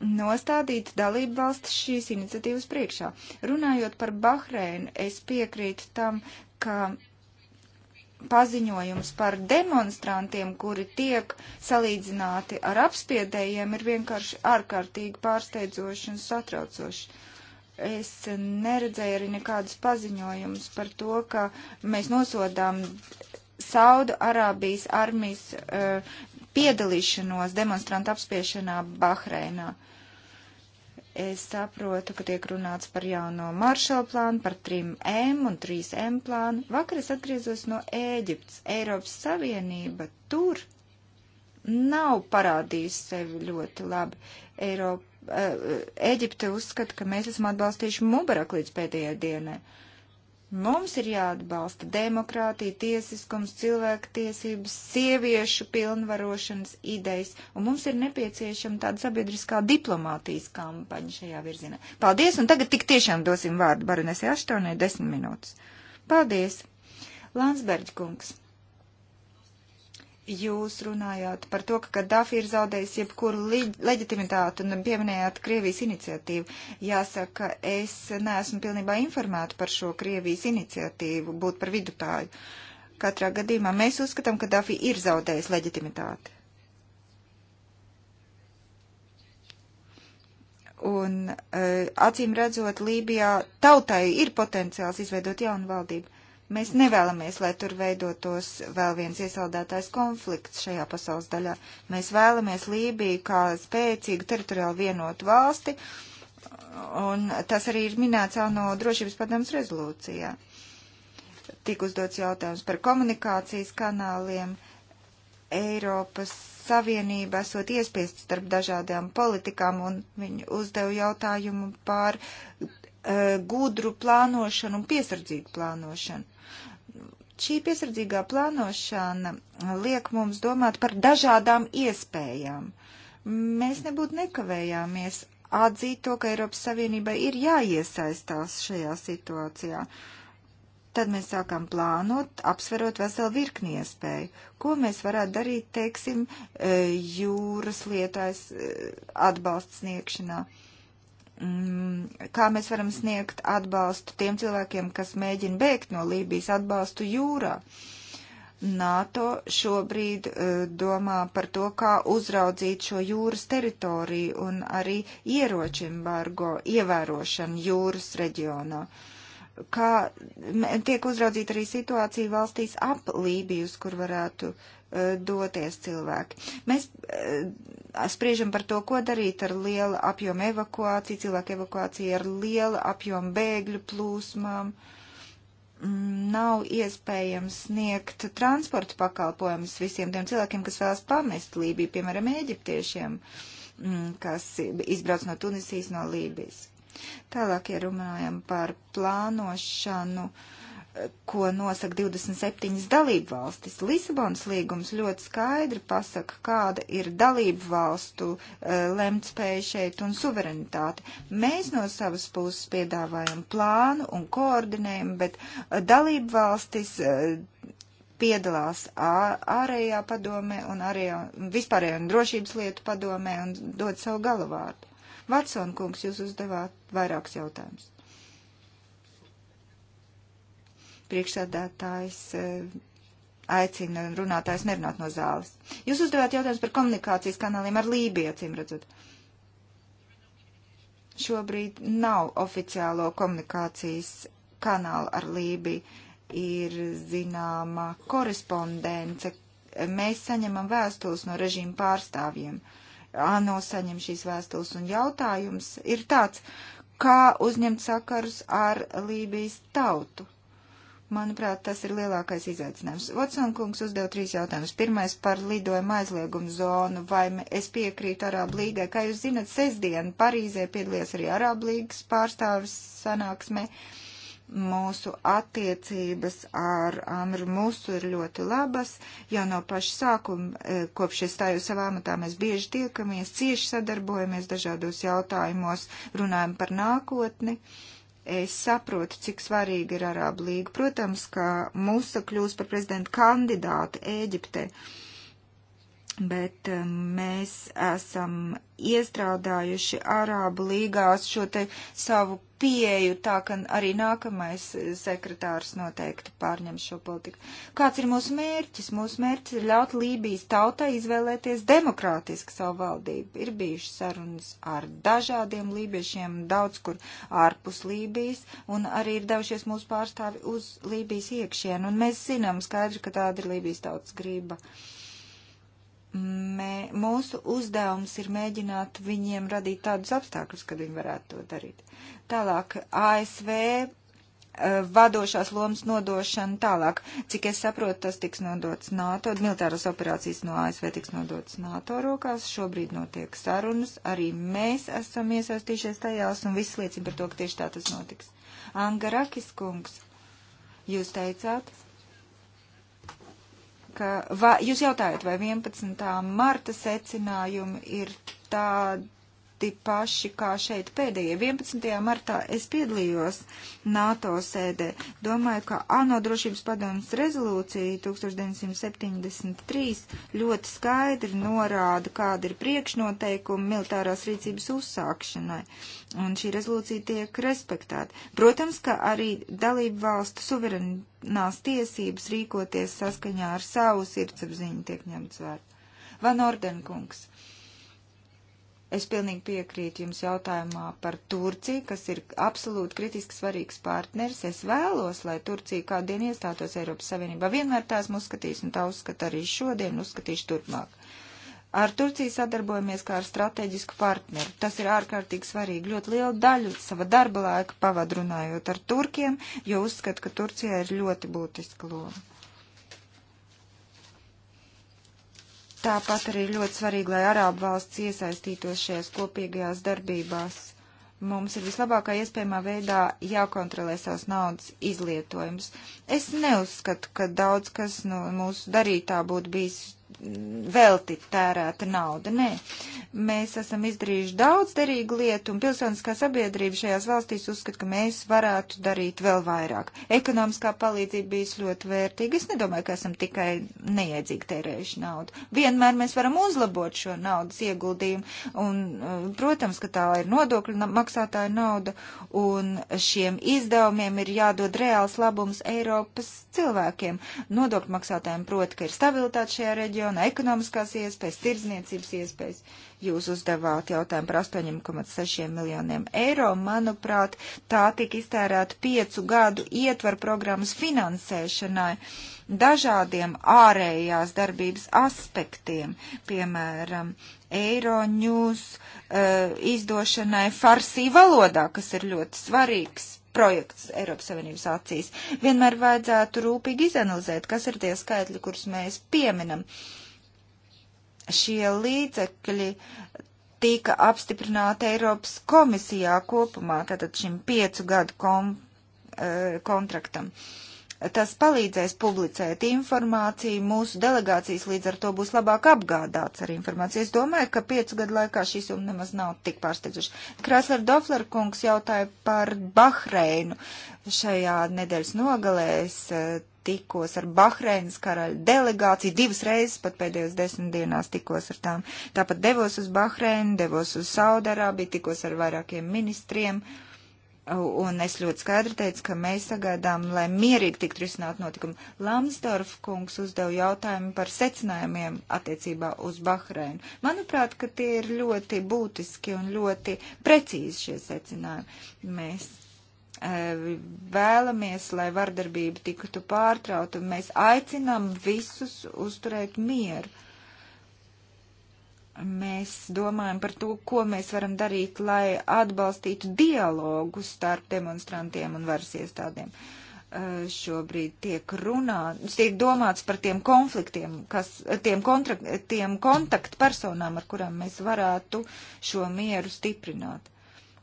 nostādīt dalību valstis šīs iniciatīvas priekšā. Runājot par Bahreinu, es piekrītu tam, ka paziņojums par demonstrantiem, kuri tiek salīdzināti ar apspiedējiem, ir vienkārši ārkārtīgi pārsteidzoši un satraucoši. Es neredzēju arī nekādus paziņojumus par to, ka mēs nosodām Saudu Arābijas armijas uh, piedalīšanos demonstrantu apspiešanā Bahreinā. Uh, Es saprotu, ka tiek runāts par jauno maršalu plānu, par 3M un 3M plānu. Vakar es atgriezos no Ēģiptes. Eiropas Savienība tur nav parādījis sevi ļoti labi. Eiropa, eh, Ēģipte uzskata, ka mēs esam atbalstījuši Mubarak līdz pēdējai dienai. Uh, Mums ir jāatbalsta demokrātija, tiesiskums, cilvēktiesības, sieviešu pilnvarošanas idejas, un mums ir nepieciešama tāda sabiedriskā diplomātijas kampaņa šajā virzienā. Paldies, un tagad tik tiešām dosim vārdu Baronese Aštonai desmit minūtes. Paldies! Lansberģkungs! Jūs runājāt par to, ka Gaddafi ir zaudējis jebkuru leģitimitāti un pieminējāt Krievijas iniciatīvu. Jāsaka, es neesmu pilnībā informēta par šo Krievijas iniciatīvu, būt par vidutāju. Katrā gadījumā mēs uzskatām, ka Gaddafi ir zaudējis leģitimitāti. Un uh, eh, acīm redzot, Lībijā tautai ir potenciāls izveidot jaunu valdību Mēs nevēlamies, lai tur veidotos vēl viens iesaldētājs konflikts šajā pasaules daļā. Mēs vēlamies Lībiju kā spēcīgu teritoriāli vienotu valsti, un tas arī ir minēts jau no drošības padomas rezolūcijā. Tik uzdots jautājums par komunikācijas kanāliem. Eiropas Savienība esot iespiesti starp dažādām politikām, un viņi uzdeva jautājumu par Uh, gudru plānošanu un piesardzīgu plānošanu. Šī piesardzīgā plānošana liek mums domāt par dažādām iespējām. Mēs nebūtu nekavējāmies atzīt to, ka Eiropas Savienībai ir jāiesaistās šajā situācijā. Tad mēs sākām plānot, apsverot veselu virkni iespēju, ko mēs varētu darīt, teiksim, eh, jūras lietais eh, atbalsts sniegšanā. Uh, Mm, kā mēs varam sniegt atbalstu tiem cilvēkiem, kas mēģina bēgt no Lībijas atbalstu jūrā. NATO šobrīd eh, domā par to, kā uzraudzīt šo jūras teritoriju un arī ieroču embargo ievērošanu jūras reģionā. Uh, kā tiek uzraudzīta arī situācija valstīs ap Lībijas, kur varētu uh, doties cilvēki. Mēs uh, spriežam par to, ko darīt ar lielu apjomu evakuāciju, cilvēku evakuāciju ar lielu apjomu bēgļu plūsmām. Mm, nav iespējams sniegt transporta pakalpojumus visiem tiem cilvēkiem, kas vēlas pamest Lībiju, piemēram, eģiptiešiem, mm, kas izbrauc no Tunisijas, no Lībijas. Tālāk, ja runājam par plānošanu, ko nosaka 27 dalību valstis. Lisabonas līgums ļoti skaidri pasaka, kāda ir dalību valstu uh, lemtspēja šeit un suverenitāte. Mēs no savas puses piedāvājam plānu un koordinējumu, bet uh, dalību valstis uh, piedalās ārējā padomē un, arējā, un vispārējā un drošības lietu padomē un dod savu galavārdu. Vatsona kungs, jūs uzdevāt vairākus jautājumus. Priekšsēdētājs eh, aicina runātājs nerunāt no zāles. Jūs uzdevāt jautājumus par komunikācijas kanāliem ar Lībiju, acīm redzot. Šobrīd nav oficiālo komunikācijas kanālu ar Lībiju. Ir zināma korespondence. Mēs saņemam vēstules no režīma pārstāvjiem. Uh, ANO saņem šīs vēstules un jautājums ir tāds, kā uzņemt sakarus ar Lībijas tautu. Manuprāt, tas ir lielākais izaicinājums. Votsona kungs uzdeva trīs jautājumus. Pirmais par lidojumu aizliegumu zonu. Vai es piekrītu Arābu līgai? Kā jūs zinat, sestdien Parīzē piedalījās arī Arābu līgas pārstāvis sanāksmē. Uh, mūsu attiecības ar Amru Musu ir ļoti labas. Jau no paša sākuma, e, kopš es stāju savā matā, mēs bieži tiekamies, cieši sadarbojamies dažādos jautājumos, runājam par nākotni. Es saprotu, cik svarīga ir Arābu līga. Protams, ka Musa kļūs par prezidentu kandidātu Ēģiptē, bet um, mēs esam iestrādājuši Arābu līgās šo te savu pieeju, tā ka arī nākamais sekretārs noteikti pārņem šo politiku. Kāds ir mūsu mērķis? Mūsu mērķis ir ļaut Lībijas tautai izvēlēties demokrātiski savu valdību. Ir bijušas sarunas ar dažādiem lībiešiem, daudz kur ārpus Lībijas, un arī ir devušies mūsu pārstāvi uz Lībijas iekšienu, un mēs zinām skaidri, ka tāda ir Lībijas tautas grība. Uh, mē, mūsu uzdevums ir mēģināt viņiem radīt tādus apstākļus, kad viņi varētu to darīt. Tālāk, ASV eh, vadošās lomas nodošana tālāk. Cik es saprotu, tas tiks nodots NATO, militāras operācijas no ASV tiks nodots NATO rokās, šobrīd notiek sarunas, arī mēs esam iesaistījušies tajās un viss liecina par to, ka tieši tā tas notiks. Angarakis kungs, jūs teicāt, ka va, jūs jautājat, vai 11. marta secinājumi ir tādi tādi paši kā šeit pēdējie. 11. martā es piedalījos NATO sēdē. Domāju, ka ANO drošības padomas rezolūcija 1973 ļoti skaidri norāda, kāda ir priekšnoteikuma militārās rīcības uzsākšanai. Un šī rezolūcija tiek respektēta. Protams, ka arī dalību valstu suverenās tiesības rīkoties saskaņā ar savu sirdsapziņu tiek ņemts vērā. Van Ordenkungs. Es pilnīgi piekrītu jums jautājumā par Turciju, kas ir absolūti kritiski svarīgs partners. Es vēlos, lai Turcija kādien iestātos Eiropas Savienībā. Vienmēr tās uzskatīs, un tā uzskata arī šodien, uzskatīšu turpmāk. Ar Turciju sadarbojamies kā ar strateģisku partneru. Tas ir ārkārtīgi svarīgi. Ļoti lielu daļu sava darba laika pavadrunājot ar turkiem, jo uzskatu, ka Turcijai ir ļoti būtiska loma. Tāpat arī ļoti svarīgi, lai Arābu valsts iesaistītos šajās kopīgajās darbībās. Mums ir vislabākā iespējamā veidā jākontrolē savas naudas izlietojums. Es neuzskatu, ka daudz kas no mūsu darītā būtu bijis velti tērēta nauda. Nē, mēs esam izdarījuši daudz derīgu lietu, un pilsoniskā sabiedrība šajās valstīs uzskata, ka mēs varētu darīt vēl vairāk. Ekonomiskā palīdzība bijusi ļoti vērtīga. Es nedomāju, ka esam tikai neiedzīgi tērējuši naudu. Vienmēr mēs varam uzlabot šo naudas ieguldījumu, un, uh, protams, ka tā ir nodokļu maksātāja nauda, un šiem izdevumiem ir jādod reāls labums Eiropas cilvēkiem. Nodokļu maksātājiem proti, ka ir stabilitāte šajā reģionā reģiona, ekonomiskās iespējas, tirdzniecības iespējas. Jūs uzdevāt jautājumu par 8,6 miljoniem eiro. Manuprāt, tā tika iztērēta piecu gadu ietvaru programmas finansēšanai dažādiem ārējās darbības aspektiem, piemēram, Eironews uh, izdošanai farsī valodā, kas ir ļoti svarīgs projekts Eiropas Savienības acīs. Vienmēr vajadzētu rūpīgi izanalizēt, kas ir tie skaitļi, kurus mēs pieminam. Šie līdzekļi tika apstiprināti Eiropas komisijā kopumā, tātad šim piecu gadu kom, eh, kontraktam. Uh, Tas palīdzēs publicēt informāciju, mūsu delegācijas līdz ar to būs labāk apgādāts ar informāciju. Es domāju, ka piecu gadu laikā šī summa nemaz nav tik pārsteidzoša. Krasler Dofler kungs jautāja par Bahreinu. Šajā nedēļas nogalēs eh, tikos ar Bahreinas karaļa delegāciju, divas reizes pat pēdējos desmit dienās tikos ar tām. Tāpat devos uz Bahreinu, devos uz Saudarābiju, tikos ar vairākiem ministriem. Uh, Un es ļoti skaidri teicu, ka mēs sagaidām, lai mierīgi tiktu risināt notikumi. Lamsdorf kungs uzdeva jautājumu par secinājumiem attiecībā uz Bahreinu. Manuprāt, ka tie ir ļoti būtiski un ļoti precīzi šie secinājumi. Mēs e, vēlamies, lai vardarbība tiktu pārtrauta, un mēs aicinām visus uzturēt mieru mēs domājam par to, ko mēs varam darīt, lai atbalstītu dialogu starp demonstrantiem un varas iestādēm. Uh, šobrīd tiek runāts, tiek domāts par tiem konfliktiem, kas, tiem, kontrakt, tiem kontaktpersonām, ar kurām mēs varētu šo mieru stiprināt.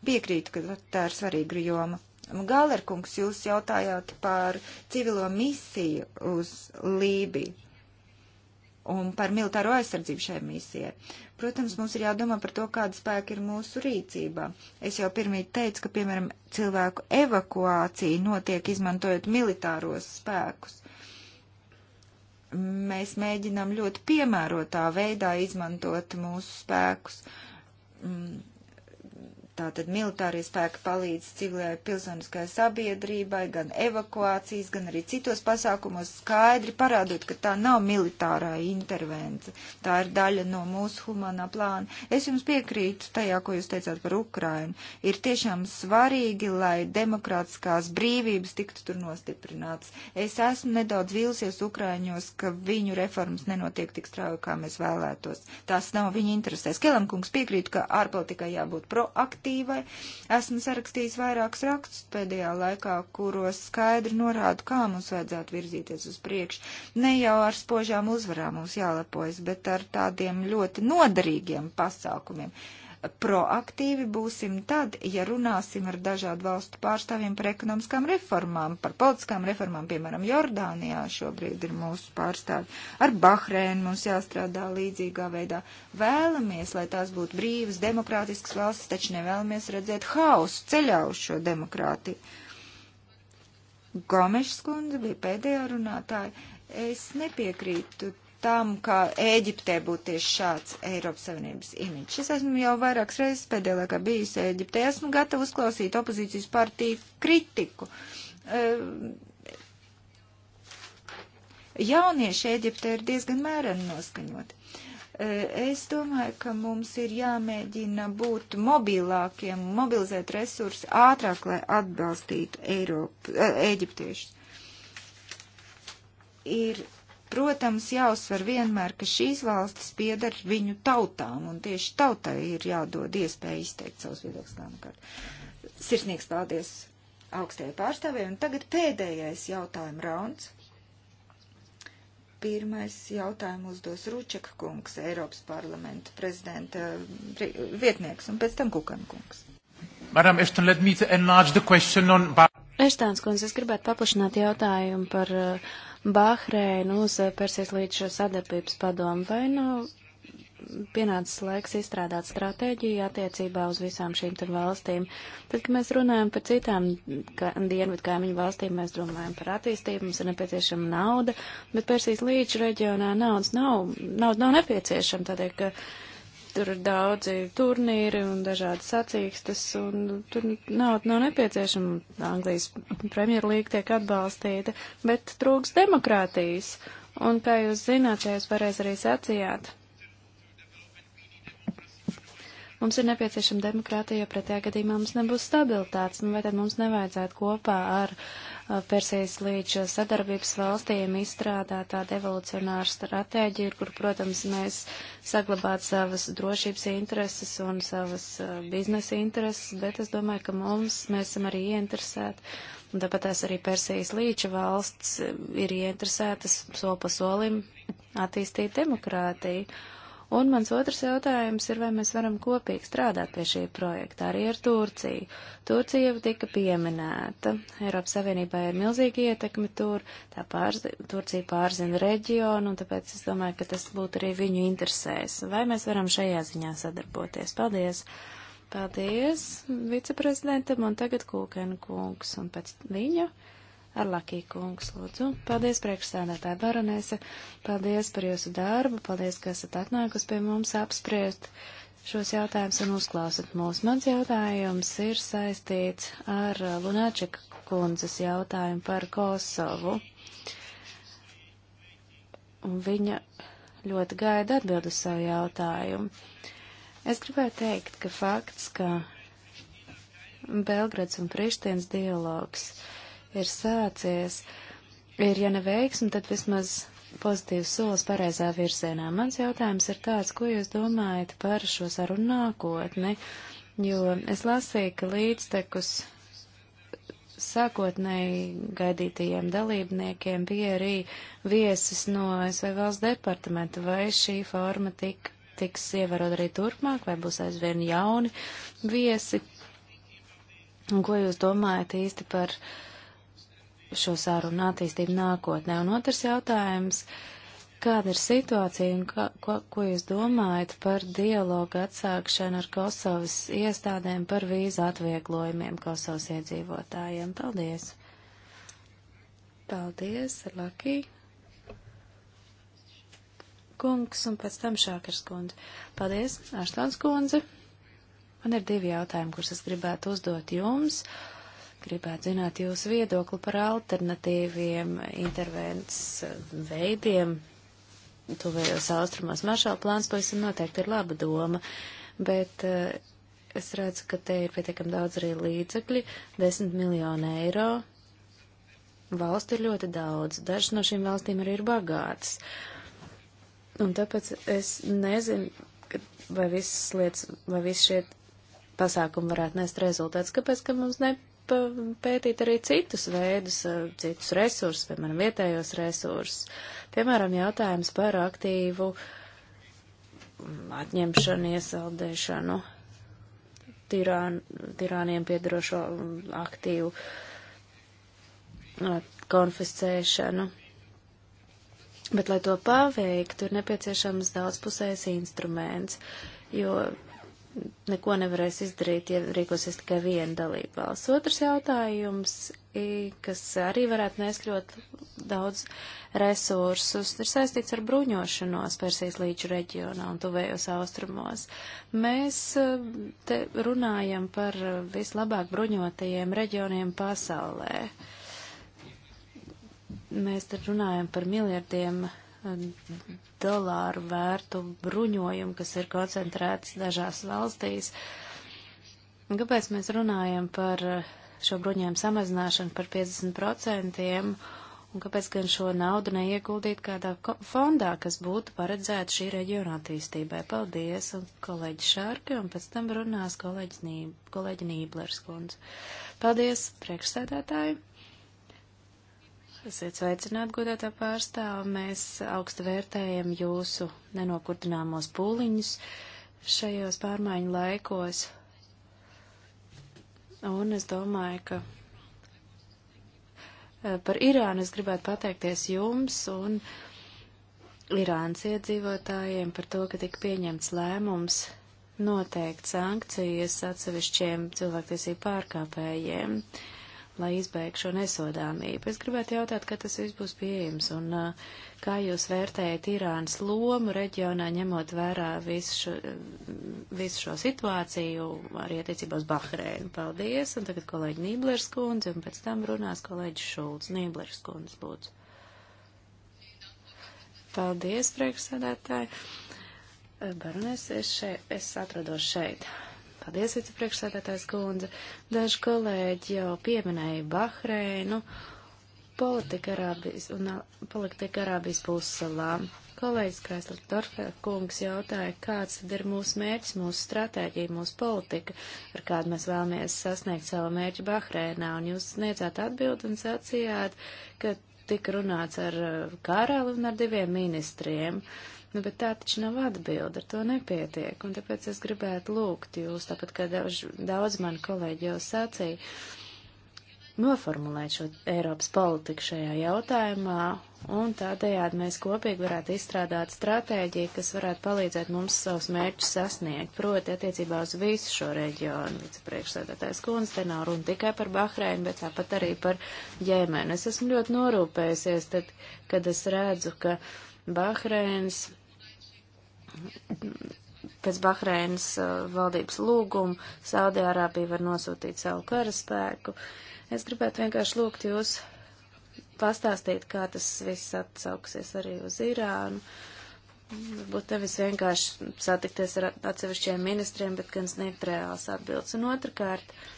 Piekrītu, ka tā ir svarīga joma. Galerkungs, jūs jautājāt par civilo misiju uz Lībiju un par militāro aizsardzību šai misijai. Uh, Protams, mums ir jādomā par to, kāda spēka ir mūsu rīcībā. Es jau pirmīt teicu, ka, piemēram, cilvēku evakuācija notiek izmantojot militāros spēkus. Mēs mēģinām ļoti piemērotā veidā izmantot mūsu spēkus. Mm Tātad militārie spēki palīdz civilai pilsoniskai sabiedrībai, gan evakuācijas, gan arī citos pasākumos skaidri parādot, ka tā nav militārā intervence. Tā ir daļa no mūsu humanā plāna. Es jums piekrītu tajā, ko jūs teicāt par Ukrainu. Ir tiešām svarīgi, lai demokrātiskās brīvības tiktu tur nostiprināts. Es esmu nedaudz vīlusies Ukraiņos, ka viņu reformas nenotiek tik strauji, kā mēs vēlētos. Tās nav viņa interesēs. Kelamkungs piekrīt, ka ārpolitikai jābūt proaktīvai direktīvai. Esmu sarakstījis vairākus rakstus pēdējā laikā, kuros skaidri norādu, kā mums vajadzētu virzīties uz priekšu. Ne jau ar spožām uzvarām mums jālepojas, bet ar tādiem ļoti noderīgiem pasākumiem. Uh, proaktīvi būsim tad, ja runāsim ar dažādu valstu pārstāvjiem par ekonomiskām reformām, par politiskām reformām, piemēram, Jordānijā šobrīd ir mūsu pārstāvi, ar Bahreinu mums jāstrādā līdzīgā veidā. Vēlamies, lai tās būtu brīvas, demokrātiskas valstis, taču nevēlamies redzēt hausu ceļā uz šo demokrātiju. Gomešs kundze bija pēdējā runātāja. Es nepiekrītu tam, ka Ēģiptē būtu tieši šāds Eiropas Savienības imidžs. Es esmu jau vairākas reizes pēdējā laikā bijusi Ēģiptē, esmu gatava uzklausīt opozīcijas partiju kritiku. Eh, jaunieši Ēģiptē ir diezgan mēreni noskaņoti. Eh, es domāju, ka mums ir jāmēģina būt mobilākiem, mobilizēt resursi ātrāk, lai atbalstītu Eiropu, eh, Ēģiptiešus. Ir Protams, jāuzsver vienmēr, ka šīs valstis pieder viņu tautām, un tieši tautai ir jādod iespēja izteikt savus viedokļus galvenokārt. Sirsnīgs paldies augstajai pārstāvēji, un tagad pēdējais jautājuma rauns. Pirmais jautājumu uzdos Rūčeka kungs, Eiropas parlamenta prezidenta eh, vietnieks, un pēc tam Kukan kungs. Madam Ashton, let me enlarge the question on... Eštāns kundze, es gribētu paplašināt jautājumu par uh, Bahreinu uz eh, Persijas līdz sadarbības padomu, vai nav pienācis laiks izstrādāt stratēģiju attiecībā uz visām šīm te valstīm. Tad, kad mēs runājam par citām ka, dienvidu kaimiņu valstīm, mēs domājam par attīstību, mums ir nepieciešama nauda, bet Persijas līča reģionā naudas nav, nauda nav nepieciešama, tādēļ, ka Tur ir daudzi turnīri un dažādi sacīkstas, un tur nav, nav nepieciešama Anglijas premjerlīga tiek atbalstīta, bet trūks demokrātijas. Un kā jūs zināt, ja jūs pareiz arī sacījāt, mums ir nepieciešama demokrātija, jo pretējā gadījumā mums nebūs stabilitātes, nu vai tad mums nevajadzētu kopā ar uh, Persijas līdz sadarbības valstīm izstrādāt tādu evolucionāru stratēģiju, kur, protams, mēs saglabāt savas drošības intereses un savas biznesa intereses, bet es domāju, ka mums, mēs esam arī ieinteresēti, un tāpat tās arī Persijas līča valsts ir ieinteresētas soli pa solim attīstīt demokrātiju. Un mans otrs jautājums ir, vai mēs varam kopīgi strādāt pie šī projekta arī ar Turciju. Turcija jau tika pieminēta. Eiropas Savienībā ir milzīga ietekme tur, tā pārzi, Turcija pārzina reģionu, un tāpēc es domāju, ka tas būtu arī viņu interesēs. Vai mēs varam šajā ziņā sadarboties? Paldies! Paldies viceprezidentam, un tagad Kūkena kungs, un pēc viņa Arlakī kungs, lūdzu. Paldies, priekšsēdētāja baronēse. Paldies par jūsu darbu. Paldies, ka esat atnākus pie mums apspriest šos jautājumus un uzklausat mūs. Mans jautājums ir saistīts ar Lunačeka kundzes jautājumu par Kosovu. Un viņa ļoti gaida atbildu savu jautājumu. Es gribēju teikt, ka fakts, ka Belgrads un Prištins dialogs uh, ir sācies, ir, ja neveiksmi, tad vismaz pozitīvs solis pareizā virzienā. Mans jautājums ir tāds, ko jūs domājat par šo sarunu nākotni, jo es lasīju, ka līdztekus sākotnēji gaidītajiem dalībniekiem bija arī viesis no SV valsts departamenta, vai šī forma tik, tiks ievērot arī turpmāk, vai būs aizvien jauni viesi. Un ko jūs domājat īsti par uh, šo sarunu attīstību nākotnē. Un otrs jautājums, kāda ir situācija un ka, ko, ko jūs domājat par dialogu atsākšanu ar Kosovas iestādēm par vīzu atvieglojumiem Kosovas iedzīvotājiem? Paldies! Paldies, Laki! Kungs un pēc tam Šākars kundze. Paldies, Ārstons kundze! Man ir divi jautājumi, kurus es gribētu uzdot jums. Uh, Gribētu zināt jūsu viedokli par alternatīviem intervences eh, veidiem. Tuvējos austrumos maršāla plāns pavisam noteikti ir laba doma, bet uh, es redzu, ka te ir pietiekami daudz arī līdzekļi - 10 miljonu eiro. Valstu ir ļoti daudz, dažas no šīm valstīm arī ir bagātas. Un tāpēc es nezinu, vai visas lietas, vai visi šie pasākumi varētu nest rezultāts, kāpēc, ka mums ne pētīt arī citus veidus, eh, citus resursus, piemēram, vietējos resursus. Piemēram, jautājums par aktīvu mm, atņemšanu, iesaldēšanu tirān, tirāniem piedarošo mm, aktīvu mm, konfiscēšanu. Bet, lai to paveiktu, ir nepieciešams daudzpusējs instruments, jo neko nevarēs izdarīt, ja rīkosies tikai viena dalība valsts. Otrs jautājums, kas arī varētu nest ļoti daudz resursus, ir saistīts ar bruņošanos Persijas līča reģionā un tuvējos austrumos. Mēs e, te runājam par vislabāk bruņotajiem reģioniem pasaulē. Mēs te runājam par miljardiem dolāru vērtu bruņojumu, kas ir koncentrēts dažās valstīs. Kāpēc mēs runājam par šo bruņojumu samazināšanu par 50% un kāpēc gan šo naudu neieguldīt kādā fondā, kas būtu paredzēta šī reģiona attīstībai? Paldies, un kolēģi Šārki, un pēc tam runās kolēģi Nīblers kundze. Paldies, priekšsēdētāji! Esiet sveicināti, godētā pārstāva. Mēs augstu vērtējam jūsu nenokurdināmos pūliņus šajos pārmaiņu laikos. Un es domāju, ka e, par Irānu es gribētu pateikties jums un Irānas iedzīvotājiem par to, ka tika pieņemts lēmums noteikt sankcijas atsevišķiem cilvēktiesību pārkāpējiem. Uh, lai izbeigtu šo nesodāmību. Es gribētu jautāt, kad tas viss būs pieejams un uh, kā jūs vērtējat Irānas lomu reģionā, ņemot vērā visu šo, visu šo situāciju arī attiecībā uz Bahreinu. Paldies, un tagad kolēģi Nīblers kundze, un pēc tam runās kolēģis Šulcs. Nīblers kundze, lūdzu. Paldies, priekšsēdētāji. Baronēs, es, šeit, es atrados šeit. Paldies, vicepriekšsēdētājs Gundze. Daži kolēģi jau pieminēja Bahreinu, politika Arābijas un uh, politika Arābijas pussalā. Kolēģis Kreisler Dorfē kungs jautāja, kāds tad ir mūsu mērķis, mūsu stratēģija, mūsu politika, ar kādu mēs vēlamies sasniegt savu mērķu Bahreinā. Un jūs sniedzāt atbildi un sacījāt, ka tika runāts ar uh, karali un ar diviem ministriem. Uh, Nu, bet tā taču nav atbilda, ar to nepietiek, un tāpēc es gribētu lūgt jūs, tāpat kā daudz, daudz mani kolēģi jau sacīja, noformulēt šo Eiropas politiku šajā jautājumā, un tādējādi mēs kopīgi varētu izstrādāt stratēģiju, kas varētu palīdzēt mums savus mērķus sasniegt, proti attiecībā uz visu šo reģionu. Vicepriekšsēdētājs kundze te nav runa tikai par Bahreinu, bet tāpat arī par ģēmeni. Es esmu ļoti norūpējusies, tad, kad es redzu, ka Bahreinas pēc Bahreinas uh, valdības lūguma Saudijārābija var nosūtīt savu karaspēku. Es gribētu vienkārši lūgt jūs pastāstīt, kā tas viss atsauksies arī uz Irānu. Varbūt nevis vienkārši satikties ar atsevišķiem ministriem, bet gan sniegt reāls atbildes. Un otrkārt, uh,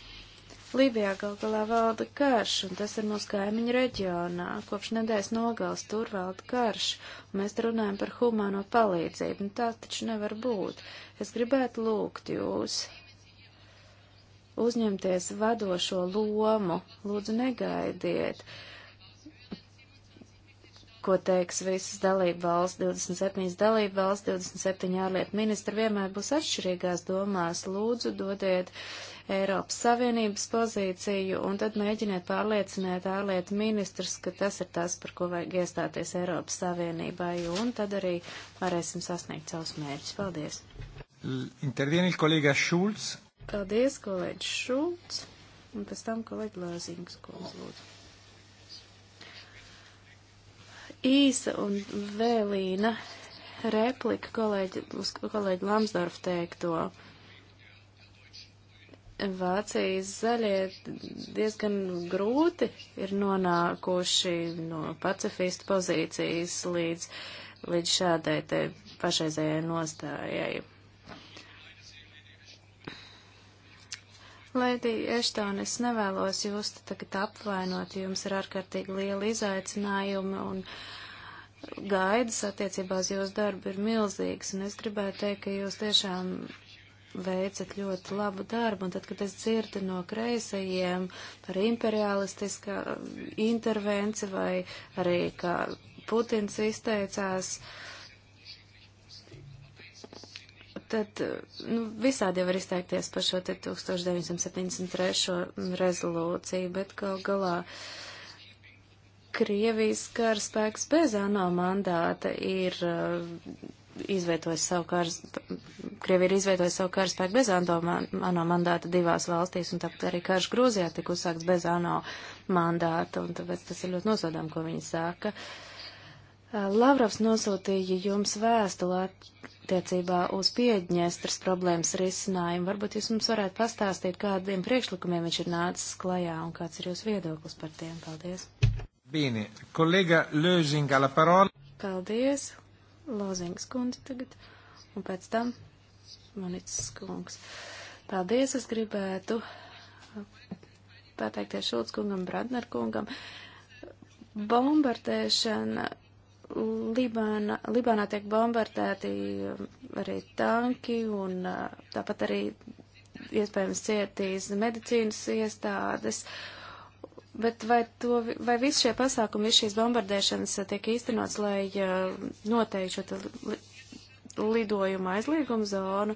Lībijā gal galā valda karš, un tas ir mūsu kaimiņu reģionā. Kopš nedēļas nogals tur valda karš, un mēs te runājam par humāno palīdzību, un tā taču nevar būt. Es gribētu lūgt jūs uzņemties vadošo lomu, lūdzu negaidiet, ko teiks visas dalība valsts, 27 dalība valsts, 27 ārlietu ministri vienmēr būs atšķirīgās domās, lūdzu dodiet. Uh, Eiropas Savienības pozīciju un tad mēģiniet pārliecināt ārlietu ministrus, ka tas ir tas, par ko vajag iestāties Eiropas Savienībai, un tad arī varēsim sasniegt savus mērķus. Paldies! Interviene il collega Schulz. Paldies, kolēģis Šulcs, un pēc tam kolēģi Lāzīngas kundze lūdzu. Īsa un vēlīna replika kolēģi, uz kolēģi Lamsdorf teikto. Vācijas zaļie diezgan grūti ir nonākuši no pacifistu pozīcijas līdz, līdz šādai te pašreizējai nostājai. Lēdī Ešton, es nevēlos jūs tagad apvainot, jums ir ārkārtīgi liela izaicinājuma un gaidas attiecībā uz jūsu darbu ir milzīgs, un es gribētu teikt, ka jūs tiešām veicat ļoti labu darbu, un tad, kad es dzirdu no kreisajiem par imperialistiskā um, intervenci vai arī, kā Putins izteicās, tad uh, nu, visādi jau var izteikties par šo 1973. Um, rezolūciju, bet gal galā. Krievijas karaspēks bez ANO mandāta ir uh, izveidojusi savu kārs, Krievija ir izveidojusi savu karaspēku bez ANO man, mandāta divās valstīs, un tāpat arī karš Grūzijā tika uzsākts bez ANO mandāta, un tāpēc tas ir ļoti nosodām, ko viņi sāka. Lavrovs nosūtīja jums vēstuli attiecībā uz Piedņestras problēmas risinājumu. Varbūt jūs mums varētu pastāstīt, kādiem priekšlikumiem viņš ir nācis klajā un kāds ir jūsu viedoklis par tiem. Paldies. Bīni, kolēga Lēzinga, la parola. Paldies. Lozingas kundze tagad, un pēc tam Manicis kungs. Paldies, es gribētu pateikties Šulc kungam, Bradner kungam. Bombardēšana Libāna, Libānā tiek bombardēti um, arī tanki un uh, tāpat arī iespējams cietīs medicīnas iestādes. Uh, Bet vai, to, vai visi šie pasākumi, visi šīs bombardēšanas eh, tiek īstenots, lai eh, noteiktu šo lidojumu aizliegumu zonu?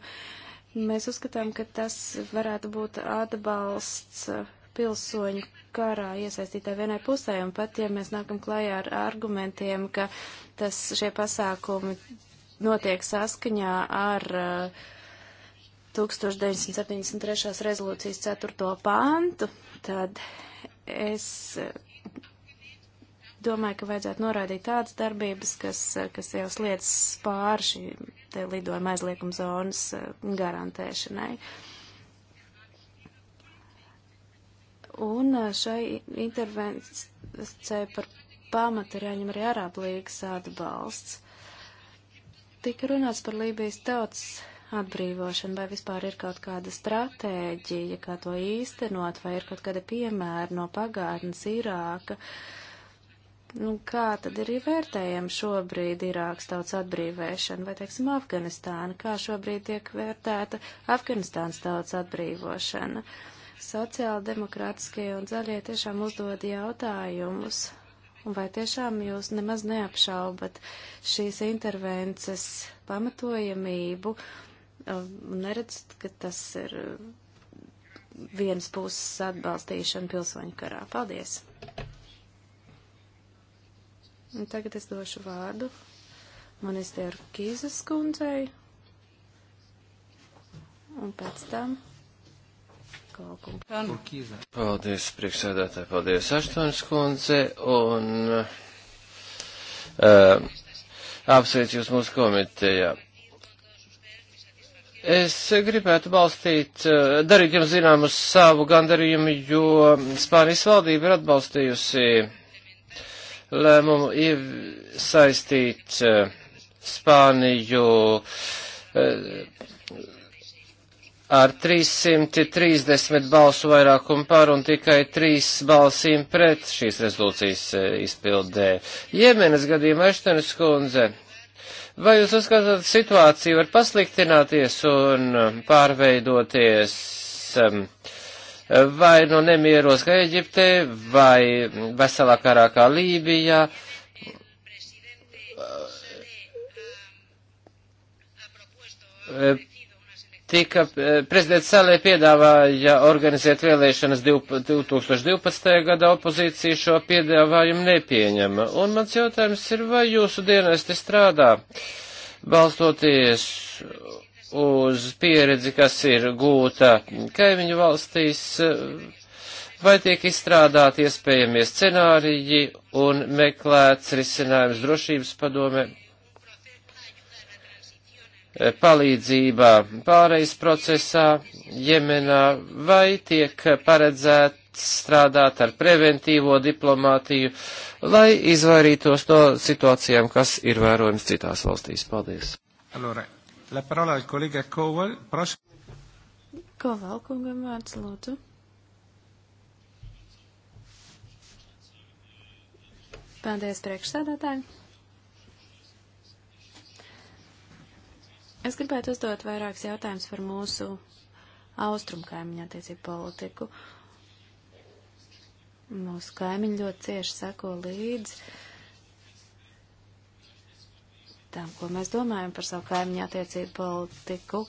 Mēs uzskatām, ka tas varētu būt atbalsts eh, pilsoņu karā iesaistītā vienai pusē, un pat ja mēs nākam klajā ar argumentiem, ka tas šie pasākumi notiek saskaņā ar uh, 1973. rezolūcijas 4. pāntu, tad Es eh, domāju, ka vajadzētu norādīt tādas darbības, kas, eh, kas jau sliedz pāri šī te lidojuma aizlieguma zonas eh, garantēšanai. Un šai intervencijai par pamatu ir jāņem arī Arābu līgas atbalsts. Tika runāts par Lībijas tautas atbrīvošanu, vai vispār ir kaut kāda stratēģija, kā to īstenot, vai ir kaut kāda piemēra no pagātnes Irāka. Nu, kā tad ir vērtējama šobrīd Irākas tautas atbrīvēšana, vai, teiksim, Afganistāna, kā šobrīd tiek vērtēta Afganistānas tautas atbrīvošana? Sociāla demokrātiskie un zaļie tiešām uzdod jautājumus, Un vai tiešām jūs nemaz neapšaubat šīs intervences pamatojamību Um, un neredz, ka tas ir uh, vienas puses atbalstīšana pilsoņu karā. Paldies! Un tagad es došu vārdu Monistēru Kīzes kundzei, un pēc tam Kalkunga. Paldies, priekšsēdētāji, paldies, Aštons kundze, un uh, apsveicu jūs mūsu komitejā. Uh, Es gribētu balstīt, eh, darīt jums zinām uz savu gandarījumu, jo Spānijas valdība ir atbalstījusi lēmumu iesaistīt eh, Spāniju eh, ar 330 balsu vairākumu par un tikai 3 balsīm pret šīs rezolūcijas izpildē. Jemenas gadījumā Eštenes kundze Vai jūs uzskatāt, situācija var pasliktināties un um, pārveidoties um, vai no nu nemieros kā Eģiptē, vai veselā karā kā Lībijā? Uh, tika, eh, prezidents Salē piedāvāja organizēt vēlēšanas 2012. gadā, opozīcija šo piedāvājumu nepieņema. Un mans jautājums ir, vai jūsu dienesti strādā balstoties uz pieredzi, kas ir gūta kaimiņu valstīs, vai tiek izstrādāti iespējamie scenāriji un meklēts risinājums drošības padomē palīdzībā pārejas procesā Jemenā vai tiek paredzēts strādāt ar preventīvo diplomātiju, lai izvairītos no situācijām, kas ir vērojams citās valstīs. Paldies. Allora, la parola al collega Koval. Pros... Koval, kungam vārds, lūdzu. Paldies, priekšsēdētāji. Es gribētu uzdot vairākus jautājumus par mūsu austrumu kaimiņu attiecību politiku. Mūsu kaimiņi ļoti cieši seko līdzi tam, ko mēs domājam par savu kaimiņu attiecību politiku,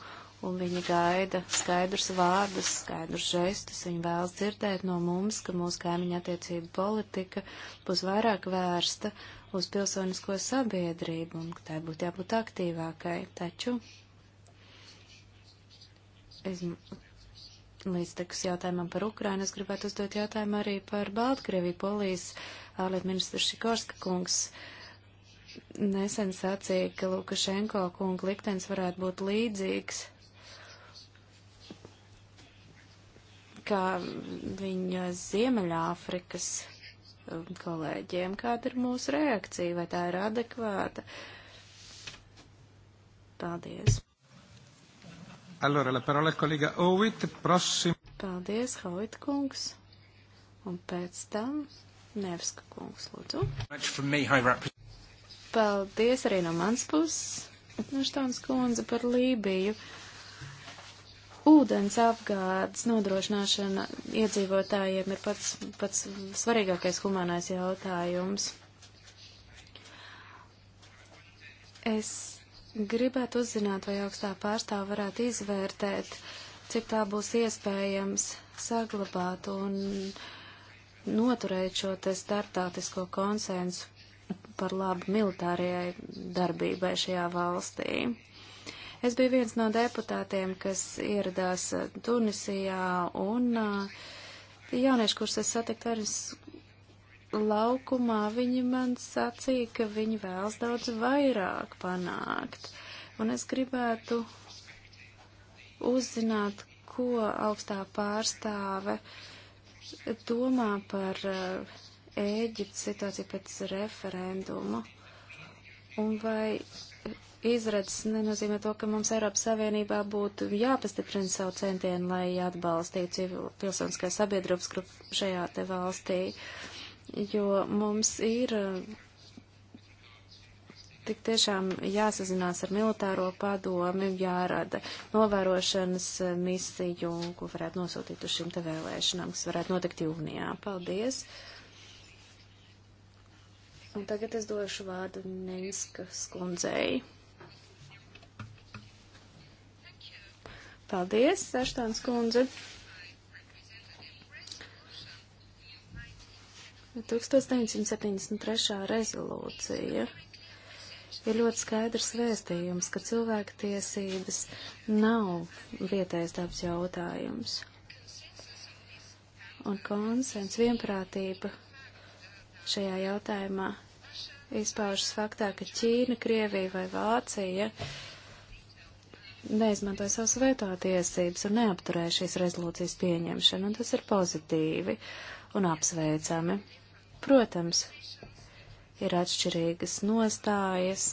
un viņi gaida skaidrus vārdus, skaidrus žestus. Viņi vēlas dzirdēt no mums, ka mūsu kaimiņu attiecību politika būs vairāk vērsta uz pilsonisko sabiedrību un ka tai būtu jābūt aktīvākai. Taču es, līdz tekus jautājumam par Ukrainu es gribētu uzdot jautājumu arī par Baltkrieviju. Polijas ārlietu ministrs Šikorska kungs nesen sacīja, ka Lukašenko kunga liktenis varētu būt līdzīgs kā viņa Ziemeļāfrikas Um, kolēģiem, kāda ir mūsu reakcija, vai tā ir adekvāta. Paldies. Allora, la parola kolēga Ovit, prosim. Paldies, Hovit kungs. Un pēc tam Nevska kungs, lūdzu. Paldies arī no mans puses, Nuštons kundze, par Lībiju. Uh, Ūdens apgādes nodrošināšana iedzīvotājiem ir pats, pats svarīgākais humanais jautājums. Es gribētu uzzināt, vai augstā pārstāva varētu izvērtēt, cik tā būs iespējams saglabāt un noturēt šo te startautisko konsensu par labu militārajai darbībai šajā valstī. Es biju viens no deputātiem, kas ieradās eh, Tunisijā, un eh, jaunieši, kurus es satiktu arī laukumā, viņi man sacīja, ka viņi vēlas daudz vairāk panākt. Un es gribētu uzzināt, ko augstā pārstāve domā par eh, Ēģiptes situāciju pēc referendumu. Un vai izredzes nenozīmē to, ka mums Eiropas Savienībā būtu jāpastiprina savu centienu, lai atbalstītu civil pilsoniskās sabiedrības grupu šajā te valstī, jo mums ir eh, tik tiešām jāsazinās ar militāro padomi, jārada novērošanas eh, misiju, ko varētu nosūtīt uz šīm te vēlēšanām, kas varētu notikt jūnijā. Paldies! Un tagad es došu vārdu Neinskas kundzei. Paldies, Seštāns kundze. 1973. rezolūcija ir ļoti skaidrs vēstījums, ka cilvēktiesības nav vietējais dabas jautājums. Un konsens vienprātība šajā jautājumā izpaužas faktā, ka Ķīna, Krievija vai Vācija uh, neizmantoja savas veto tiesības un neapturēja šīs rezolūcijas pieņemšanu, un tas ir pozitīvi un apsveicami. Protams, ir atšķirīgas nostājas,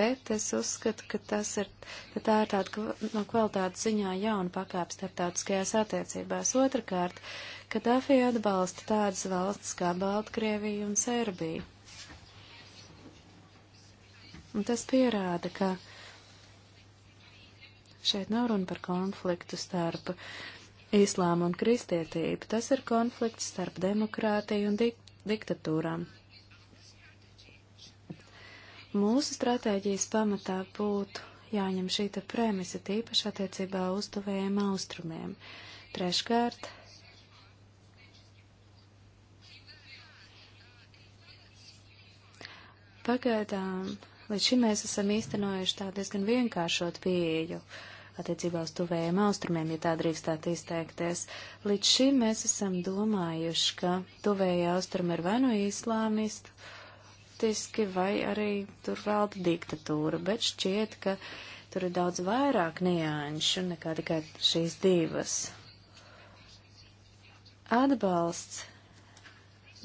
bet es uzskatu, ka, tas ir, ka tā ir tāda no kvalitātes ziņā jauna pakāpe starptautiskajās attiecībās. Otrakārt, ka Dafija atbalsta tādas valsts kā Baltkrievija un Serbija. Un tas pierāda, ka Šeit nav runa par konfliktu starp islāmu un kristietību. Tas ir konflikts starp demokrātiju un dik diktatūrām. Mūsu stratēģijas pamatā būtu jāņem šī te premisa tīpaši attiecībā uz tuvējiem austrumiem. Treškārt, pagaidām līdz šim mēs esam īstenojuši tādu diezgan vienkāršotu pieeju. Uh, attiecībā uz tuvējiem austrumiem, ja tā drīkstāt izteikties. Līdz šim mēs esam domājuši, ka tuvējie austrumi ir vai nu islāmistiski, vai arī tur valda diktatūra, bet šķiet, ka tur ir daudz vairāk nianšu nekā tikai šīs divas. Atbalsts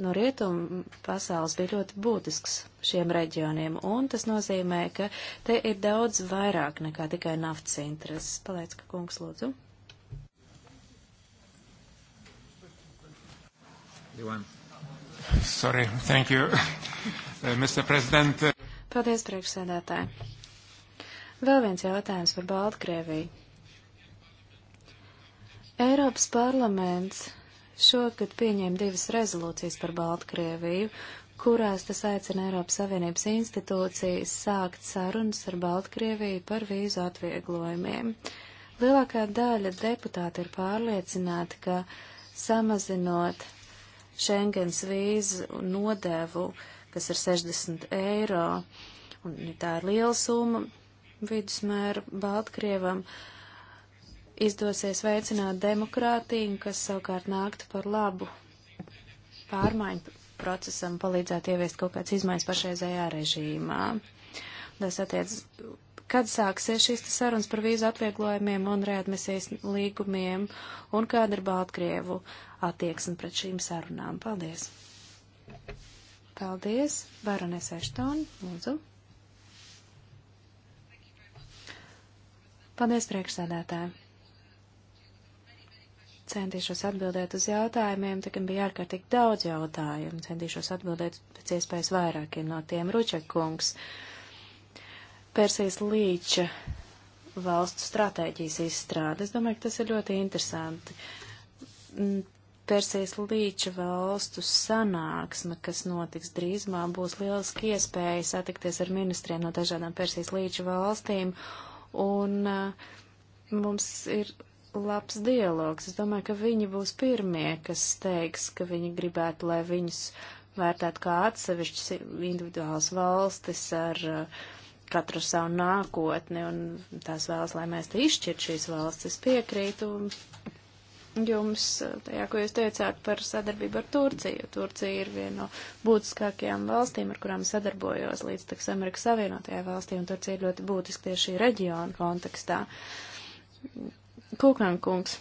no rietumu pasaules bija ļoti būtisks šiem reģioniem, un tas nozīmē, ka te ir daudz vairāk nekā tikai naftas intereses. Palēc, ka kungs lūdzu. Sorry, thank you, uh, Mr. President. Uh, Paldies, priekšsēdētāji. Vēl viens jautājums par Baltkrieviju. Eiropas parlaments šogad pieņēma divas rezolūcijas par Baltkrieviju, kurās tas aicina Eiropas Savienības institūcijas sākt sarunas ar Baltkrieviju par vīzu atvieglojumiem. Lielākā daļa deputāti ir pārliecināti, ka samazinot Schengens vīzu nodevu, kas ir 60 eiro, un tā ir liela summa vidusmēra Baltkrievam, uh, izdosies veicināt demokrātiju, kas savukārt nāktu par labu pārmaiņu procesam, palīdzētu ieviest kaut kādas izmaiņas pašreizējā režīmā. Tas attiec, kad sāksies šīs sarunas par vīzu atvieglojumiem un readmisijas līgumiem, un kāda ir Baltkrievu attieksme pret šīm sarunām. Paldies! Paldies, Barones Ešton, lūdzu. Paldies, priekšsēdētāji centīšos atbildēt uz jautājumiem, tā kā bija ārkārtīgi daudz jautājumu, centīšos atbildēt pēc iespējas vairākiem no tiem. Ručekungs, Persijas līča valstu stratēģijas izstrāde, es domāju, ka tas ir ļoti interesanti. Mm, Persijas līča valstu sanāksme, kas notiks drīzumā, būs lieliski iespēja satikties ar ministriem no dažādām Persijas līča valstīm, un uh, mums ir labs dialogs. Es domāju, ka viņi būs pirmie, kas teiks, ka viņi gribētu, lai viņus vērtētu kā atsevišķas individuālas valstis ar uh, katru savu nākotni, un tās vēlas, lai mēs te izšķirt šīs valstis. Es piekrītu jums uh, tajā, ko jūs teicāt par sadarbību ar Turciju. Turcija ir viena no būtiskākajām valstīm, ar kurām sadarbojos līdz tiks Amerikas Savienotajā valstī, un Turcija ir ļoti būtiski tieši šī reģiona kontekstā. Kūkan kungs.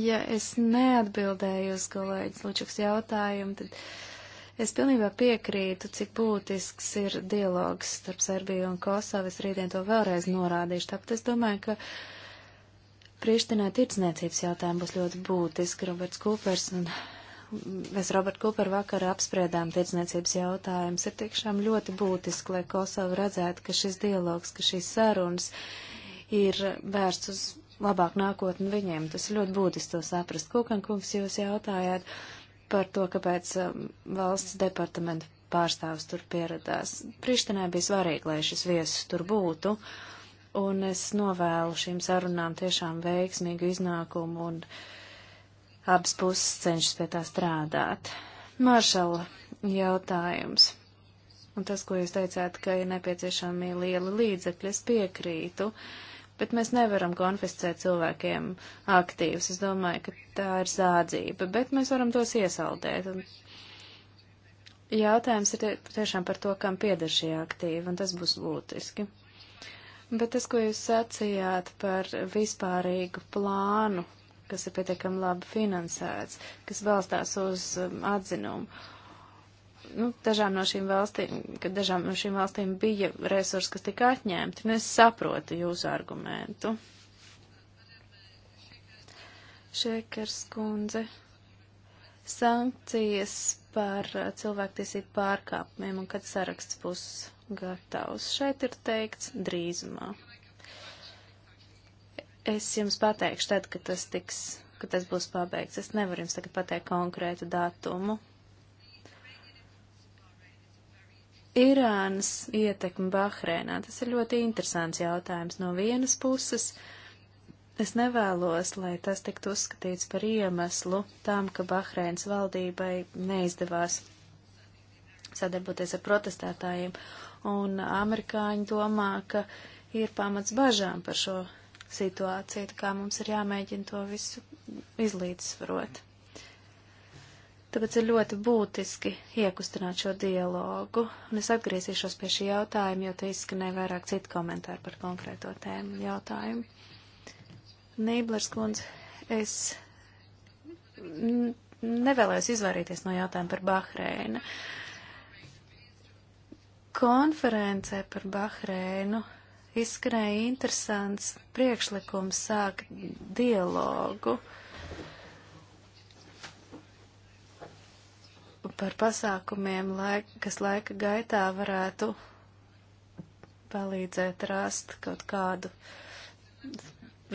Ja es neatbildēju uz kolēģis Lučuks jautājumu, tad es pilnībā piekrītu, cik būtisks ir dialogs starp Serbiju un Kosovu. Es rītdien to vēlreiz norādīšu. Tāpēc es domāju, ka Prištinā tirdzniecības jautājumi būs ļoti būtiski. Roberts Kūpers un mēs Robertu Kuperu vakarā apspriedām tirdzniecības jautājumus, ir tiešām ļoti būtiski, lai Kosova redzētu, ka šis dialogs, ka šīs sarunas ir vērsts uz labāku nākotni viņiem. Tas ir ļoti būtiski to saprast. Kukankungs, jūs jautājāt par to, kāpēc um, valsts departamentu pārstāvs tur pieradās. Prištinē bija svarīgi, lai šis viesis tur būtu, un es novēlu šīm sarunām tiešām veiksmīgu iznākumu, un abas puses cenšas pie tā strādāt. Maršala jautājums. Un tas, ko jūs teicāt, ka ir nepieciešami lieli līdzekļi, es piekrītu. Uh, bet mēs nevaram konfiscēt cilvēkiem aktīvus. Es domāju, ka tā ir zādzība, bet mēs varam tos iesaldēt. Un jautājums ir tie, tiešām par to, kam pieder šie aktīvi, un tas būs būtiski. Bet tas, ko jūs sacījāt par vispārīgu plānu, kas ir pietiekami labi finansēts, kas balstās uz um, atzinumu, nu, dažām, no šīm valstīm, ka dažām no šīm valstīm bija resursi, kas tika atņemti. Un es saprotu jūsu argumentu. Šekers kundze. Sankcijas par cilvēktiesību pārkāpumiem un kad saraksts būs gatavs. Šeit ir teikts drīzumā. Es jums pateikšu tad, kad tas tiks, kad tas būs pabeigts. Es nevaru jums tagad pateikt konkrētu datumu, Irānas ietekme Bahreinā. Tas ir ļoti interesants jautājums. No vienas puses, es nevēlos, lai tas tiktu uzskatīts par iemeslu tam, ka Bahreinas valdībai neizdevās sadarboties ar protestētājiem, un amerikāņi domā, ka ir pamats bažām par šo situāciju, tā kā mums ir jāmēģina to visu izlīdzsvarot. Mm. Tāpēc ir ļoti būtiski iekustināt šo dialogu, un es atgriezīšos pie šī jautājuma, jo te izskanēja vairāk citu komentāru par konkrēto tēmu jautājumu. Nīblers kundze, es nevēlējos izvairīties no jautājuma par Bahreinu. Konferencē par Bahreinu izskanēja interesants priekšlikums sākt dialogu. Uh, par pasākumiem, laik, kas laika gaitā varētu palīdzēt rast kaut kādu,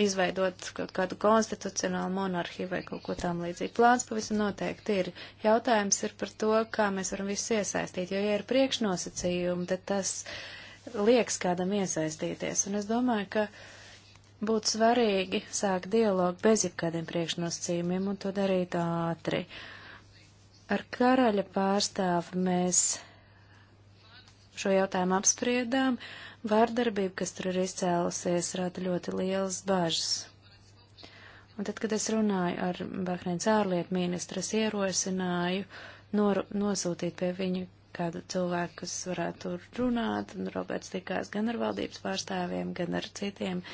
izveidot kaut kādu konstitucionālu monarhiju vai kaut ko tam līdzīgu. Plāns pavisam noteikti ir. Jautājums ir par to, kā mēs varam visus iesaistīt, jo, ja ir priekšnosacījumi, tad tas liekas kādam iesaistīties. Un es domāju, ka būtu svarīgi sākt dialogu bez jebkādiem priekšnosacījumiem un to darīt ātri. Uh, Ar karaļa pārstāvu mēs šo jautājumu apspriedām. Vārdarbība, kas tur ir izcēlusies, rada ļoti lielas bažas. Un tad, kad es runāju ar Bahreins ārlietu ministras, ierosināju nor, nosūtīt pie viņu kādu cilvēku, kas varētu tur runāt, un Roberts tikās gan ar valdības pārstāvjiem, gan ar citiem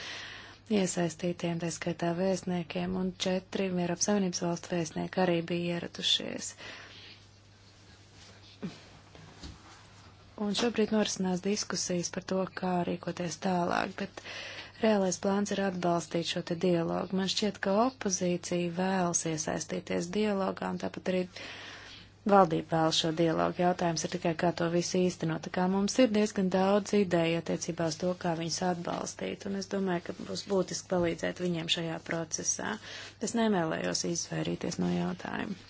iesaistītiem, tā skaitā vēstniekiem, un četri Eiropas Savienības valstu vēstnieki arī bija ieradušies. Uh, un šobrīd norisinās diskusijas par to, kā rīkoties tālāk, bet reālais plāns ir atbalstīt šo te dialogu. Man šķiet, ka opozīcija vēlas iesaistīties dialogā, un tāpat arī valdība vēl šo dialogu. Jautājums ir tikai, kā to visu īstenot. Tā kā mums ir diezgan daudz ideja attiecībā uz to, kā viņus atbalstīt, un es domāju, ka būs būtiski palīdzēt viņiem šajā procesā. Es nevēlējos izvairīties no jautājuma.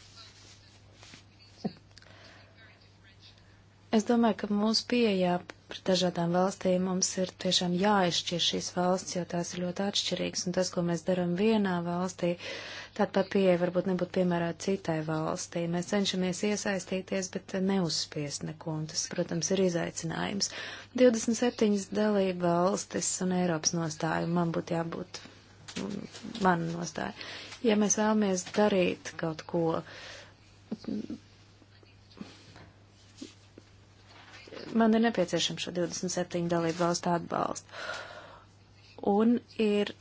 Es domāju, ka mūsu pieejā pret dažādām valstīm mums ir tiešām jāizšķir šīs valsts, jo tās ir ļoti atšķirīgas, un tas, ko mēs darām vienā valstī, tāda pat pieeja varbūt nebūtu piemērāta citai valstī. Mēs cenšamies iesaistīties, bet neuzspiest neko, un tas, protams, ir izaicinājums. 27 dalība valstis un Eiropas nostāju man būtu jābūt, man nostāja. Ja mēs vēlamies darīt kaut ko, man ir nepieciešams šo 27 dalību valstu atbalstu. Un ir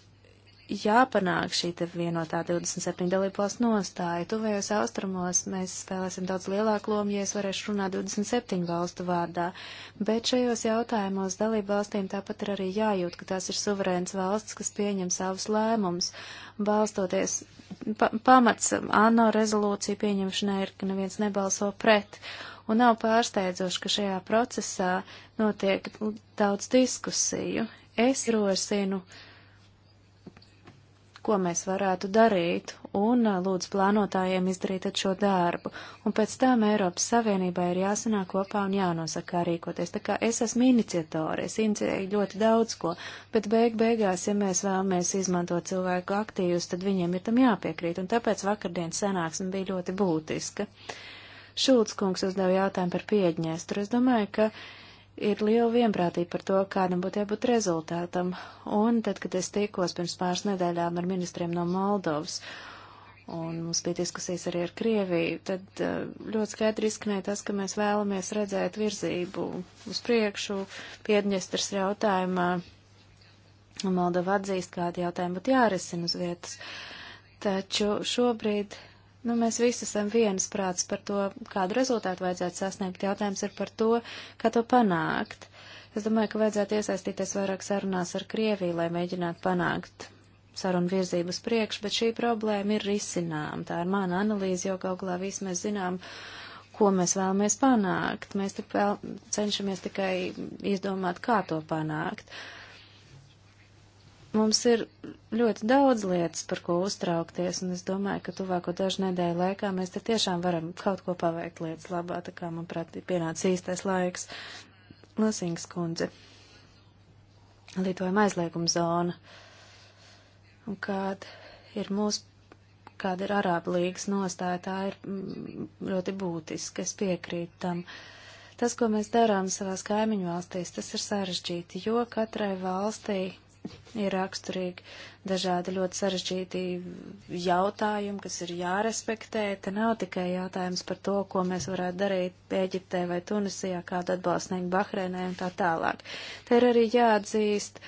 jāpanāk šī te vienotā 27 dalību valstu nostāja. Tuvējos austrumos mēs spēlēsim daudz lielāku lomu, ja es varēšu runāt 27 valstu vārdā. Bet šajos jautājumos dalību valstīm tāpat ir arī jājūt, ka tās ir suverēns valsts, kas pieņem savus lēmumus, balstoties pa, pamats ANO rezolūciju pieņemšanai ir, ka neviens nebalso pret. Uh, un nav pārsteidzoši, ka šajā procesā notiek daudz diskusiju. Es rosinu, ko mēs varētu darīt, un uh, lūdzu plānotājiem izdarīt šo darbu, un pēc tam Eiropas Savienībai ir jāsanāk kopā un jānosaka rīkoties. Tā kā es esmu iniciatori, es iniciēju ļoti daudz ko, bet beig beigās, ja mēs vēlamies izmantot cilvēku aktīvus, tad viņiem ir tam jāpiekrīt, un tāpēc vakardienas sanāksme bija ļoti būtiska. Uh, Šulc kungs uzdeva jautājumu par Piedņestru. Es domāju, ka ir liela vienprātība par to, kādam būtu jābūt rezultātam. Un tad, kad es tikos pirms pāris nedēļām ar ministriem no Moldovas, un mums bija diskusijas arī ar Krieviju, tad eh, ļoti skaidri izskanēja tas, ka mēs vēlamies redzēt virzību uz priekšu Piedņestras jautājumā. Moldova atzīst, kādi jautājumi būtu jārisina uz vietas. Taču šobrīd Nu, mēs visi esam vienas prāts par to, kādu rezultātu vajadzētu sasniegt. Jautājums ir par to, kā to panākt. Es domāju, ka vajadzētu iesaistīties vairāk sarunās ar Krieviju, lai mēģinātu panākt sarunu virzību uz priekšu, bet šī problēma ir risinām. Tā ir mana analīze, jo kaut galā visi mēs zinām, ko mēs vēlamies panākt. Mēs tik vēl cenšamies tikai izdomāt, kā to panākt. Uh, Mums ir ļoti daudz lietas, par ko uztraukties, un es domāju, ka tuvāko dažu nedēļu laikā mēs te tiešām varam kaut ko paveikt lietas labā, tā kā, manuprāt, ir pienācis īstais laiks. Lasīgs kundze. Lietojuma aizlieguma zona. Un kāda ir mūsu kāda ir Arābu līgas nostāja, tā ir mm, ļoti būtiska, es piekrītu tam. Tas, ko mēs darām savās kaimiņu valstīs, tas ir sarežģīti, jo katrai valstī ir raksturīgi dažādi ļoti sarežģīti jautājumi, kas ir jārespektē. Te nav tikai jautājums par to, ko mēs varētu darīt Eģiptē vai Tunisijā, kādu atbalstnieku Bahreinē un tā tālāk. Te ir arī jāatzīst,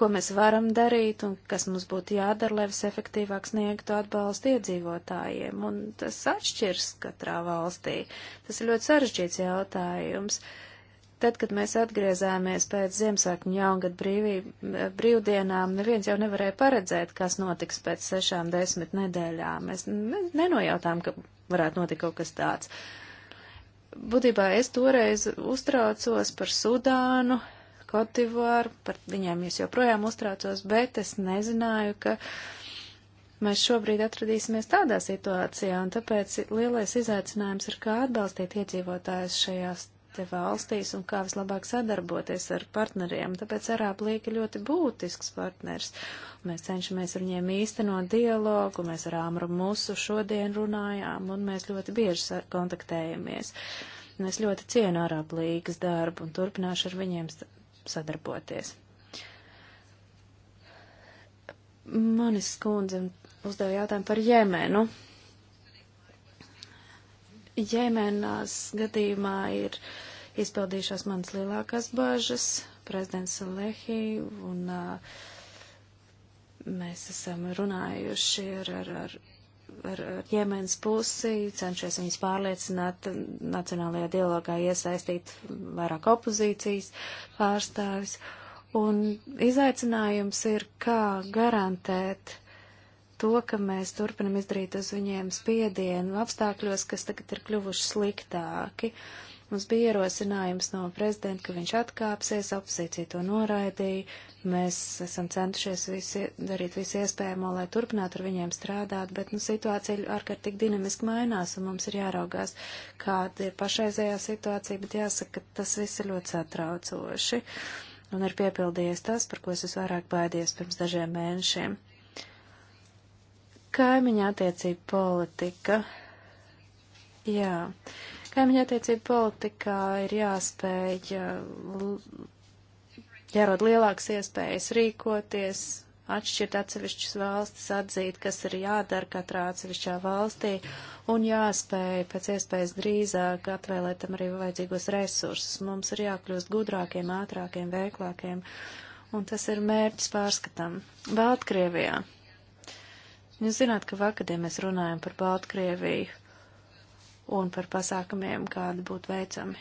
ko mēs varam darīt un kas mums būtu jādara, lai visefektīvāk sniegtu atbalstu iedzīvotājiem. Un tas atšķirs katrā valstī. Tas ir ļoti sarežģīts jautājums. Uh, Tad, kad mēs atgriezāmies pēc Ziemassvētku jaungad brīvība, eh, brīvdienām, neviens jau nevarēja paredzēt, kas notiks pēc sešām desmit nedēļām. Mēs nenojautām, ka varētu notikt kaut kas tāds. Būtībā es toreiz uztraucos par Sudānu, Kotivāru, par viņiem es joprojām uztraucos, bet es nezināju, ka mēs šobrīd atradīsimies tādā situācijā, un tāpēc lielais izaicinājums ir, kā atbalstīt iedzīvotājus šajās te valstīs un kā vislabāk sadarboties ar partneriem. Tāpēc Arāb Līga ir ļoti būtisks partners. Mēs cenšamies ar viņiem īstenot dialogu, mēs ar Āmru Musu šodien runājām un mēs ļoti bieži kontaktējamies. Un es ļoti cienu Arāb Līgas darbu un turpināšu ar viņiem sadarboties. Manis skundze uzdeva jautājumu par Jemenu. Jemenas gadījumā ir izpildījušās manas lielākās bažas, prezidents Lehi, un uh, mēs esam runājuši ar, ar, ar ar, ar Jemens pusi, cenšies viņus pārliecināt, nacionālajā dialogā iesaistīt vairāk opozīcijas pārstāvis. Un izaicinājums ir, kā garantēt to, ka mēs turpinam izdarīt uz viņiem spiedienu apstākļos, kas tagad ir kļuvuši sliktāki. Mums bija ierosinājums no prezidenta, ka viņš atkāpsies, opozīcija to noraidīja. Mēs esam centušies visi, darīt visu iespējamo, lai turpinātu ar viņiem strādāt, bet nu, situācija ārkārtīgi dinamiski mainās, un mums ir jāraugās, kāda ir pašreizējā situācija, bet jāsaka, ka tas viss ir ļoti satraucoši. Un ir piepildījies tas, par ko es visvairāk baidies pirms dažiem mēnešiem. Kaimiņa attiecība politika. Jā. Kaimiņa attiecība politikā ir jāspēj, jārod lielākas iespējas rīkoties, atšķirt atsevišķas valstis, atzīt, kas ir jādara katrā atsevišķā valstī, un jāspēj pēc iespējas drīzāk atvēlēt tam arī vajadzīgos resursus. Mums ir jākļūst gudrākiem, ātrākiem, veiklākiem, un tas ir mērķis pārskatam. Baltkrievijā Jūs zināt, ka vakardien mēs runājam par Baltkrieviju un par pasākumiem, kādi būtu veicami.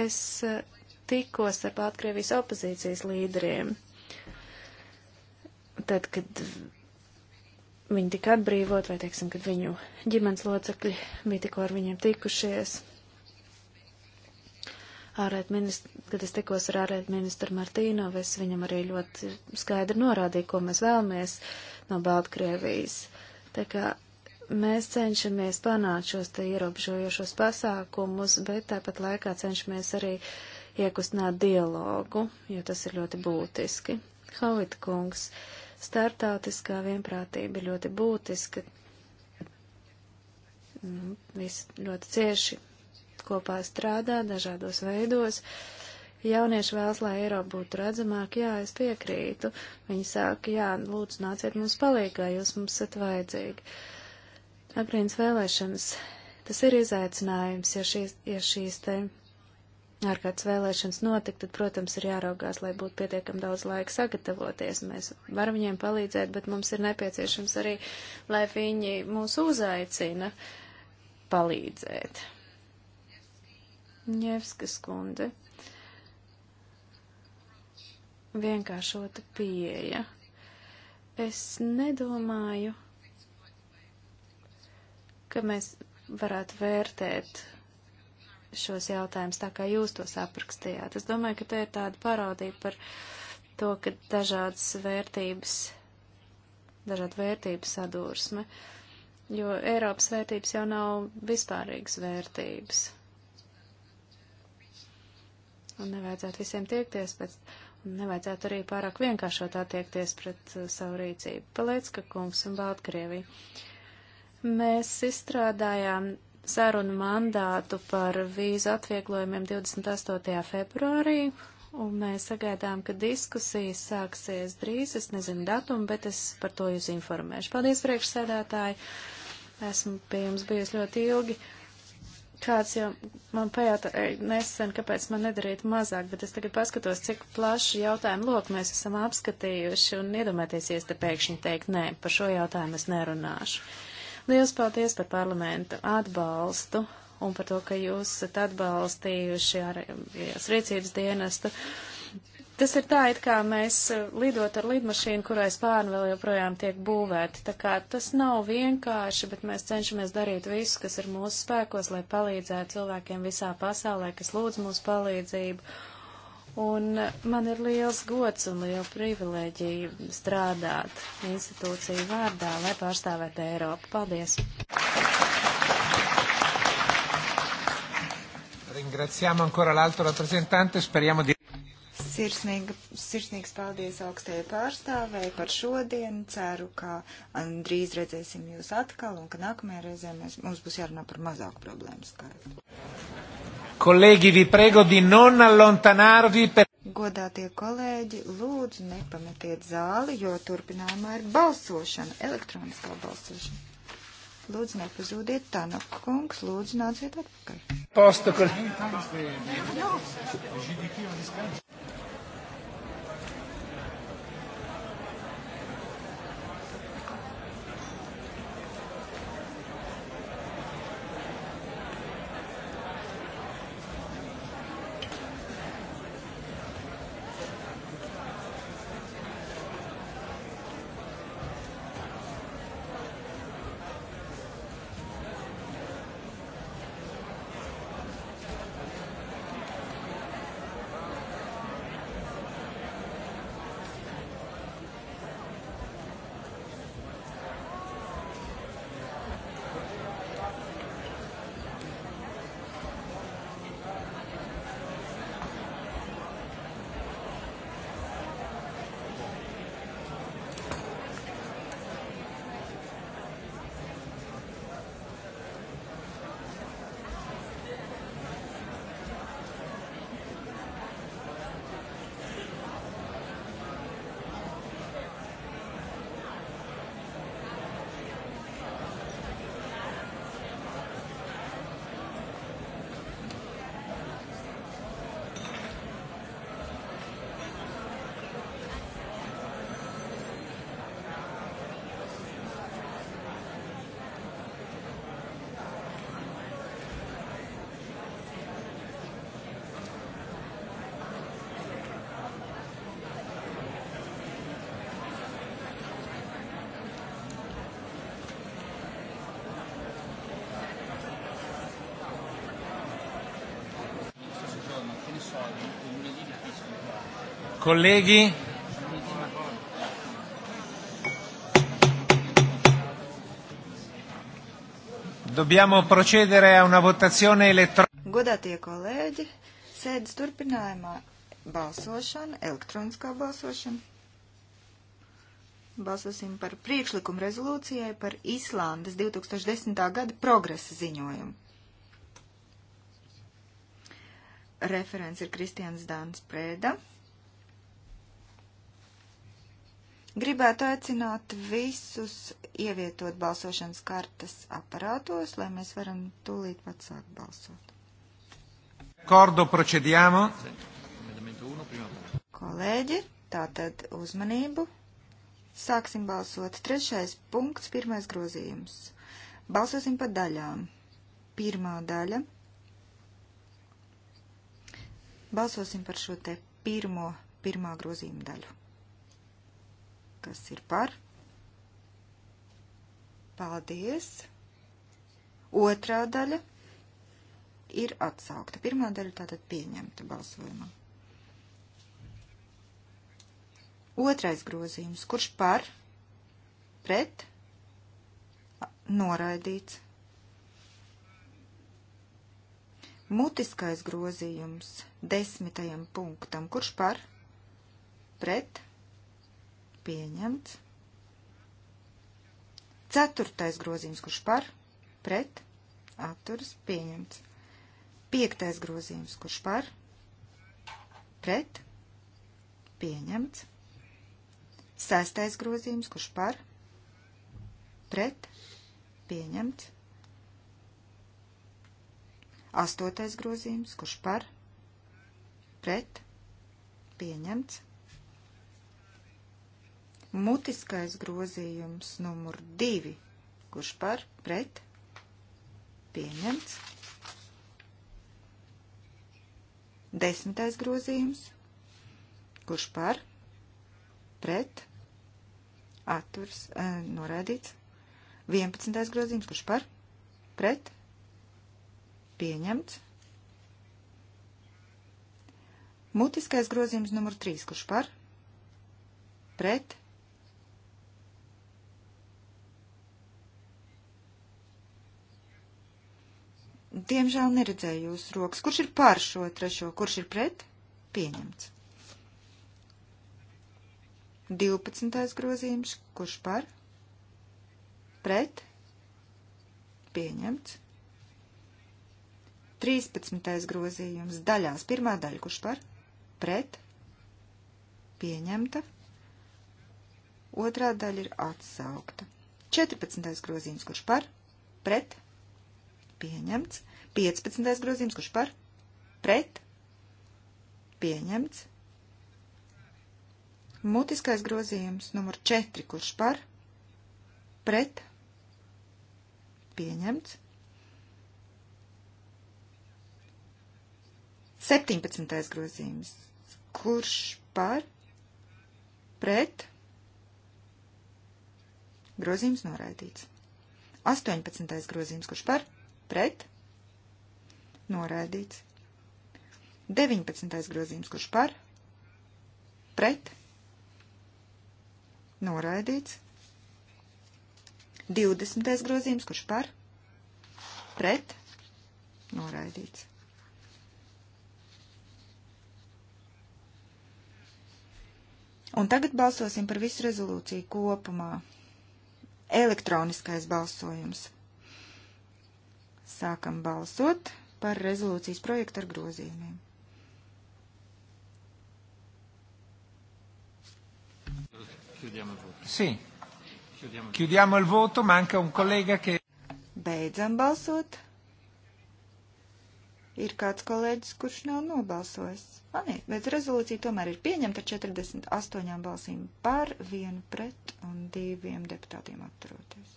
Es eh, tikos ar Baltkrievijas opozīcijas līderiem, tad, kad viņi tika atbrīvot, vai, teiksim, kad viņu ģimenes locekļi bija tikko ar viņiem tikušies. Ārēt ministru, kad es tikos ar ārēt ministru Martīno, es viņam arī ļoti skaidri norādīju, ko mēs vēlamies nāk no Baltkrievijas. Tā kā mēs cenšamies panākt šos te ierobežojošos pasākumus, bet tāpat laikā cenšamies arī iekustināt dialogu, jo tas ir ļoti būtiski. Hovita kungs, startautiskā vienprātība ir ļoti būtiska. Mm, visi ļoti cieši kopā strādā dažādos veidos. Uh, Jaunieši vēlas, lai Eiropa būtu redzamāka, jā, es piekrītu. Viņi saka, jā, lūdzu, nāciet mums palīgā, jūs mums esat vajadzīgi. Agrīnas vēlēšanas, tas ir izaicinājums, ja šīs, ja šīs te ārkārtas vēlēšanas notikt, tad, protams, ir jāraugās, lai būtu pietiekam daudz laika sagatavoties. Mēs varam viņiem palīdzēt, bet mums ir nepieciešams arī, lai viņi mūs uzaicina palīdzēt. Ņevskas kunde vienkāršota pieeja. Es nedomāju, ka mēs varētu vērtēt šos jautājumus tā, kā jūs tos aprakstījāt. Es domāju, ka te ir tāda parādība par to, ka dažādas vērtības, dažāda vērtības sadursme, jo Eiropas vērtības jau nav vispārīgas vērtības. Un nevajadzētu visiem tiekties pēc. Bet nevajadzētu arī pārāk vienkāršot attiekties pret uh, savu rīcību. Paliecka kungs un Baltkrievi. Mēs izstrādājām sarunu mandātu par vīzu atvieglojumiem 28. februārī, un mēs sagaidām, ka diskusijas sāksies drīz, es nezinu datumu, bet es par to jūs informēšu. Paldies, priekšsēdētāji! Esmu pie jums bijusi ļoti ilgi. Uh, Kāds jau man pajautā nesen, kāpēc man nedarīt mazāk, bet es tagad paskatos, cik plašu jautājumu loku mēs esam apskatījuši un iedomājieties, te pēkšņi teikt, nē, par šo jautājumu es nerunāšu. Liels paldies par parlamentu atbalstu un par to, ka jūs esat atbalstījuši ar, ar, ar rīcības dienestu. Uh, Tas ir tā, it kā mēs eh, lidot ar lidmašīnu, kurai spārni vēl joprojām tiek būvēti. Tā kā tas nav vienkārši, bet mēs cenšamies darīt visu, kas ir mūsu spēkos, lai palīdzētu cilvēkiem visā pasaulē, kas lūdz mūsu palīdzību. Un eh, man ir liels gods un liela privileģija strādāt institūciju vārdā, lai pārstāvētu Eiropu. Paldies! Ringraziamo ancora l'alto rappresentante, speriamo di... Sirsnīga, sirsnīgs paldies augstajai pārstāvēji par šodienu. Ceru, ka drīz redzēsim jūs atkal un ka nākamajā reizē mēs, mums būs jārunā par mazāku problēmu skaitu. Kolēģi, vi prego di non allontanarvi per. Godātie kolēģi, lūdzu nepametiet zāli, jo turpinājumā ir balsošana, elektroniskā balsošana. Lūdzu, nepazūdiet Tanaka kungs, lūdzu nāciet atpakaļ. Posta, kur... colleghi. Dobbiamo procedere a una votazione elettronica. Godātie kolēģi, sēdes turpinājumā balsošana, elektroniskā balsošana. Balsosim par priekšlikumu rezolūcijai par Īslandes 2010. gada progresa ziņojumu. Referents ir Kristians Dāns Prēda. Gribētu aicināt visus ievietot balsošanas kartes aparātos, lai mēs varam tūlīt pat sākt balsot. Kordo procediamo. Kolēģi, tātad uzmanību. Sāksim balsot. Trešais punkts, pirmais grozījums. Balsosim pa daļām. Pirmā daļa. Balsosim par šo te pirmo, pirmā grozījuma daļu. Kas ir par? Paldies. Otrā daļa ir atsaukta. Pirmā daļa tātad pieņemta balsojumā. Otrais grozījums. Kurš par? Pret? Noraidīts. Mutiskais grozījums desmitajam punktam. Kurš par? Pret? pieņemts. Ceturtais grozījums, kurš par, pret, atturas, pieņemts. Piektais grozījums, kurš par, pret, pieņemts. Sestais grozījums, kurš par, pret, pieņemts. Astotais grozījums, kurš par, pret, pieņemts. Mutiskais grozījums numur divi. Kurš par? Pret? Pieņemts. Desmitais grozījums. Kurš par? Pret? Atturs. E, norādīts. Vienpadsmitais grozījums. Kurš par? Pret? Pieņemts. Mutiskais grozījums numur 3, kurš par? Pret? Diemžēl neredzēju jūsu rokas. Kurš ir pār šo trešo? Kurš ir pret? Pieņemts. 12. grozījums. Kurš par? Pret? Pieņemts. 13. grozījums. Daļās. Pirmā daļa. Kurš par? Pret? Pieņemta. Otrā daļa ir atsaukta. 14. grozījums. Kurš par? Pret? Pieņemta pieņemts. 15. grozījums, kurš par, pret, pieņemts. Mutiskais grozījums numur 4, kurš par, pret, pieņemts. 17. grozījums, kurš par, pret, grozījums noraidīts. 18. grozījums, kurš par, pret, pret, noraidīts. 19. grozījums, kurš par, pret, noraidīts. 20. grozījums, kurš par, pret, noraidīts. Un tagad balsosim par visu rezolūciju kopumā. Elektroniskais balsojums. Sākam balsot par rezolūcijas projektu ar grozījumiem. Sì, chiudiamo il voto, manca un collega che... Beidzam balsot. Ir kāds kolēģis, kurš nav nobalsojis. A, nē, bet rezolūcija tomēr ir pieņemta 48 balsīm par, vienu pret un diviem deputātiem atturoties.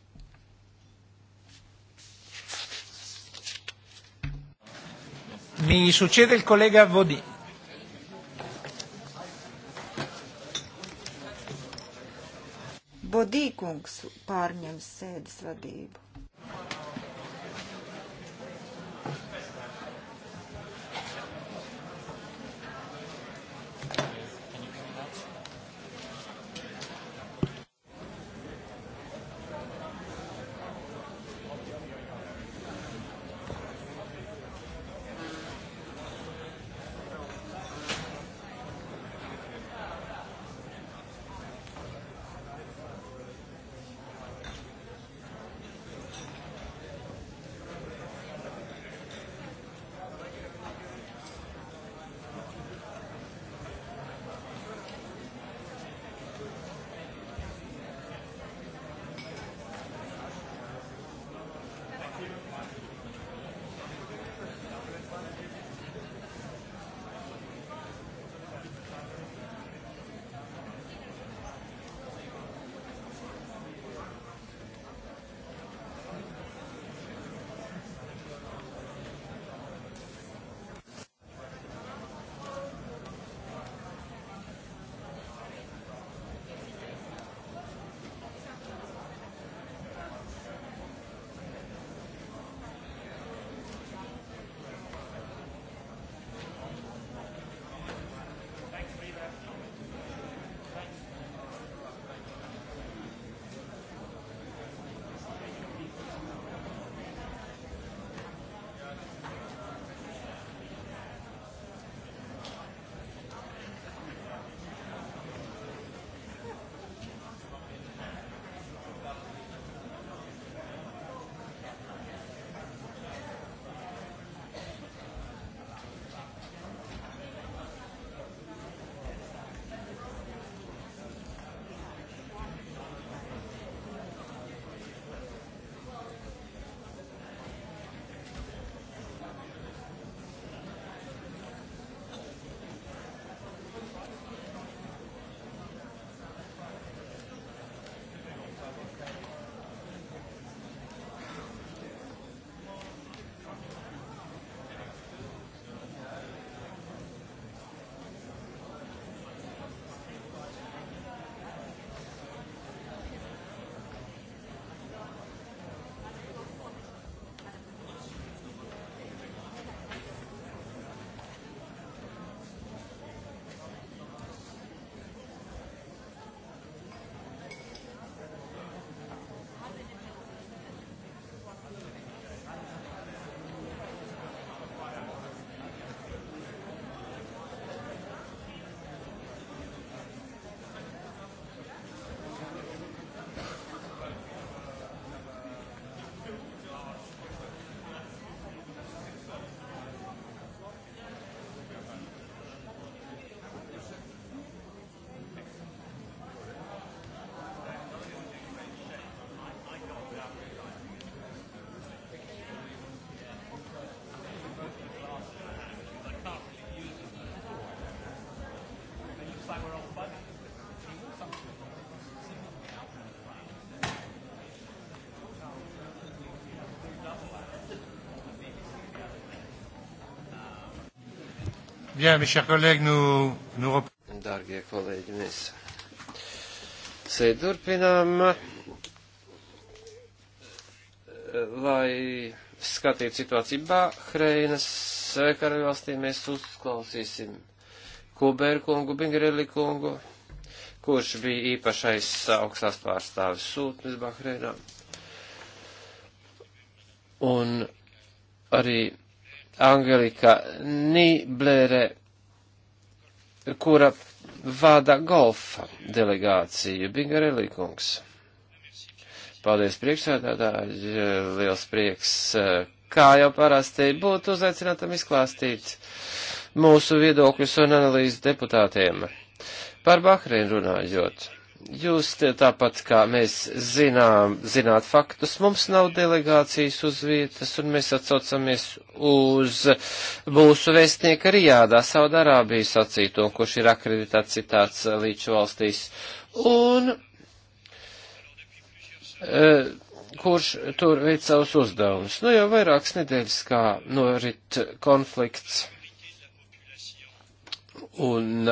Mi succede il collega Vodì. Bodīkungs pārņem sēdes vadību. Bien, mes chers collègues, nous, nous Dārgie kolēģi, mēs sēd turpinām, lai skatītu situāciju Bahreinas karaļvalstī. Mēs uzklausīsim Kuberu kungu, Bingreli kungu, kurš bija īpašais augstās pārstāvis sūtnis Bahreinā. Un arī Angelika Nīblere, kura vada golfa delegāciju, Bingarelī kungs. Paldies priekšsēdētāji, liels prieks, kā jau parasti būt uzaicinātam izklāstīt mūsu viedokļus un analīzes deputātiem. Par Bahreinu runājot. Jūs tāpat kā mēs zinām, zināt faktus, mums nav delegācijas uz vietas, un mēs atsaucamies uz mūsu vēstnieka Rijādā, Saudārābiju sacīto, kurš ir akreditēts citāts līču valstīs. Un e, kurš tur veic savus uzdevumus. Nu, jau vairākas nedēļas kā norit konflikts, un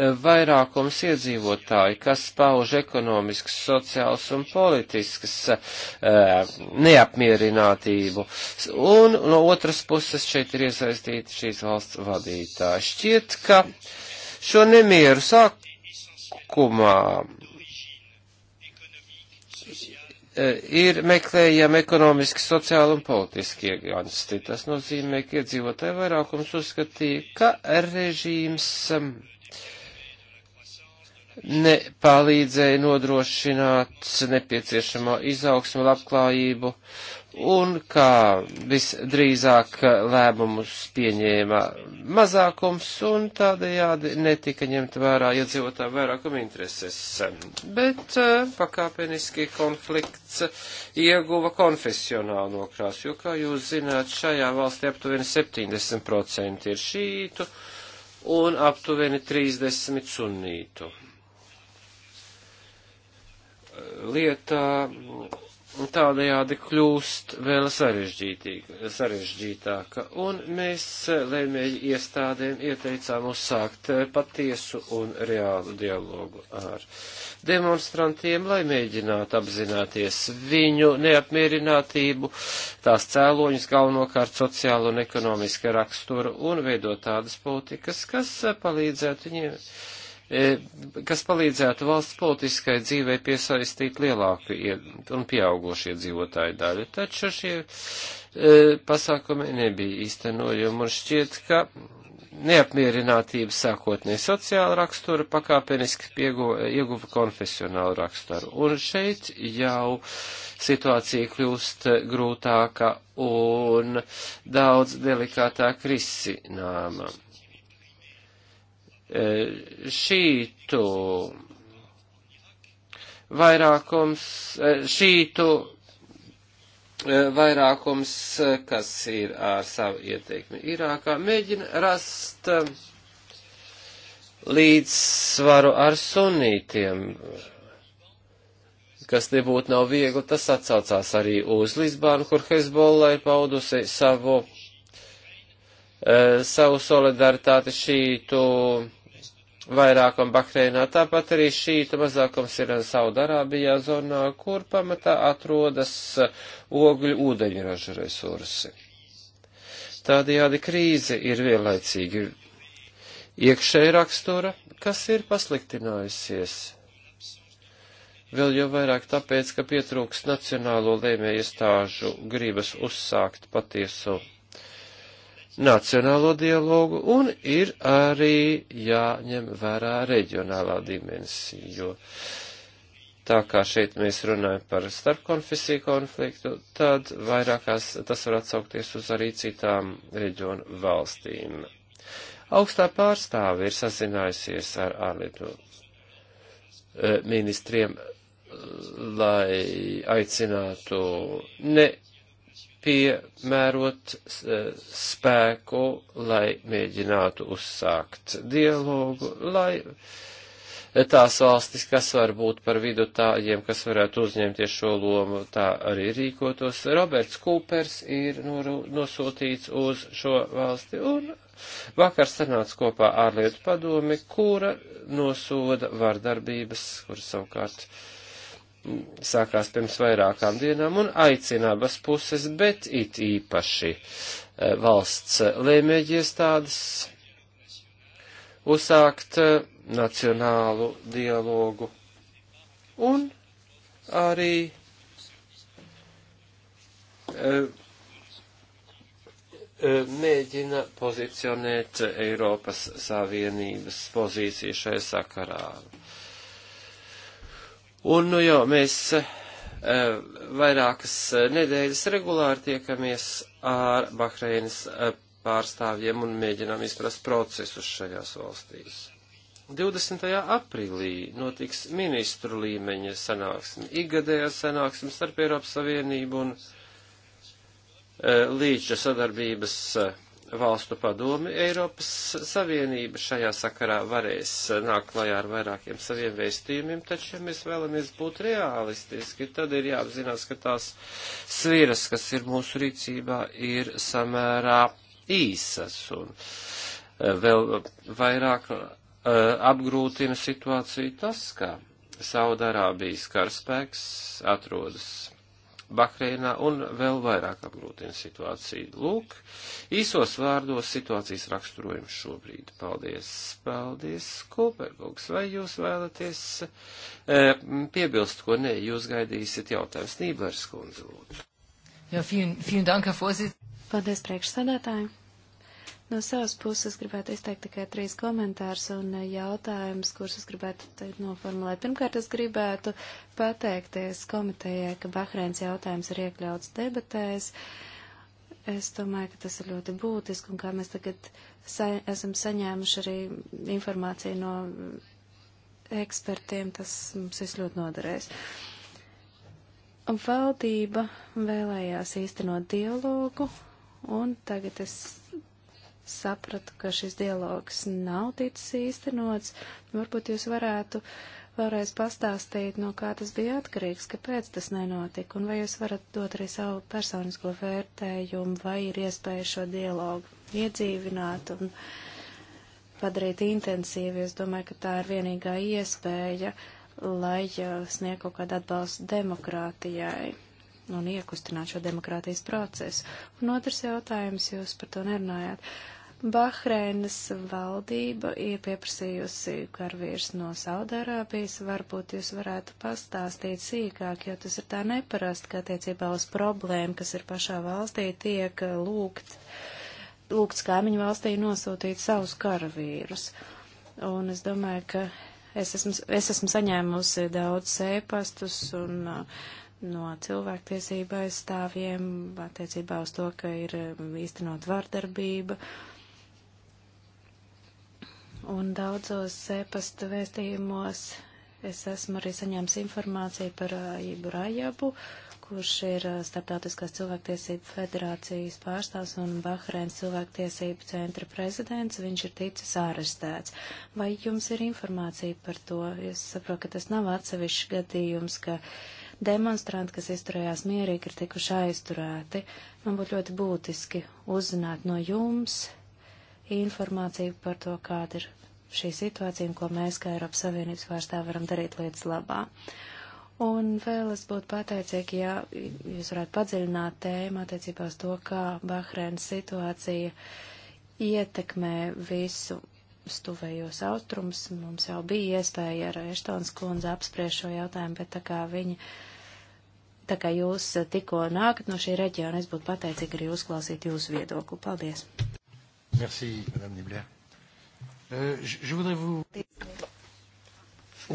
E, vairākums iedzīvotāju, kas pauž ekonomiskas, sociālas un politiskas e, neapmierinātību. Un no otras puses šeit ir iesaistīti šīs valsts vadītāji. Šķiet, ka šo nemieru sākumā e, ir meklējami ekonomiski, sociāli un politiski iegānsti. Tas nozīmē, ka iedzīvotāji vairākums uzskatīja, ka režīms nepalīdzēja nodrošināt nepieciešamo izaugsmu, labklājību un kā visdrīzāk lēmumus pieņēma mazākums un tādējādi netika ņemt vērā iedzīvotājiem vairākuma intereses. Bet eh, pakāpeniski konflikts ieguva konfesionālu nokrāsu, jo, kā jūs zināt, šajā valstī aptuveni 70% ir šītu un aptuveni 30 sunītu lietā tādējādi kļūst vēl sarežģītāka, un mēs lēmēji iestādēm ieteicām uzsākt patiesu un reālu dialogu ar demonstrantiem, lai mēģinātu apzināties viņu neapmierinātību, tās cēloņus galvenokārt sociālu un ekonomiska rakstura, un veidot tādas politikas, kas palīdzētu viņiem E, kas palīdzētu valsts politiskai dzīvei piesaistīt lielāku un pieaugušu iedzīvotāju daļu. Taču šie e, pasākumi nebija īstenojumi un šķiet, ka neapmierinātība sākotnēji sociāla rakstura pakāpeniski pieguva, ieguva konfesionālu raksturu. Un šeit jau situācija kļūst grūtāka un daudz delikātāk risināma. E, šītu vairākums, e, šītu e, vairākums, kas ir ar savu ieteikumu Irākā, mēģina rast līdzsvaru ar sunītiem, kas nebūtu nav viegli, tas atsaucās arī uz Lisbānu, kur Hezbollah ir paudusi savu, savu solidaritāti šītu vairākam Bahreinā. Tāpat arī šīta mazākums ir Saudarābijā zonā, kur pamatā atrodas ogļu ūdeņraža resursi. Tādējādi krīze ir vienlaicīgi iekšēja rakstura, kas ir pasliktinājusies. Vēl jau vairāk tāpēc, ka pietrūks nacionālo lēmēju iestāžu gribas uzsākt patiesu nacionālo dialogu un ir arī jāņem vērā reģionālā dimensija, jo tā kā šeit mēs runājam par starpkonfesiju konfliktu, tad vairākās tas var atsaukties uz arī citām reģionu valstīm. Augstā pārstāve ir sazinājusies ar ārlietu eh, ministriem, lai aicinātu ne piemērot e, spēku, lai mēģinātu uzsākt dialogu, lai tās valstis, kas var būt par vidutājiem, kas varētu uzņemties šo lomu, tā arī rīkotos. Roberts Kūpers ir nosūtīts uz šo valsti un vakar sanāca kopā ārlietu padomi, kura nosoda vardarbības, kuras savukārt uh, sākās pirms vairākām dienām un aicina abas puses, bet it īpaši eh, valsts lēmēģiestādes uzsākt eh, nacionālu dialogu un arī eh, mēģina pozicionēt Eiropas Savienības pozīciju šai sakarā. Un nu jau mēs eh, vairākas eh, nedēļas regulāri tiekamies ar Bahreinas eh, pārstāvjiem un mēģinām izprast procesus šajās valstīs. 20. aprīlī notiks ministru līmeņa sanāksme, ikgadējā sanāksme starp Eiropas Savienību un e, Līča sadarbības e, valstu padomi, Eiropas Savienība šajā sakarā varēs nākt klajā ar vairākiem saviem vēstījumiem, taču, ja mēs vēlamies būt realistiski, tad ir jāapzinās, ka tās sviras, kas ir mūsu rīcībā, ir samērā īsas un e, vēl vairāk uh, apgrūtina situāciju tas, ka Saudārābijas karaspēks atrodas Bahreinā un vēl vairāk apgrūtina situāciju. Lūk, īsos vārdos situācijas raksturojums šobrīd. Paldies, paldies, Kulperkungs. Vai jūs vēlaties e, piebilst, ko nē, jūs gaidīsiet jautājums Nīblers kundze, lūdzu. Jā, ja, vielen, vielen dank, Herr Vorsitz. Paldies, priekšsēdētāji. No savas puses gribētu izteikt tikai trīs komentārus un jautājumus, kurus es gribētu teikt noformulēt. Pirmkārt, es gribētu pateikties komitejai, ka Bahreins jautājums ir iekļauts debatēs. Es domāju, ka tas ir ļoti būtiski, un kā mēs tagad sa esam saņēmuši arī informāciju no ekspertiem, tas mums viss ļoti noderēs. Valdība vēlējās īstenot dialogu, un tagad es sapratu, ka šis dialogs nav ticis īstenots. Varbūt jūs varētu vēlreiz pastāstīt, no kā tas bija atkarīgs, kāpēc tas nenotika, un vai jūs varat dot arī savu personisko vērtējumu, vai ir iespēja šo dialogu iedzīvināt un padarīt intensīvi. Es domāju, ka tā ir vienīgā iespēja, lai eh, sniegtu kaut kādu atbalstu demokrātijai un iekustināt šo demokrātijas procesu. Un otrs jautājums, jūs par to nerunājāt. Bahreinas valdība ir pieprasījusi karavīrs no Saudārābijas. Varbūt jūs varētu pastāstīt sīkāk, jo tas ir tā neparasti, ka attiecībā uz problēmu, kas ir pašā valstī, tiek lūgt, lūgts kaimiņu valstī nosūtīt savus karavīrus. Un es domāju, ka es esmu, es esmu saņēmusi daudz sēpastus un uh, no cilvēktiesība aizstāvjiem attiecībā uz to, ka ir um, īstenot vardarbība. Un daudzos sēpasta vēstījumos es esmu arī saņēmis informāciju par uh, Ibu Rajabu, kurš ir uh, Startautiskās cilvēktiesību federācijas pārstāvs un Bahreins cilvēktiesību centra prezidents, viņš ir ticis ārestēts. Vai jums ir informācija par to? Es saprotu, ka tas nav atsevišķs gadījums, ka uh, demonstranti, kas izturējās mierīgi, ir tikuši aizturēti. Man būtu ļoti būtiski uzzināt no jums informāciju par to, kāda ir šī situācija un ko mēs, kā Eiropas Savienības pārstāvi, varam darīt lietas labā. Un vēl es būtu pateicīgi, ja jūs varētu padziļināt tēmu attiecībā uz to, kā Bahreinas situācija ietekmē visu stuvējos austrumus. Mums jau bija iespēja ar Eštons kundzi apspriest šo jautājumu, bet tā kā viņa Tā kā jūs eh, tikko nākat no šī reģiona, es būtu pateicīga arī uzklausīt jūsu viedokli. Paldies! Merci, Madame Nibler. Uh, je, je voudrais vous...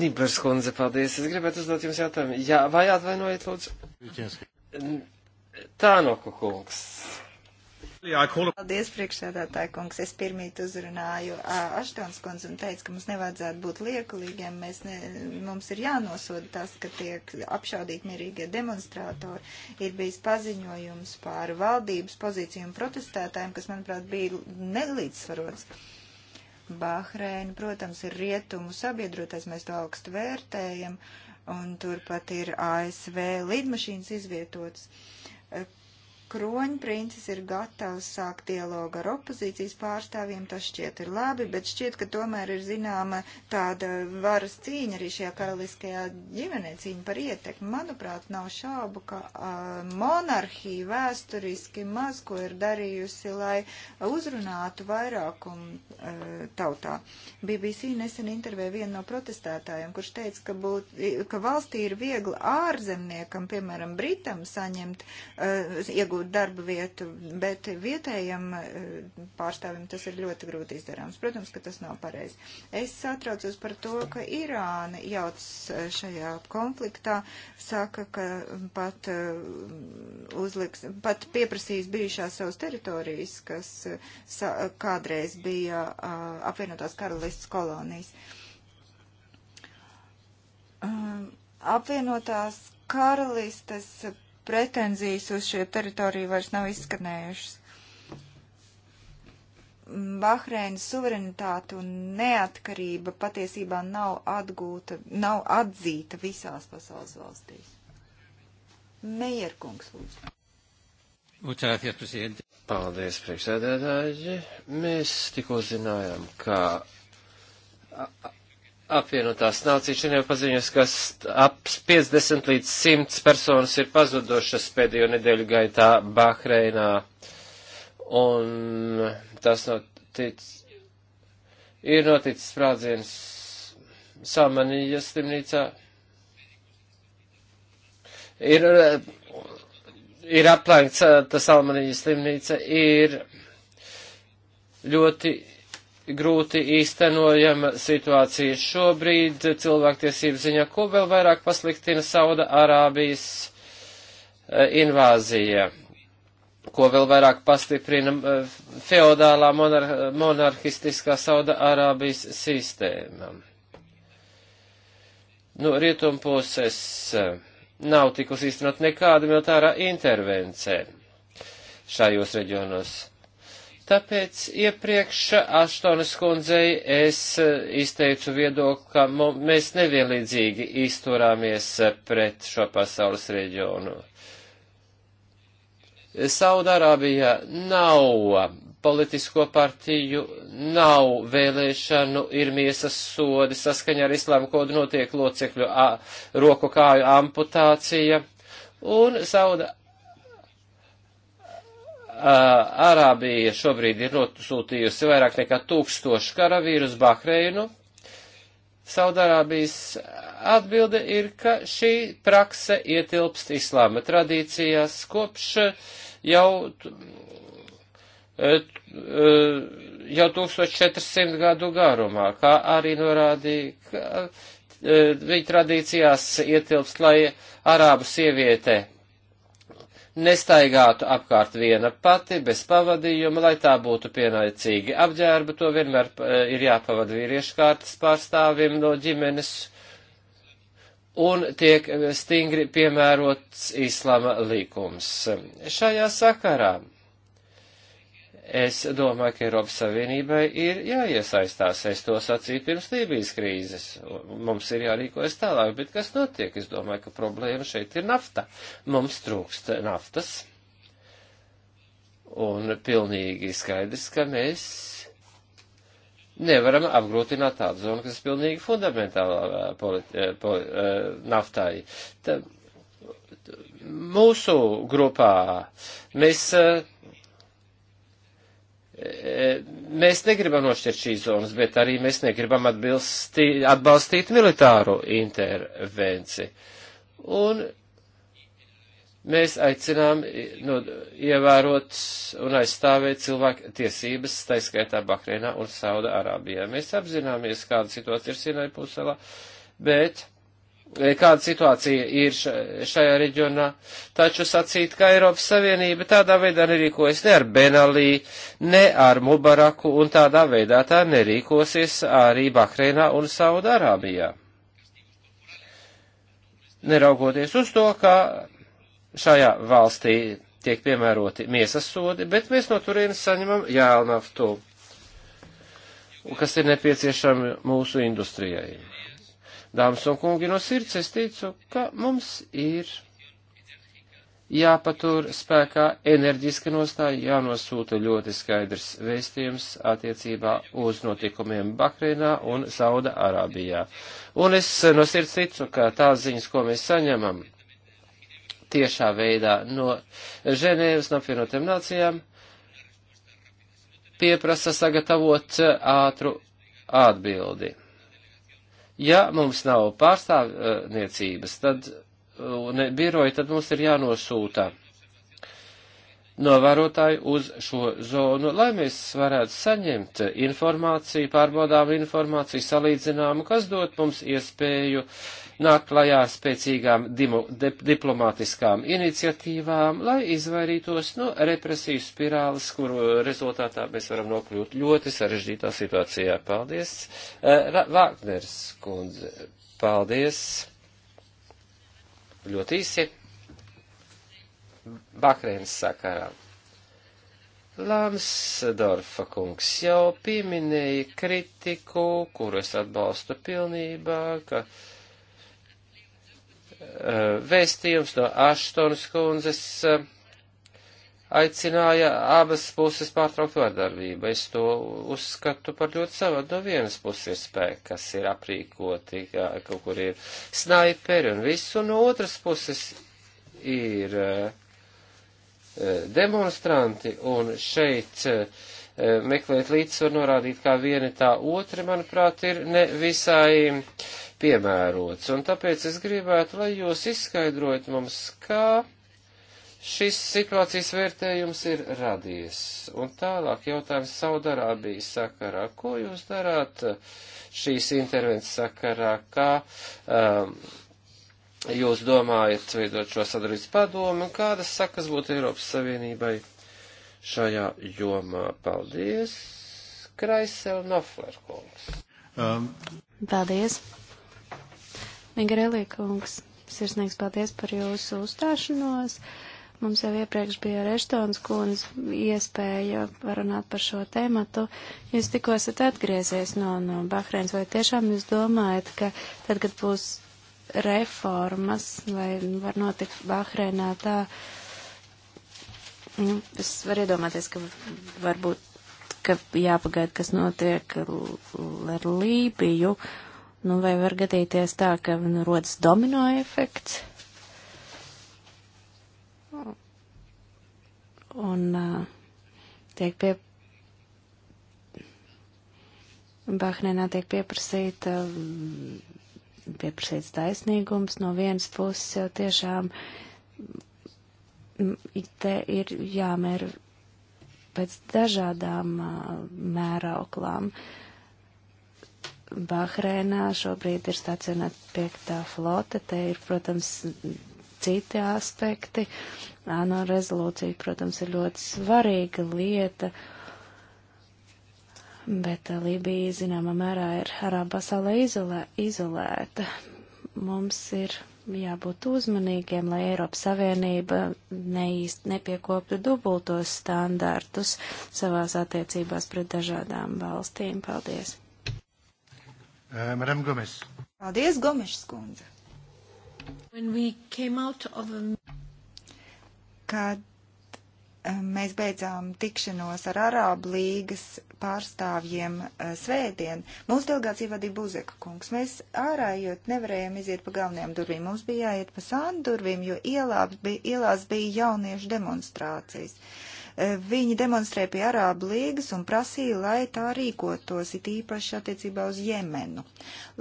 Nibers kundze, paldies. Es gribētu uzdot jums jautājumu. Jā, vai atvainojiet, lūdzu? Tānoku kungs. Paldies, priekšsēdētāji kungs. Es pirmīt uzrunāju Aštons kundz un teicu, ka mums nevajadzētu būt liekulīgiem. Mēs ne, mums ir jānosoda tas, ka tiek apšaudīti mierīgie demonstrātori. Ir bijis paziņojums pār valdības pozīciju un protestētājiem, kas, manuprāt, bija nelīdzsvarots. Bahreina, protams, ir rietumu sabiedrotais, mēs to augstu vērtējam, un turpat ir ASV lidmašīnas izvietotas. Uh, Kroņprinces ir gatavs sākt dialogu ar opozīcijas pārstāvjiem, tas šķiet ir labi, bet šķiet, ka tomēr ir zināma tāda varas cīņa arī šajā karaliskajā ģimenē, cīņa par ietekmi. Manuprāt, nav šaubu, ka uh, monarhija vēsturiski maz ko ir darījusi, lai uzrunātu vairākumu uh, tautā. BBC nesen intervēja vienu no protestētājiem, kurš teica, ka, būt, ka valstī ir viegli ārzemniekam, piemēram, Britam, saņemt, uh, iegūt iegūt darba vietu, bet vietējam eh, pārstāvim tas ir ļoti grūti izdarāms. Protams, ka tas nav pareizi. Es satraucos par to, ka Irāna jauc eh, šajā konfliktā, saka, ka pat, eh, uzliks, pat pieprasīs bijušās savas teritorijas, kas kādreiz bija apvienotās karalistas kolonijas. Apvienotās karalistes pretenzijas uz šo teritoriju vairs nav izskanējušas. Bahreinas suverenitāte un neatkarība patiesībā nav atgūta, nav atzīta visās pasaules valstīs. Meierkungs, lūdzu. Paldies, priekšsēdētāji. Mēs tikko zinājām, ka apvienotās nācijas šodien paziņos, ka ap 50 līdz 100 personas ir pazudušas pēdējo nedēļu gaitā Bahreinā. Un tas notic, ir noticis sprādziens Samanijas slimnīcā. Ir, ir aplēkts eh, tas Samanijas slimnīca, ir ļoti grūti īstenojama situācija šobrīd cilvēktiesību ziņā, ko vēl vairāk pasliktina Sauda Arābijas eh, invāzija, ko vēl vairāk pastiprina eh, feodālā monar monarhistiskā Sauda Arābijas sistēma. No nu, rietumpuses eh, nav tikusi īstenot nekāda militārā intervence šajos reģionos Tāpēc iepriekš Aštonas kundzei es eh, izteicu viedokli, ka mēs nevienlīdzīgi izturāmies eh, pret šo pasaules reģionu. Saudārābijā nav politisko partiju, nav vēlēšanu, ir miesas sodi, saskaņā ar islāma kodu notiek locekļu roku kāju amputācija, un Sauda Uh, Arābija šobrīd ir nosūtījusi vairāk nekā tūkstošu karavīru uz Bahreinu. Saudārābijas atbilde ir, ka šī prakse ietilpst islāma tradīcijās kopš jau, eh, eh, jau 1400 gadu garumā, kā arī norādīja, ka eh, viņa tradīcijās ietilpst, lai arābu sieviete nestaigātu apkārt viena pati, bez pavadījuma, lai tā būtu pienaicīgi apģērba, to vienmēr eh, ir jāpavada vīriešu kārtas pārstāvim no ģimenes, un tiek eh, stingri piemērots islama likums. Šajā sakarā Es domāju, ka Eiropas Savienībai ir jāiesaistās. Es to sacīju pirms Lībijas krīzes. Mums ir jārīkojas tālāk, bet kas notiek? Es domāju, ka problēma šeit ir nafta. Mums trūkst naftas. Un pilnīgi skaidrs, ka mēs nevaram apgrūtināt tādu zonu, kas ir pilnīgi fundamentālā eh, politi, eh, pol, eh, naftai. Ta, mūsu grupā mēs. Uh, E, mēs negribam nošķirt šīs zonas, bet arī mēs negribam atbilstī, atbalstīt militāru intervenci. Un mēs aicinām nu, ievērot un aizstāvēt cilvēku tiesības, taiskaitā Bahreinā un Sauda Arābijā. Mēs apzināmies, kāda situācija ir Sinai puselā, bet E, kāda situācija ir šajā reģionā. Taču sacīt, ka Eiropas Savienība tādā veidā nerīkojas ne ar Benalī, ne ar Mubaraku, un tādā veidā tā nerīkosies arī Bahreinā un Saudārābijā. Neraugoties uz to, ka šajā valstī tiek piemēroti miesas sodi, bet mēs no turienes saņemam jēlnaftu, kas ir nepieciešama mūsu industrijai. Dāmas un kungi, no sirds es ticu, ka mums ir jāpatur spēkā enerģiska nostāja, jānosūta ļoti skaidrs vēstījums attiecībā uz notikumiem Bahreinā un Sauda Arābijā. Un es no sirds ticu, ka tās ziņas, ko mēs saņemam tiešā veidā no Ženēvas un apvienotiem nācijām, pieprasa sagatavot ātru atbildi. Ja mums nav pārstāvniecības, tad ne, biroja, tad mums ir jānosūta novērotāji uz šo zonu, lai mēs varētu saņemt informāciju, pārbaudām informāciju, salīdzinājumu, kas dot mums iespēju uh, nāk klajā spēcīgām dimu, de, diplomātiskām iniciatīvām, lai izvairītos no represiju spirāles, kuru rezultātā mēs varam nokļūt ļoti sarežģītā situācijā. Paldies, eh, Vāgners kundze. Paldies. Ļoti īsi. Bakrēnas sakarā. Lamsdorfa kungs jau pieminēja kritiku, kuras atbalstu pilnībā, ka uh, Eh, vēstījums no Aštonas kundzes eh, aicināja abas puses pārtraukt vardarbību. Es to uzskatu par ļoti savādu. No vienas puses ir spēki, kas ir aprīkoti, kā, kaut kur ir snaiperi un viss, un no otras puses ir eh, demonstranti, un šeit meklēt līdzsvaru norādīt kā viena tā otra, manuprāt, ir ne visai uh, piemērots. Un tāpēc es gribētu, lai jūs izskaidrojat mums, kā šis situācijas vērtējums ir radies. Un tālāk jautājums Saudarābijas sakarā. Ko jūs darāt šīs intervences sakarā? Kā um, jūs domājat veidot šo sadarības padomu? Kādas sakas būtu Eiropas Savienībai šajā jomā? Paldies, Kraisel Noflerkungs. Um. Paldies. Migrēlī kungs, sirsnīgs paldies par jūsu uzstāšanos. Mums jau iepriekš bija Reštons kundz iespēja parunāt par šo tēmatu. Jūs tikko esat atgriezies no, no Bahreins, vai tiešām jūs domājat, ka tad, kad būs reformas, vai var notikt Bahreinā tā, nu, es varu iedomāties, ka varbūt, ka jāpagaida, kas notiek ar Lībiju. Uh, Nu, vai var gadīties tā, ka nu, rodas domino efekts? Un uh, tiek pie. Bahnēnā tiek pieprasīta, mm, pieprasīts taisnīgums no vienas puses jau tiešām mm, te ir jāmēr pēc dažādām uh, mērauklām. Uh, Bahreinā šobrīd ir stacionēta piektā flote. Te ir, protams, citi aspekti. ANO rezolūcija, protams, ir ļoti svarīga lieta, bet eh, Libija, zināmā mērā, ir arāba pasaulē izolē, izolēta. Mums ir jābūt uzmanīgiem, lai Eiropas Savienība neīst nepiekoptu dubultos standartus savās attiecībās pret dažādām valstīm. Paldies! Eh, Madam Gomes. Paldies, Gomes skundze. Of... Kad eh, mēs beidzām tikšanos ar Arābu līgas pārstāvjiem eh, svētdien. Mūsu delegācija vadīja Buzeka kungs. Mēs ārājot nevarējām iziet pa galvenajām durvīm. Mums bija jāiet pa sānu durvīm, jo ielās bija, ielās bija jauniešu demonstrācijas. Uh, Viņi demonstrēja pie Arābu līgas un prasīja, lai tā rīkotos, it īpaši attiecībā uz Jemenu.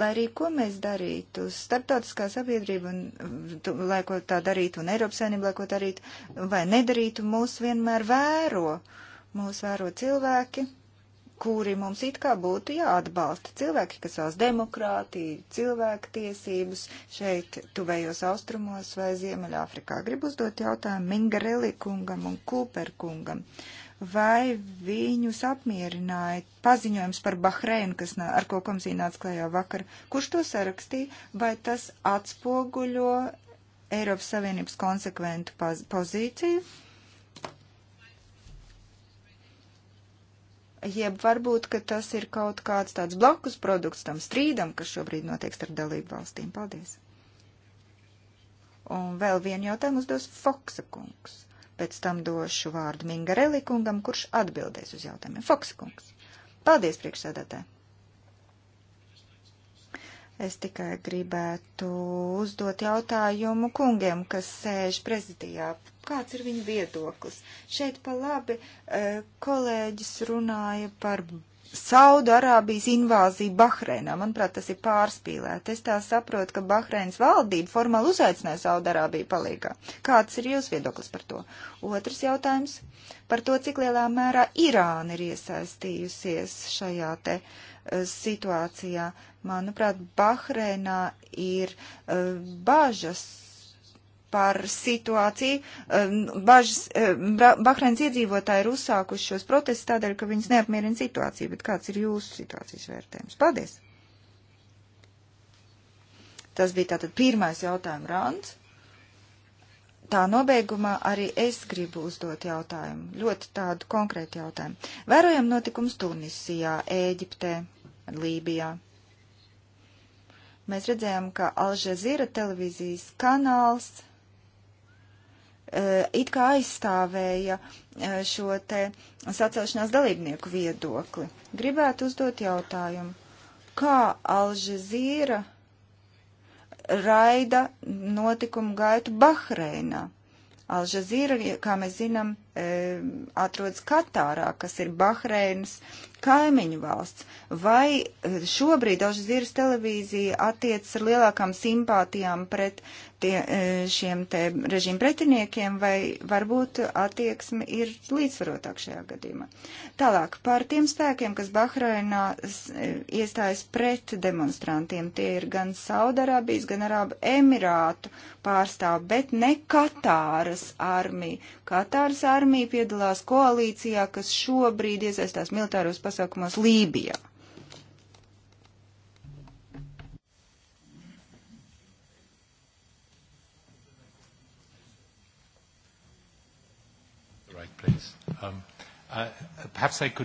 Lai arī ko mēs darītu, starptautiskā sabiedrība, un, tu, lai ko tā darītu, un Eiropas saimnība, lai ko darītu, vai nedarītu, mūs vienmēr vēro. Mūs vēro cilvēki, kuri mums it kā būtu jāatbalsta. Cilvēki, kas vēlas demokrātiju, cilvēktiesības šeit, tuvējos austrumos vai Ziemeļāfrikā. Gribu uzdot jautājumu Mingareli kungam un Kūper kungam. Vai viņus apmierināja paziņojums par Bahreinu, kas nā, ar ko komisija nāca klajā vakar? Kurš to sarakstīja? Vai tas atspoguļo Eiropas Savienības konsekventu pozīciju? jeb varbūt, ka tas ir kaut kāds tāds blakus produkts tam strīdam, kas šobrīd notiek starp dalību valstīm. Paldies! Un vēl vienu jautājumu uzdos Foksa kungs. Pēc tam došu vārdu Mingareli kungam, kurš atbildēs uz jautājumiem. Foksa kungs. Paldies, priekšsēdētāji! Es tikai gribētu uzdot jautājumu kungiem, kas sēž prezidijā. Kāds ir viņa viedoklis? Šeit pa labi e, kolēģis runāja par Saudarābijas invāzija Bahreinā. Manuprāt, tas ir pārspīlēti. Es tā saprotu, ka Bahreinas valdība formāli uzaicināja Saudarābiju palīgā. Kāds ir jūsu viedoklis par to? Otrs jautājums par to, cik lielā mērā Irāna ir iesaistījusies šajā te situācijā. Manuprāt, Bahreinā ir eh, bažas par situāciju. Eh, bažas, eh, Bahreinas iedzīvotāji ir uzsākuši šos protestus tādēļ, ka viņas neapmierina situāciju, bet kāds ir jūsu situācijas vērtējums? Paldies! Tas bija tātad pirmais jautājuma rauns. Tā nobeigumā arī es gribu uzdot jautājumu, ļoti tādu konkrētu jautājumu. Vērojam notikums Tunisijā, Ēģiptē. Lībijā. Mēs redzējām, ka Alžēzira televīzijas kanāls e, it kā aizstāvēja e, šo te sacelšanās dalībnieku viedokli. Gribētu uzdot jautājumu, kā Alžēzīra raida notikumu gaitu Bahreinā? Alžēzīra, kā mēs zinām, atrodas Katārā, kas ir Bahreinas kaimiņu valsts. Vai eh, šobrīd Alžīras televīzija attiecas ar lielākām simpātijām pret tie, eh, šiem te režīmu pretiniekiem, vai varbūt attieksme ir līdzsvarotāk šajā gadījumā? Tālāk par tiem spēkiem, kas Bahreinā eh, iestājas pret demonstrantiem. Tie ir gan Saudarābijas, gan Arābu Emirātu pārstāv, bet ne Katāras armija. Katāras armija armija piedalās koalīcijā, kas šobrīd iesaistās militāros pasākumos Lībijā. Right, um, uh,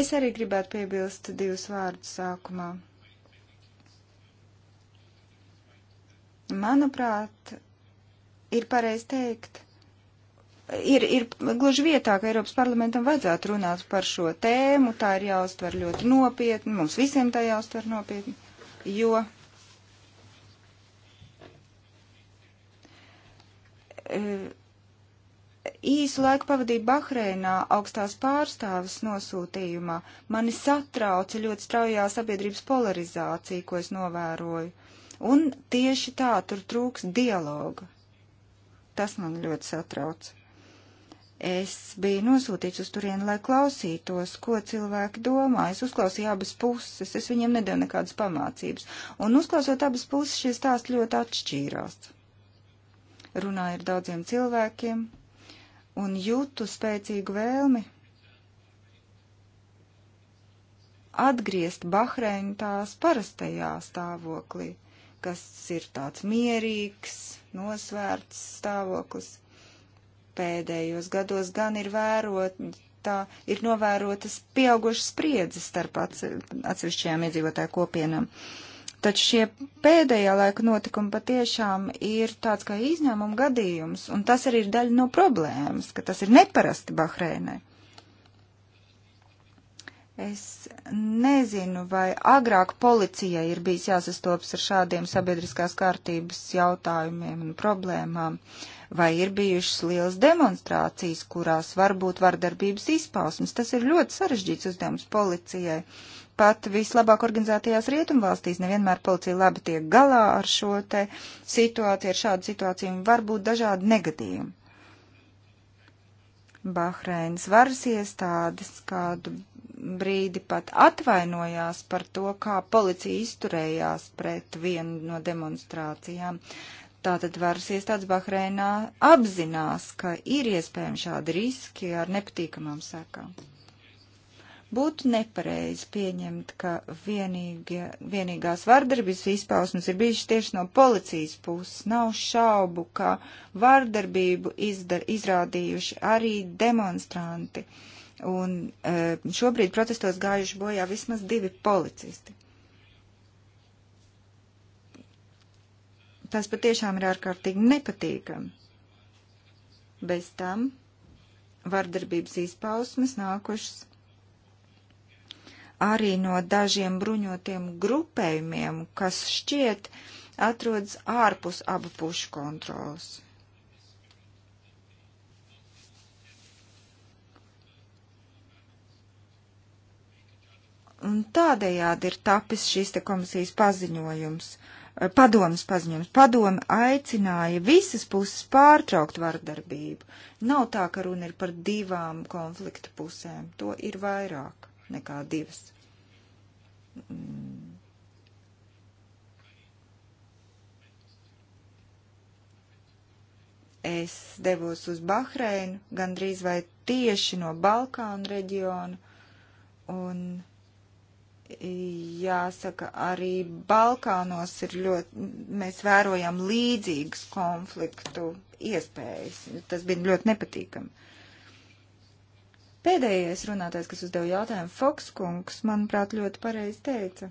es arī gribētu piebilst divus vārdus sākumā. Manuprāt, ir pareizi teikt, ir, ir gluži vietā, ka Eiropas parlamentam vajadzētu runāt par šo tēmu, tā ir jāuztver ļoti nopietni, mums visiem tā jāuztver nopietni, jo e, īsu laiku pavadīju Bahreinā augstās pārstāvis nosūtījumā. Mani satrauca ļoti straujā sabiedrības polarizācija, ko es novēroju. Un tieši tā tur trūks dialoga. Tas man ļoti satrauca. Es biju nosūtīts uz turieni, lai klausītos, ko cilvēki domā. Es uzklausīju abas puses, es viņiem nedevu nekādas pamācības. Un uzklausot abas puses, šie stāsti ļoti atšķīrās. Runāju ar daudziem cilvēkiem un jūtu spēcīgu vēlmi atgriezt Bahreinu tās parastajā stāvoklī, kas ir tāds mierīgs, nosvērts stāvoklis Pēdējos gados gan ir vērota, ir novērotas pieaugušas spriedzes starp atsevišķajām iedzīvotāju kopienām. Taču šie pēdējā laika notikumi patiešām ir tāds kā izņēmuma gadījums, un tas arī ir daļa no problēmas, ka tas ir neparasti Bahreinai. Es nezinu, vai agrāk policijai ir bijis jāsastops ar šādiem sabiedriskās kārtības jautājumiem un problēmām. Uh, vai ir bijušas lielas demonstrācijas, kurās varbūt vardarbības izpausmes. Tas ir ļoti sarežģīts uzdevums policijai. Pat vislabāk organizētajās rietumvalstīs nevienmēr policija labi tiek galā ar šo te situāciju, ar šādu situāciju un var būt dažādi negadījumi. Bahreinas varas iestādes kādu brīdi pat atvainojās par to, kā policija izturējās pret vienu no demonstrācijām. Tātad varas iestādes Bahreinā apzinās, ka ir iespējami šādi riski ar nepatīkamām sekām. Būtu nepareizi pieņemt, ka vienīgie, vienīgās vardarbības izpausmes ir bijušas tieši no policijas puses. Nav šaubu, ka vardarbību izdar, izrādījuši arī demonstranti. Un e, šobrīd protestos gājuši bojā vismaz divi policisti. tas patiešām ir ārkārtīgi nepatīkami. Bez tam vardarbības izpausmes nākušas arī no dažiem bruņotiem grupējumiem, kas šķiet atrodas ārpus abu pušu kontrolas. Un tādējādi ir tapis šīs te komisijas paziņojums. Uh, Eh, padomas paziņojums. Padoma aicināja visas puses pārtraukt vardarbību. Nav tā, ka runa ir par divām konflikta pusēm. To ir vairāk nekā divas. Mm. Es devos uz Bahreinu, gandrīz vai tieši no Balkānu reģiona, un jāsaka, arī Balkānos ir ļoti, mēs vērojam līdzīgas konfliktu iespējas. Tas bija ļoti nepatīkami. Pēdējais runātājs, kas uzdeva jautājumu, Fokskungs, manuprāt, ļoti pareizi teica.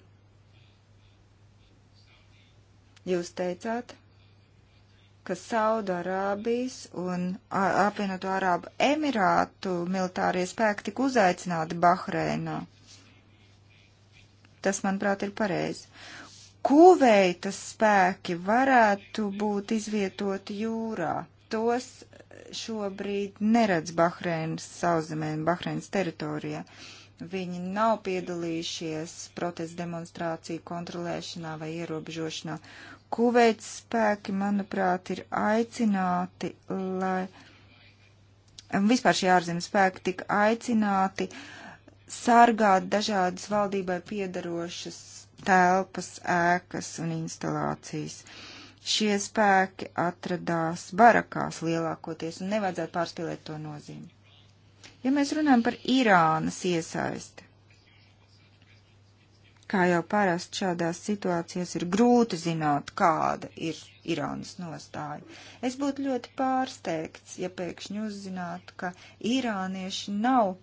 Jūs teicāt, ka Saudarābijas un apvienoto Arābu Emirātu militārie spēki tika uzaicināti Bahreinā. Tas, manuprāt, ir pareizi. Kuveitas spēki varētu būt izvietoti jūrā. Tos šobrīd neredz Bahreinas sauszemēm, Bahreinas teritorijā. Viņi nav piedalījušies protesta demonstrāciju kontrolēšanā vai ierobežošanā. Kuveits spēki, manuprāt, ir aicināti, lai vispār šie ārzemes spēki tika aicināti uh, sargāt dažādas valdībai piedarošas telpas, ēkas un instalācijas. Šie spēki atradās barakās lielākoties un nevajadzētu pārspīlēt to nozīmi. Ja mēs runājam par Irānas iesaisti, kā jau parasti šādās situācijās ir grūti zināt, kāda ir Irānas nostāja. Es būtu ļoti pārsteigts, ja pēkšņi uzzinātu, ka irānieši nav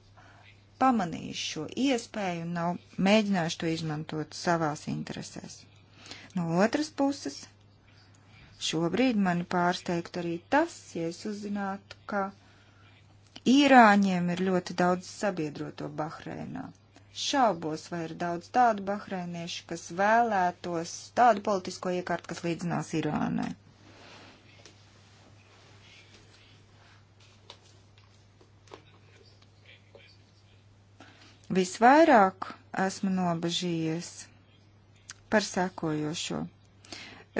pamanījuši šo iespēju un nav mēģinājuši to izmantot savās interesēs. No otras puses, šobrīd mani pārsteigtu arī tas, ja es uzzinātu, ka Irāņiem ir ļoti daudz sabiedroto Bahreinā. Šaubos, vai ir daudz tādu bahreiniešu, kas vēlētos tādu politisko iekārtu, kas līdzinās Irānai. Visvairāk esmu nobažījies par sekojošo.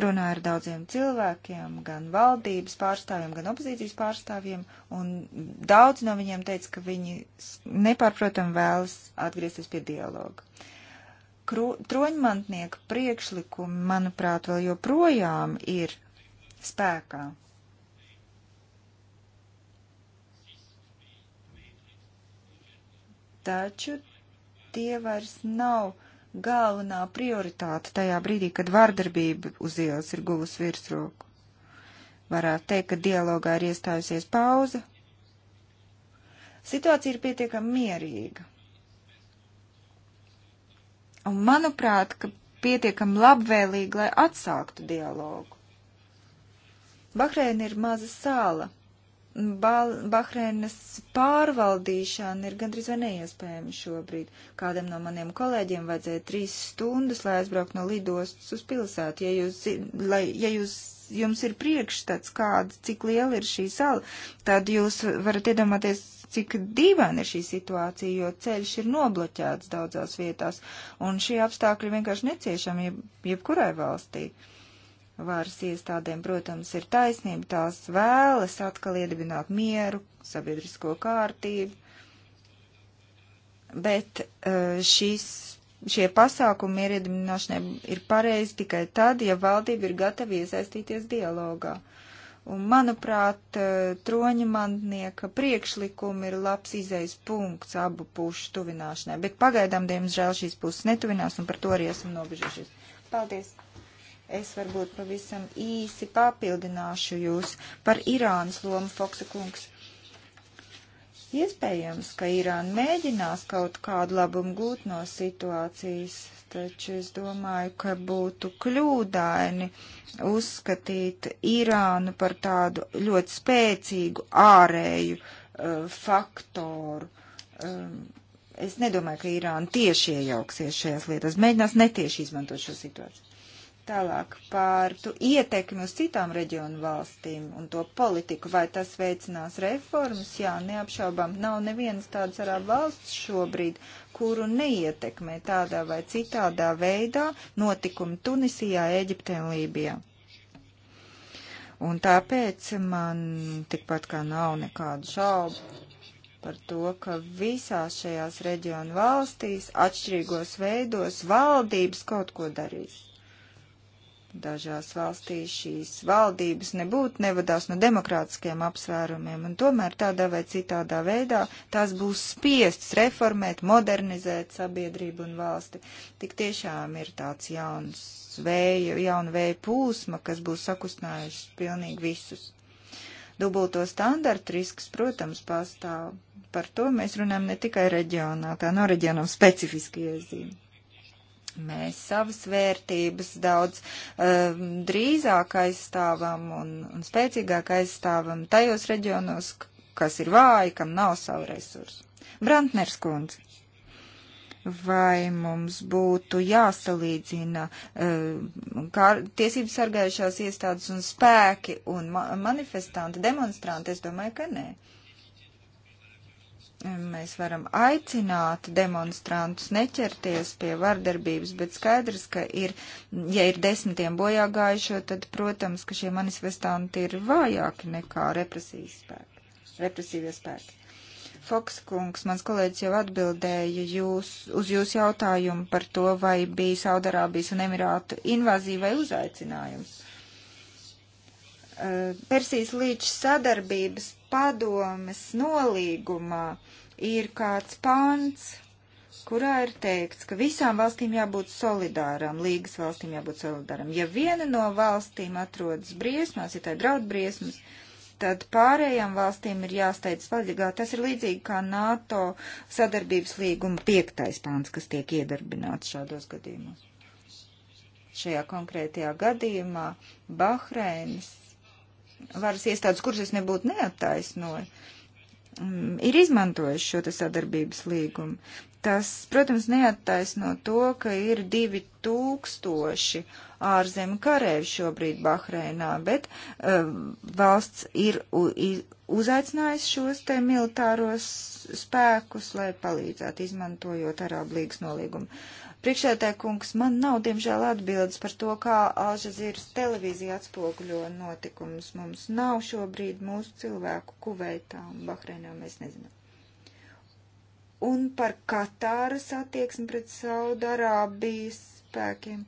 Runāju ar daudziem cilvēkiem, gan valdības pārstāvjiem, gan opozīcijas pārstāvjiem, un daudz no viņiem teica, ka viņi nepārprotam vēlas atgriezties pie dialoga. Troņmantnieku priekšlikumi, manuprāt, vēl joprojām ir spēkā. taču tie vairs nav galvenā prioritāte tajā brīdī, kad vardarbība uz ielas ir guvusi virsroku. Varētu teikt, ka dialogā ir iestājusies pauze. Situācija ir pietiekami mierīga. Un manuprāt, ka pietiekami labvēlīgi, lai atsāktu dialogu. Bahreina ir maza sāla Bahreinas pārvaldīšana ir gandrīz vai neiespējama šobrīd. Kādam no maniem kolēģiem vajadzēja trīs stundas, lai aizbrauktu no lidostas uz pilsētu. Ja jūs, lai, ja jūs, jums ir priekšstats, kāda, cik liela ir šī sala, tad jūs varat iedomāties, cik dīvaina ir šī situācija, jo ceļš ir nobloķēts daudzās vietās, un šie apstākļi vienkārši neciešami jeb, jebkurai valstī. Uh, varas iestādēm, protams, ir taisnība, tās vēlas atkal iedibināt mieru, sabiedrisko kārtību, bet eh, šis, šie pasākumi mieru iedibināšanai ir pareizi tikai tad, ja valdība ir gatava iesaistīties dialogā. Un, manuprāt, eh, troņamantnieka priekšlikumi ir labs izējas punkts abu pušu tuvināšanai, bet pagaidām, diemžēl, šīs puses netuvinās, un par to arī esam nobežušies. Paldies! Es varbūt pavisam īsi papildināšu jūs par Irānas lomu, Foksa kungs. Iespējams, ka Irāna mēģinās kaut kādu labumu gūt no situācijas, taču es domāju, ka būtu kļūdaini uzskatīt Irānu par tādu ļoti spēcīgu ārēju uh, faktoru. Um, es nedomāju, ka Irāna tieši iejauksies šajās lietās, mēģinās netieši izmantot šo situāciju. Tālāk pār tu ietekmi uz citām reģionu valstīm un to politiku, vai tas veicinās reformas, jā, neapšaubām nav nevienas tādas arābu valsts šobrīd, kuru neietekmē tādā vai citādā veidā notikumi Tunisijā, Eģiptē un Lībijā. Un tāpēc man tikpat kā nav nekādu šaubu par to, ka visās šajās reģionu valstīs atšķirīgos veidos valdības kaut ko darīs. Dažās valstīs šīs valdības nebūtu nevadās no demokrātiskiem apsvērumiem, un tomēr tādā vai citādā veidā tās būs spiestas reformēt, modernizēt sabiedrību un valsti. Tik tiešām ir tāds jauns vēja, jauna vēja plūsma, kas būs sakustinājusi pilnīgi visus. Dubulto standartu risks, protams, pastāv. Par to mēs runājam ne tikai reģionā, tā no reģionam specifiski iezīme. Mēs savas vērtības daudz um, drīzāk aizstāvam un, un spēcīgāk aizstāvam tajos reģionos, kas ir vāji, kam nav savu resursu. Brantners kundze vai mums būtu jāsalīdzina uh, um, kā tiesības sargājušās iestādes un spēki un ma manifestanti, demonstranti, es domāju, ka nē. Mēs varam aicināt demonstrantus neķerties pie vardarbības, bet skaidrs, ka ir, ja ir desmitiem bojā gājušo, tad, protams, ka šie manifestanti ir vājāki nekā spēki, represīvie spēki. Foks kungs, mans kolēģis jau atbildēja jūs, uz jūsu jautājumu par to, vai bija Saudarābijas un Emirātu invāzija vai uzaicinājums. Eh, Persijas līča sadarbības padomes nolīgumā ir kāds pāns, kurā ir teikts, ka visām valstīm jābūt solidārām, līgas valstīm jābūt solidārām. Ja viena no valstīm atrodas briesmās, ja tā ir draud briesmas, tad pārējām valstīm ir jāsteidz vaļīgā. Tas ir līdzīgi kā NATO sadarbības līguma piektais pāns, kas tiek iedarbināts šādos gadījumos. Šajā konkrētajā gadījumā Bahreinas varas iestādes, kuras es nebūtu neattaisnoju, mm, ir izmantojuši šo sadarbības līgumu. Tas, protams, neattaisno to, ka ir divi tūkstoši ārzemju karēvi šobrīd Bahreinā, bet uh, valsts ir u, iz, uzaicinājis šos te militāros spēkus, lai palīdzētu izmantojot Arābu līgas nolīgumu. Uh, Priekšētāja kungs, man nav, diemžēl, atbildes par to, kā Alžazīras televīzija atspoguļo notikumus. Mums nav šobrīd mūsu cilvēku Kuveitā un Bahreinā, mēs nezinām un par Katāras attieksmi pret Saudarābijas spēkiem.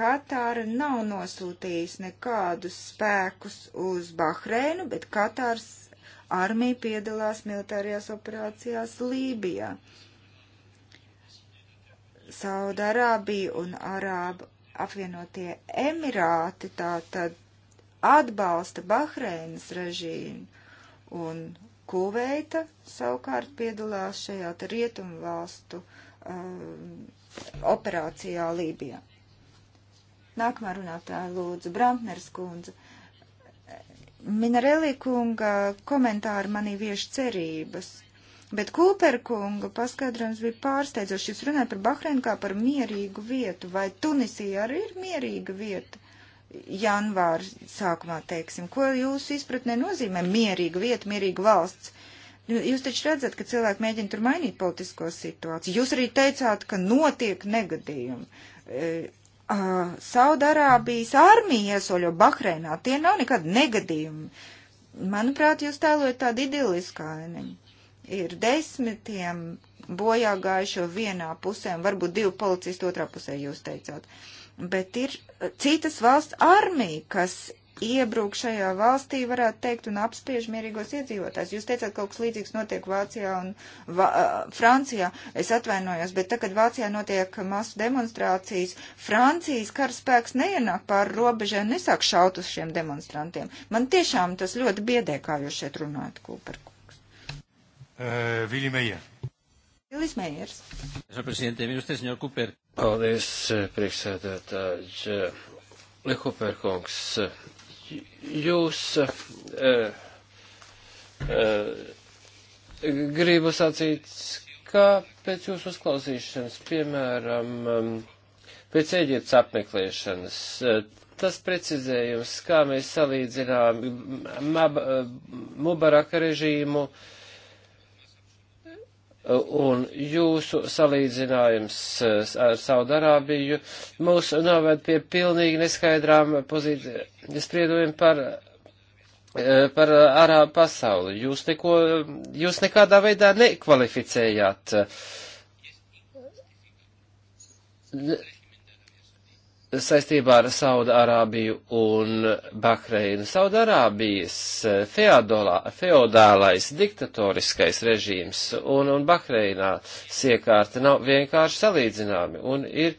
Katāra nav nosūtījusi nekādus spēkus uz Bahreinu, bet Katārs armija piedalās militārajās operācijās Lībijā. Saudārābija un Arābu apvienotie Emirāti tātad atbalsta Bahreinas režīmu un Kuveita savukārt piedalās šajā rietumu valstu um, operācijā Lībijā. Nākamā runātāja lūdzu Brantners kundze. Uh, Minarelli kunga komentāri manī vieš cerības. Bet Kūpera kunga paskaidrojums bija pārsteidzošs. Jūs runājat par Bahreinu kā par mierīgu vietu, vai Tunisija arī ir mierīga vieta? Janvāra sākumā, teiksim, ko jūsu izpratnē nozīmē mierīga vieta, mierīga valsts? Jūs taču redzat, ka cilvēki mēģina tur mainīt politisko situāciju. Jūs arī teicāt, ka notiek negadījumi. E, uh, ah, Saudarābijas armija iesoļo Bahreinā. Tie nav nekādi negadījumi. Manuprāt, jūs tēlojat tādu idilisku ainiņu. Ir desmitiem bojā gājušo vienā pusē, un varbūt divu policistu otrā pusē, jūs teicāt. Bet ir citas valsts armija, kas iebruk šajā valstī, varētu teikt, un apspiež mierīgos iedzīvotājs. Jūs teicāt, kaut kas līdzīgs notiek Vācijā un va Francijā. Es atvainojos, bet tagad Vācijā notiek masu demonstrācijas. Francijas karaspēks neienāk pāri robežai un nesāk šaut uz šiem demonstrantiem. Man tiešām tas ļoti biedē, kā jūs šeit runājat, Kūperkungs. Uh, Vili Meijer. Vilis Meijers. Paldies, priekšsēdētāji. Lekuperkungs, Jūs uh, uh, gribu sacīt, ka pēc jūsu uzklausīšanas, piemēram, um, pēc Eģiptes apmeklēšanas, uh, tas precizējums, kā mēs salīdzinām Mubaraka režīmu, uh, un jūsu salīdzinājums eh, ar Saudarābiju mūs noved pie pilnīgi neskaidrām pozīcijām spriedumiem par, eh, par arābu pasauli. Jūs, neko, jūs nekādā veidā nekvalificējāt saistībā ar Saudārābiju un Bahreinu. Saudārābijas eh, feodālais diktatoriskais režīms un, un Bahreinā siekārta nav vienkārši salīdzināmi un ir,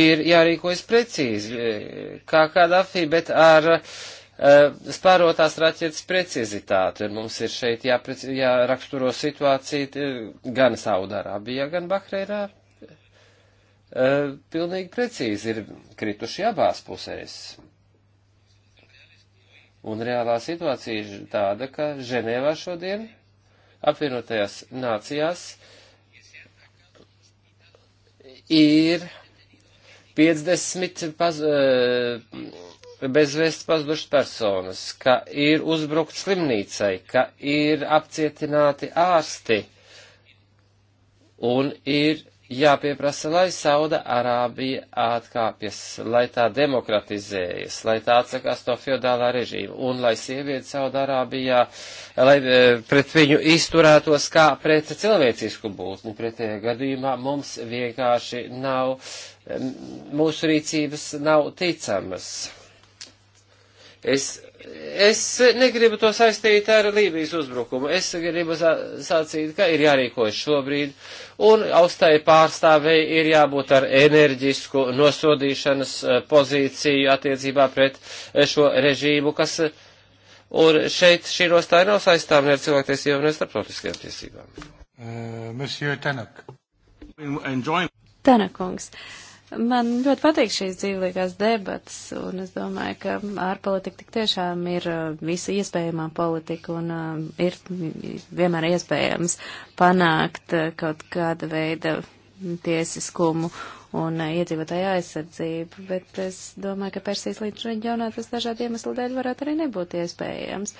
ir jārīkojas precīzi, eh, kā kādā fī, bet ar uh, Eh, spērotās raķetes precizitāti, un mums ir šeit jāprec, jāraksturo situācija eh, gan Saudarābijā, gan Bahreinā. Eh, pilnīgi precīzi ir krituši abās pusēs. Un reālā situācija ir tāda, ka Ženēvā šodien apvienotajās nācijās ir 50 paz, uh, bezvēsts pazudušas personas, ka ir uzbrukt slimnīcai, ka ir apcietināti ārsti un ir jāpieprasa, lai Sauda Arābija atkāpjas, lai tā demokratizējas, lai tā atsakās no feudālā režīma un lai sievieti Sauda Arābijā, lai e, pret viņu izturētos kā pret cilvēcisku būtni. Pretējā gadījumā mums vienkārši nav, mūsu rīcības nav ticamas. Es, es negribu to saistīt ar Lībijas uzbrukumu. Es gribu sacīt, ka ir jārīkojas šobrīd, un augstai pārstāvei ir jābūt ar enerģisku nosodīšanas eh, pozīciju attiecībā pret eh, šo režīmu, kas. Un šeit šī nostāja nav saistāma ne ar cilvēktiesībām, ne ar starptautiskajām tiesībām. Uh, Monsieur Tanak. Tanak, kungs. Uh, Man ļoti patīk šīs dzīvīgās debatas, un es domāju, ka ārpolitika tik tiešām ir uh, visa iespējamā politika, un uh, ir vienmēr iespējams panākt uh, kaut kāda veida tiesiskumu un uh, iedzīvotāju aizsardzību, bet es domāju, ka Persijas līdz reģionā tas dažādu iemeslu dēļ varētu arī nebūt iespējams.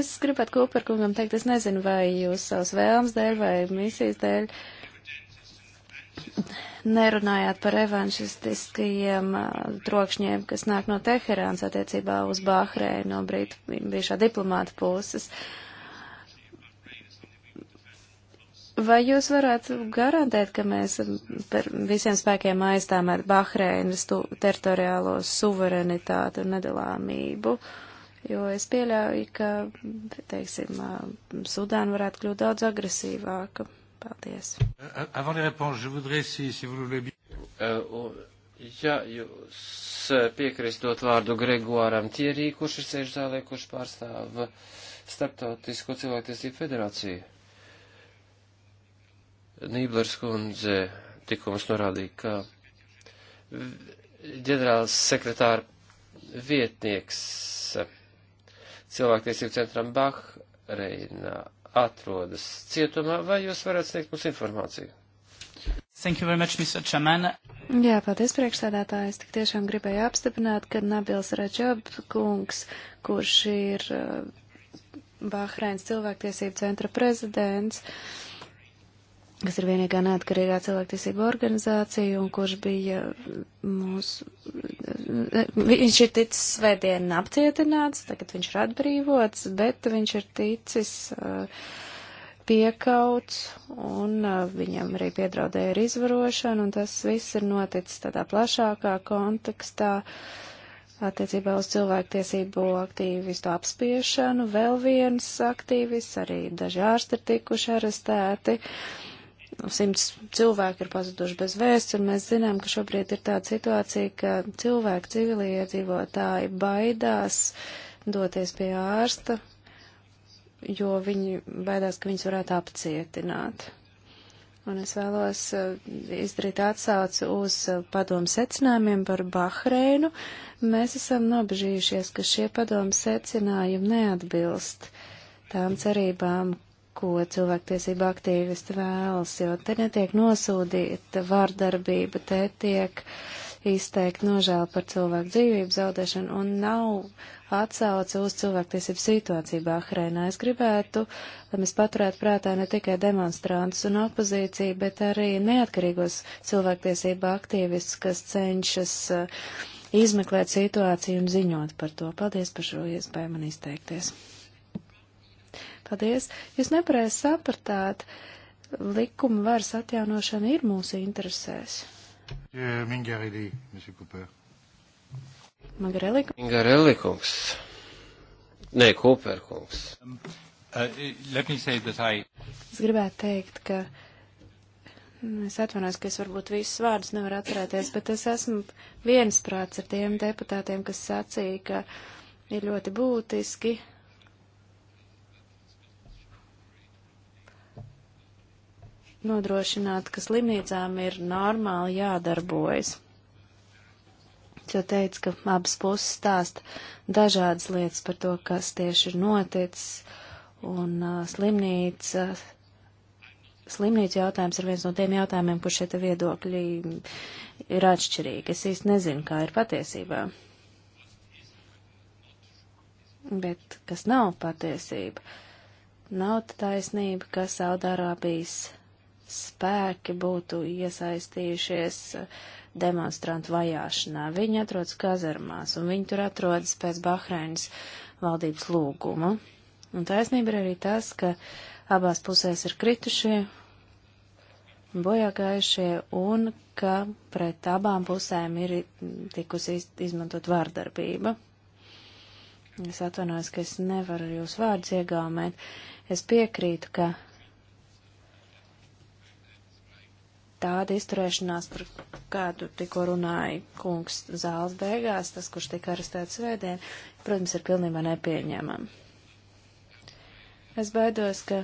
Es gribētu Kūperkungam teikt, es nezinu, vai jūs savas vēlmes dēļ vai misijas dēļ nerunājāt par revanšistiskajiem uh, trokšņiem, kas nāk no Teherāns attiecībā uz Bahreinu no Brītu bijušā diplomāta puses. Vai jūs varētu garantēt, ka mēs par visiem spēkiem aizstām ar Bahreinas teritoriālo suverenitāti un nedalāmību? Jo es pieļauju, ka, teiksim, uh, Sudāna varētu kļūt daudz agresīvāka. Paldies. Uh, ja jūs uh, piekristot vārdu Gregoram Tierī, kurš ir sēž zālē, kurš pārstāv Starptautisko cilvēktiesību federāciju. Nīblers kundze tikko mums norādīja, ka ģenerāls sekretāra vietnieks cilvēktiesību centram Bahreinā atrodas cietumā, vai jūs varētu sniegt mums informāciju? Thank you very much, Mr. Chairman. Jā, paldies priekšsēdētājs. Tik tiešām gribēju apstiprināt, ka Nabils Rečab kungs, kurš ir uh, Bahreins cilvēktiesību centra prezidents, uh, kas ir vienīgā neatkarīgā cilvēktiesība organizācija, un kurš bija mm, mūsu, mm, viņš ir ticis svētdien apcietināts, tagad viņš ir atbrīvots, bet viņš ir ticis uh, piekauts, un uh, viņam arī piedraudēja ar izvarošanu, un tas viss ir noticis tādā plašākā kontekstā attiecībā uz cilvēktiesību aktīvistu apspiešanu. Vēl viens aktīvists, arī daži ārsti ir tikuši arestēti. Uh, simts cilvēku ir pazuduši bez vēsts, un mēs zinām, ka šobrīd ir tāda situācija, ka cilvēki, civiliedzīvotāji baidās doties pie ārsta, jo viņi baidās, ka viņus varētu apcietināt. Un es vēlos eh, izdarīt atsauci uz eh, padomu secinājumiem par Bahreinu. Mēs esam nobežījušies, ka šie padomu secinājumi neatbilst tām cerībām, ko cilvēktiesība aktīvisti vēlas, jo te netiek nosūdīta vārdarbība, te tiek izteikt nožēla par cilvēku dzīvību zaudēšanu un nav atsauce uz cilvēktiesību situāciju Bahreinā. Es gribētu, lai mēs paturētu prātā ne tikai demonstrantus un opozīciju, bet arī neatkarīgos cilvēktiesību aktīvistus, kas cenšas uh, izmeklēt situāciju un ziņot par to. Paldies par šo iespēju man izteikties. Paldies! Jūs nepareiz sapratāt, likuma varas atjaunošana ir mūsu interesēs. E, Mingarelli, Mr. Cooper. Mingarelli. Mingarelli, kungs. Nē, Cooper, kungs. Um, uh, I... Es gribētu teikt, ka. Mm, es atvainojos, ka es varbūt visus vārdus nevaru atcerēties, bet es esmu viensprāts ar tiem deputātiem, kas sacīja, ka ir ļoti būtiski nodrošināt, ka slimnīcām ir normāli jādarbojas. Jo teica, ka abas puses stāsta dažādas lietas par to, kas tieši ir noticis, un uh, slimnīca, slimnīca jautājums ir viens no tiem jautājumiem, kur šie viedokļi ir atšķirīgi. Es īsti nezinu, kā ir patiesībā. Bet kas nav patiesība? Nav taisnība, ka Saudārābijas spēki būtu iesaistījušies demonstrantu vajāšanā. Viņi atrodas kazarmās, un viņi tur atrodas pēc Bahreinas valdības lūgumu. Un taisnība ir arī tas, ka abās pusēs ir kritušie, bojāgājušie, un ka pret abām pusēm ir tikusi izmantot vārdarbība. Es atvainojos, ka es nevaru jūs vārdus iegāmēt. Es piekrītu, ka tāda izturēšanās, par kādu tikko runāja kungs zāles beigās, tas, kurš tika arestēts svētdien, protams, ir pilnībā nepieņemama. Es baidos, ka.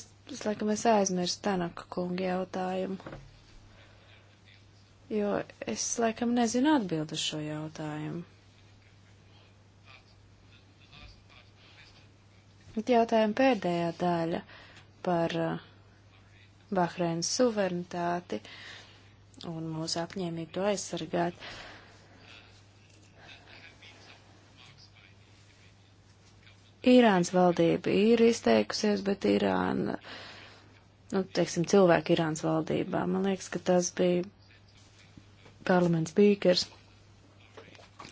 Es, es laikam, es aizmirstu Tanaka kungu jautājumu. Jo es laikam nezinu atbildu šo jautājumu. Bet jautājuma pēdējā daļa par uh, Bahreinas suverenitāti un mūsu apņēmību to aizsargāt. Irānas valdība ir izteikusies, bet Irāna, nu, teiksim, cilvēki Irānas valdībā, man liekas, ka tas bija parlaments Bīkers.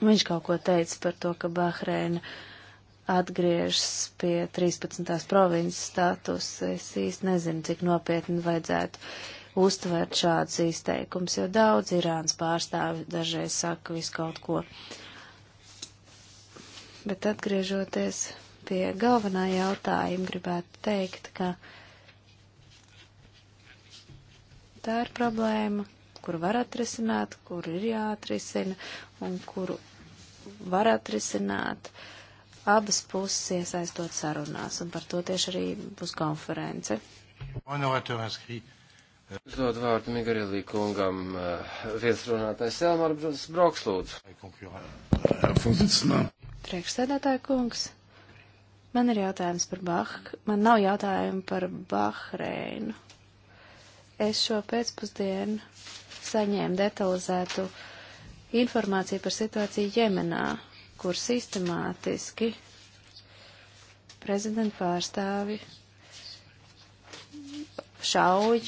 Viņš kaut ko teica par to, ka Bahreina uh, atgriežas pie 13. provinces statusa. Es īsti nezinu, cik nopietni vajadzētu uztvērt šādus izteikumus, jo daudz Irānas pārstāvi dažreiz saka visu kaut ko. Bet atgriežoties pie galvenā jautājuma, gribētu teikt, ka tā ir problēma, kur var atrisināt, kur ir jāatrisina un kuru var atrisināt. Uh, abas puses iesaistot sarunās, un par to tieši arī būs konference. Dod vārdu Migarelī kungam, eh, viens runātājs Elmārs Broks, lūdzu. Priekšsēdētāja kungs, man ir jautājums par Bah, man nav jautājumu par Bahreinu. Es šo pēcpusdienu saņēmu detalizētu informāciju par situāciju Jemenā kur sistemātiski prezidenta pārstāvi šauj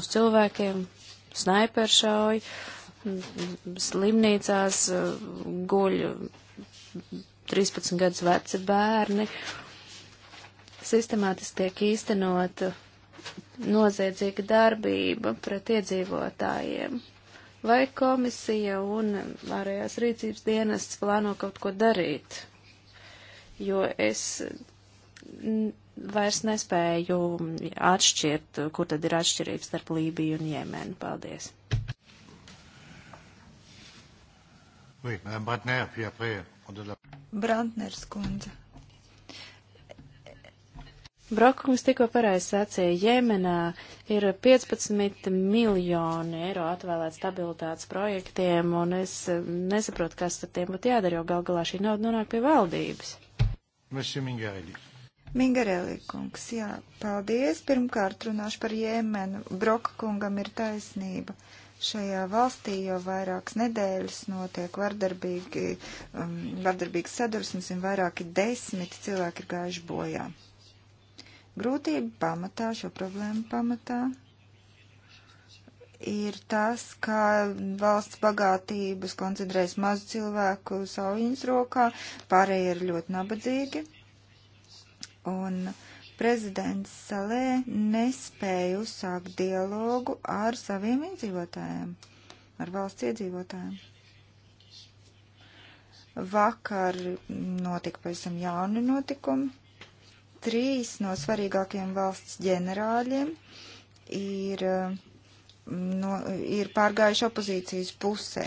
uz cilvēkiem, snaiper šauj, slimnīcās guļ 13 gadus veci bērni. Sistemātiski tiek īstenota noziedzīga darbība pret iedzīvotājiem. Vai komisija un ārējās rīcības dienests plāno kaut ko darīt? Jo es vairs nespēju atšķirt, kur tad ir atšķirības starp Lībiju un Jemenu. Paldies. Oui, Brantners kundze. Brokums tikko pareizi sacīja, Jemenā ir 15 miljoni eiro atvēlēt stabilitātes projektiem, un es eh, nesaprotu, kas ar tiem būtu jādara, jo gal galā šī nauda nonāk pie valdības. Mingarelli kungs, jā, paldies. Pirmkārt runāšu par Jemenu. Broka kungam ir taisnība šajā valstī jau vairākas nedēļas notiek vardarbīgi, um, vardarbīgas sadursmes un vairāki desmit cilvēki ir gājuši bojā. Grūtība pamatā, šo problēmu pamatā ir tas, ka valsts bagātības koncentrējas mazu cilvēku saujiņas rokā, pārējie ir ļoti nabadzīgi. Un prezidents Salē nespēja uzsākt dialogu ar saviem iedzīvotājiem, ar valsts iedzīvotājiem. Vakar notika pavisam jauni notikumi. Trīs no svarīgākajiem valsts ģenerāļiem ir, mm, no, ir pārgājuši opozīcijas pusē.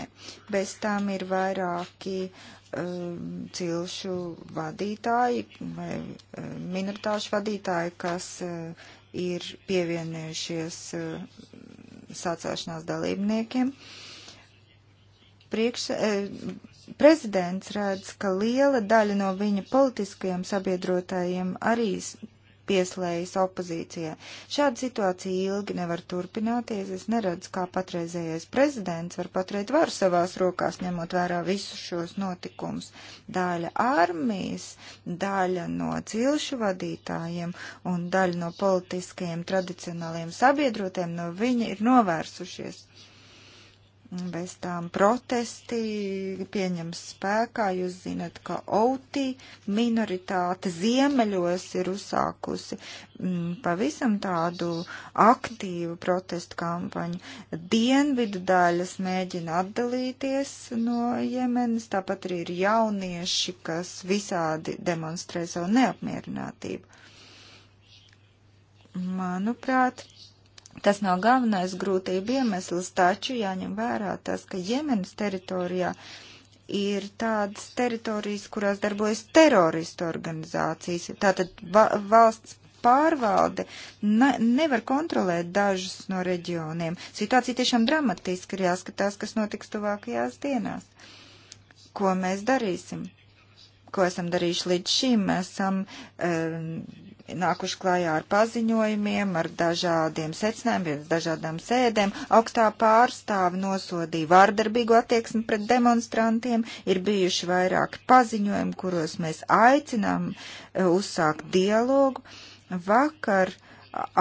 Bez tam ir vairāki um, cilšu vadītāji vai mm, minoritāšu vadītāji, kas uh, ir pievienojušies uh, sacēšanās dalībniekiem. Priekš, uh, Prezidents redz, ka liela daļa no viņa politiskajiem sabiedrotājiem arī pieslējas opozīcijai. Šāda situācija ilgi nevar turpināties. Es neredzu, kā patreizējais prezidents var paturēt varu savās rokās, ņemot vērā visus šos notikumus. Daļa armijas, daļa no cilšu vadītājiem un daļa no politiskajiem tradicionāliem sabiedrotiem no viņa ir novērsušies. Bez tām protesti pieņems spēkā. Jūs zinat, ka OTI minoritāte ziemeļos ir uzsākusi m, mm, pavisam tādu aktīvu protestu kampaņu. Dienvidu daļas mēģina atdalīties no Jemenas, tāpat arī ir jaunieši, kas visādi demonstrē savu neapmierinātību. Manuprāt, Tas nav galvenais grūtību iemesls, taču jāņem vērā tas, ka Jemenas teritorijā ir tādas teritorijas, kurās darbojas teroristu organizācijas. Tātad va valsts pārvalde ne, nevar kontrolēt dažus no reģioniem. Situācija tiešām dramatiski ir jāskatās, kas notiks tuvākajās dienās. Ko mēs darīsim? Ko esam darījuši līdz šim? Mēs esam um, nākuši klājā ar paziņojumiem, ar dažādiem secinājumiem, dažādām sēdēm. Augstā pārstāve nosodīja vārdarbīgu attieksmi pret demonstrantiem. Ir bijuši vairāki paziņojumi, kuros mēs aicinām e, uzsākt dialogu. Vakar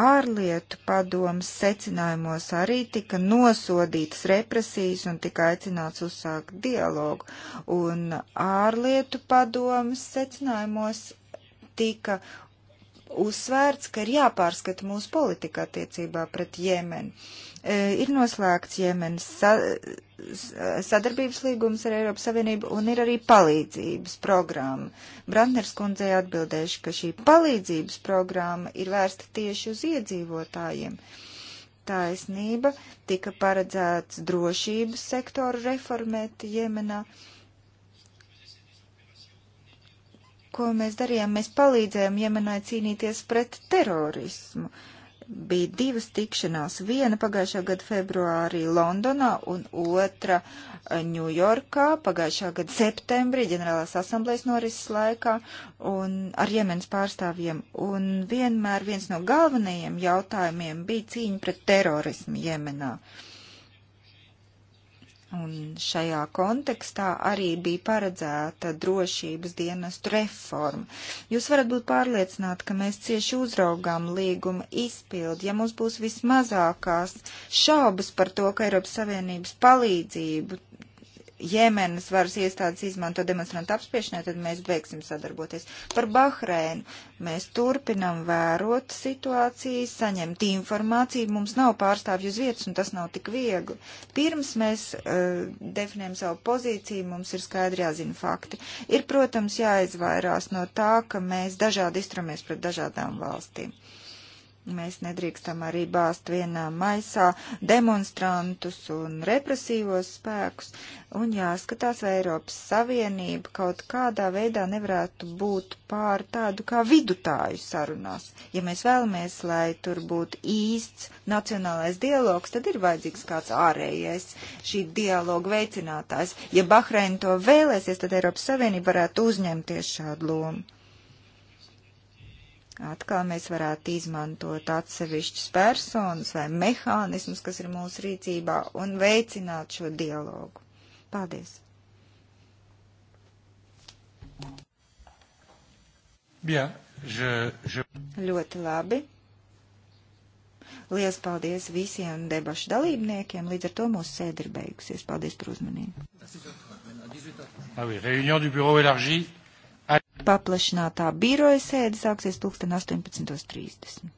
ārlietu padomas secinājumos arī tika nosodītas represijas un tika aicināts uzsākt dialogu. Un ārlietu padomas secinājumos tika uzsvērts, ka ir jāpārskata mūsu politika attiecībā pret Jēmenu. E, ir noslēgts Jēmenes sa sadarbības līgums ar Eiropas Savienību un ir arī palīdzības programma. Brantners kundzei atbildēšu, ka šī palīdzības programma ir vērsta tieši uz iedzīvotājiem. Taisnība tika paredzēts drošības sektoru reformēt Jemenā. Uh, ko mēs darījām, mēs palīdzējām Jemenai cīnīties pret terorismu. Bija divas tikšanās, viena pagājušā gada februārī Londonā un otra Ņujorkā eh, pagājušā gada septembrī ģenerālās asamblējas norises laikā un ar Jemens pārstāvjiem. Un vienmēr viens no galvenajiem jautājumiem bija cīņa pret terorismu Jemenā. Uh, Un šajā kontekstā arī bija paredzēta drošības dienestu reforma. Jūs varat būt pārliecināti, ka mēs cieši uzraugām līguma izpildi. Ja mums būs vismazākās šaubas par to, ka Eiropas Savienības palīdzību Jemenas varas iestādes izmanto demonstrantu apspiešanai, tad mēs beigsim sadarboties. Par Bahreinu mēs turpinam vērot situāciju, saņemt informāciju, mums nav pārstāvju uz vietas un tas nav tik viegli. Pirms mēs uh, definējam savu pozīciju, mums ir skaidri jāzina fakti. Ir, protams, jāizvairās no tā, ka mēs dažādi izturamies pret dažādām valstīm. Uh, Mēs nedrīkstam arī bāzt vienā maisā demonstrantus un represīvos spēkus, un jāskatās, vai Eiropas Savienība kaut kādā veidā nevarētu būt pār tādu kā vidutāju sarunās. Ja mēs vēlamies, lai tur būtu īsts nacionālais dialogs, tad ir vajadzīgs kāds ārējais šī dialoga veicinātājs. Ja Bahreina to vēlēsies, tad Eiropas Savienība varētu uzņemties šādu lomu. Atkal mēs varētu izmantot atsevišķus personus vai mehānismus, kas ir mūsu rīcībā, un veicināt šo dialogu. Paldies! Bien, je, je... Ļoti labi. Lielas paldies visiem debašu dalībniekiem. Līdz ar to mūsu sēde ir beigusies. Paldies par uzmanību. Ah oui, réunion du bureau élargie. Paplašinātā biroja sēde sāksies 18.30.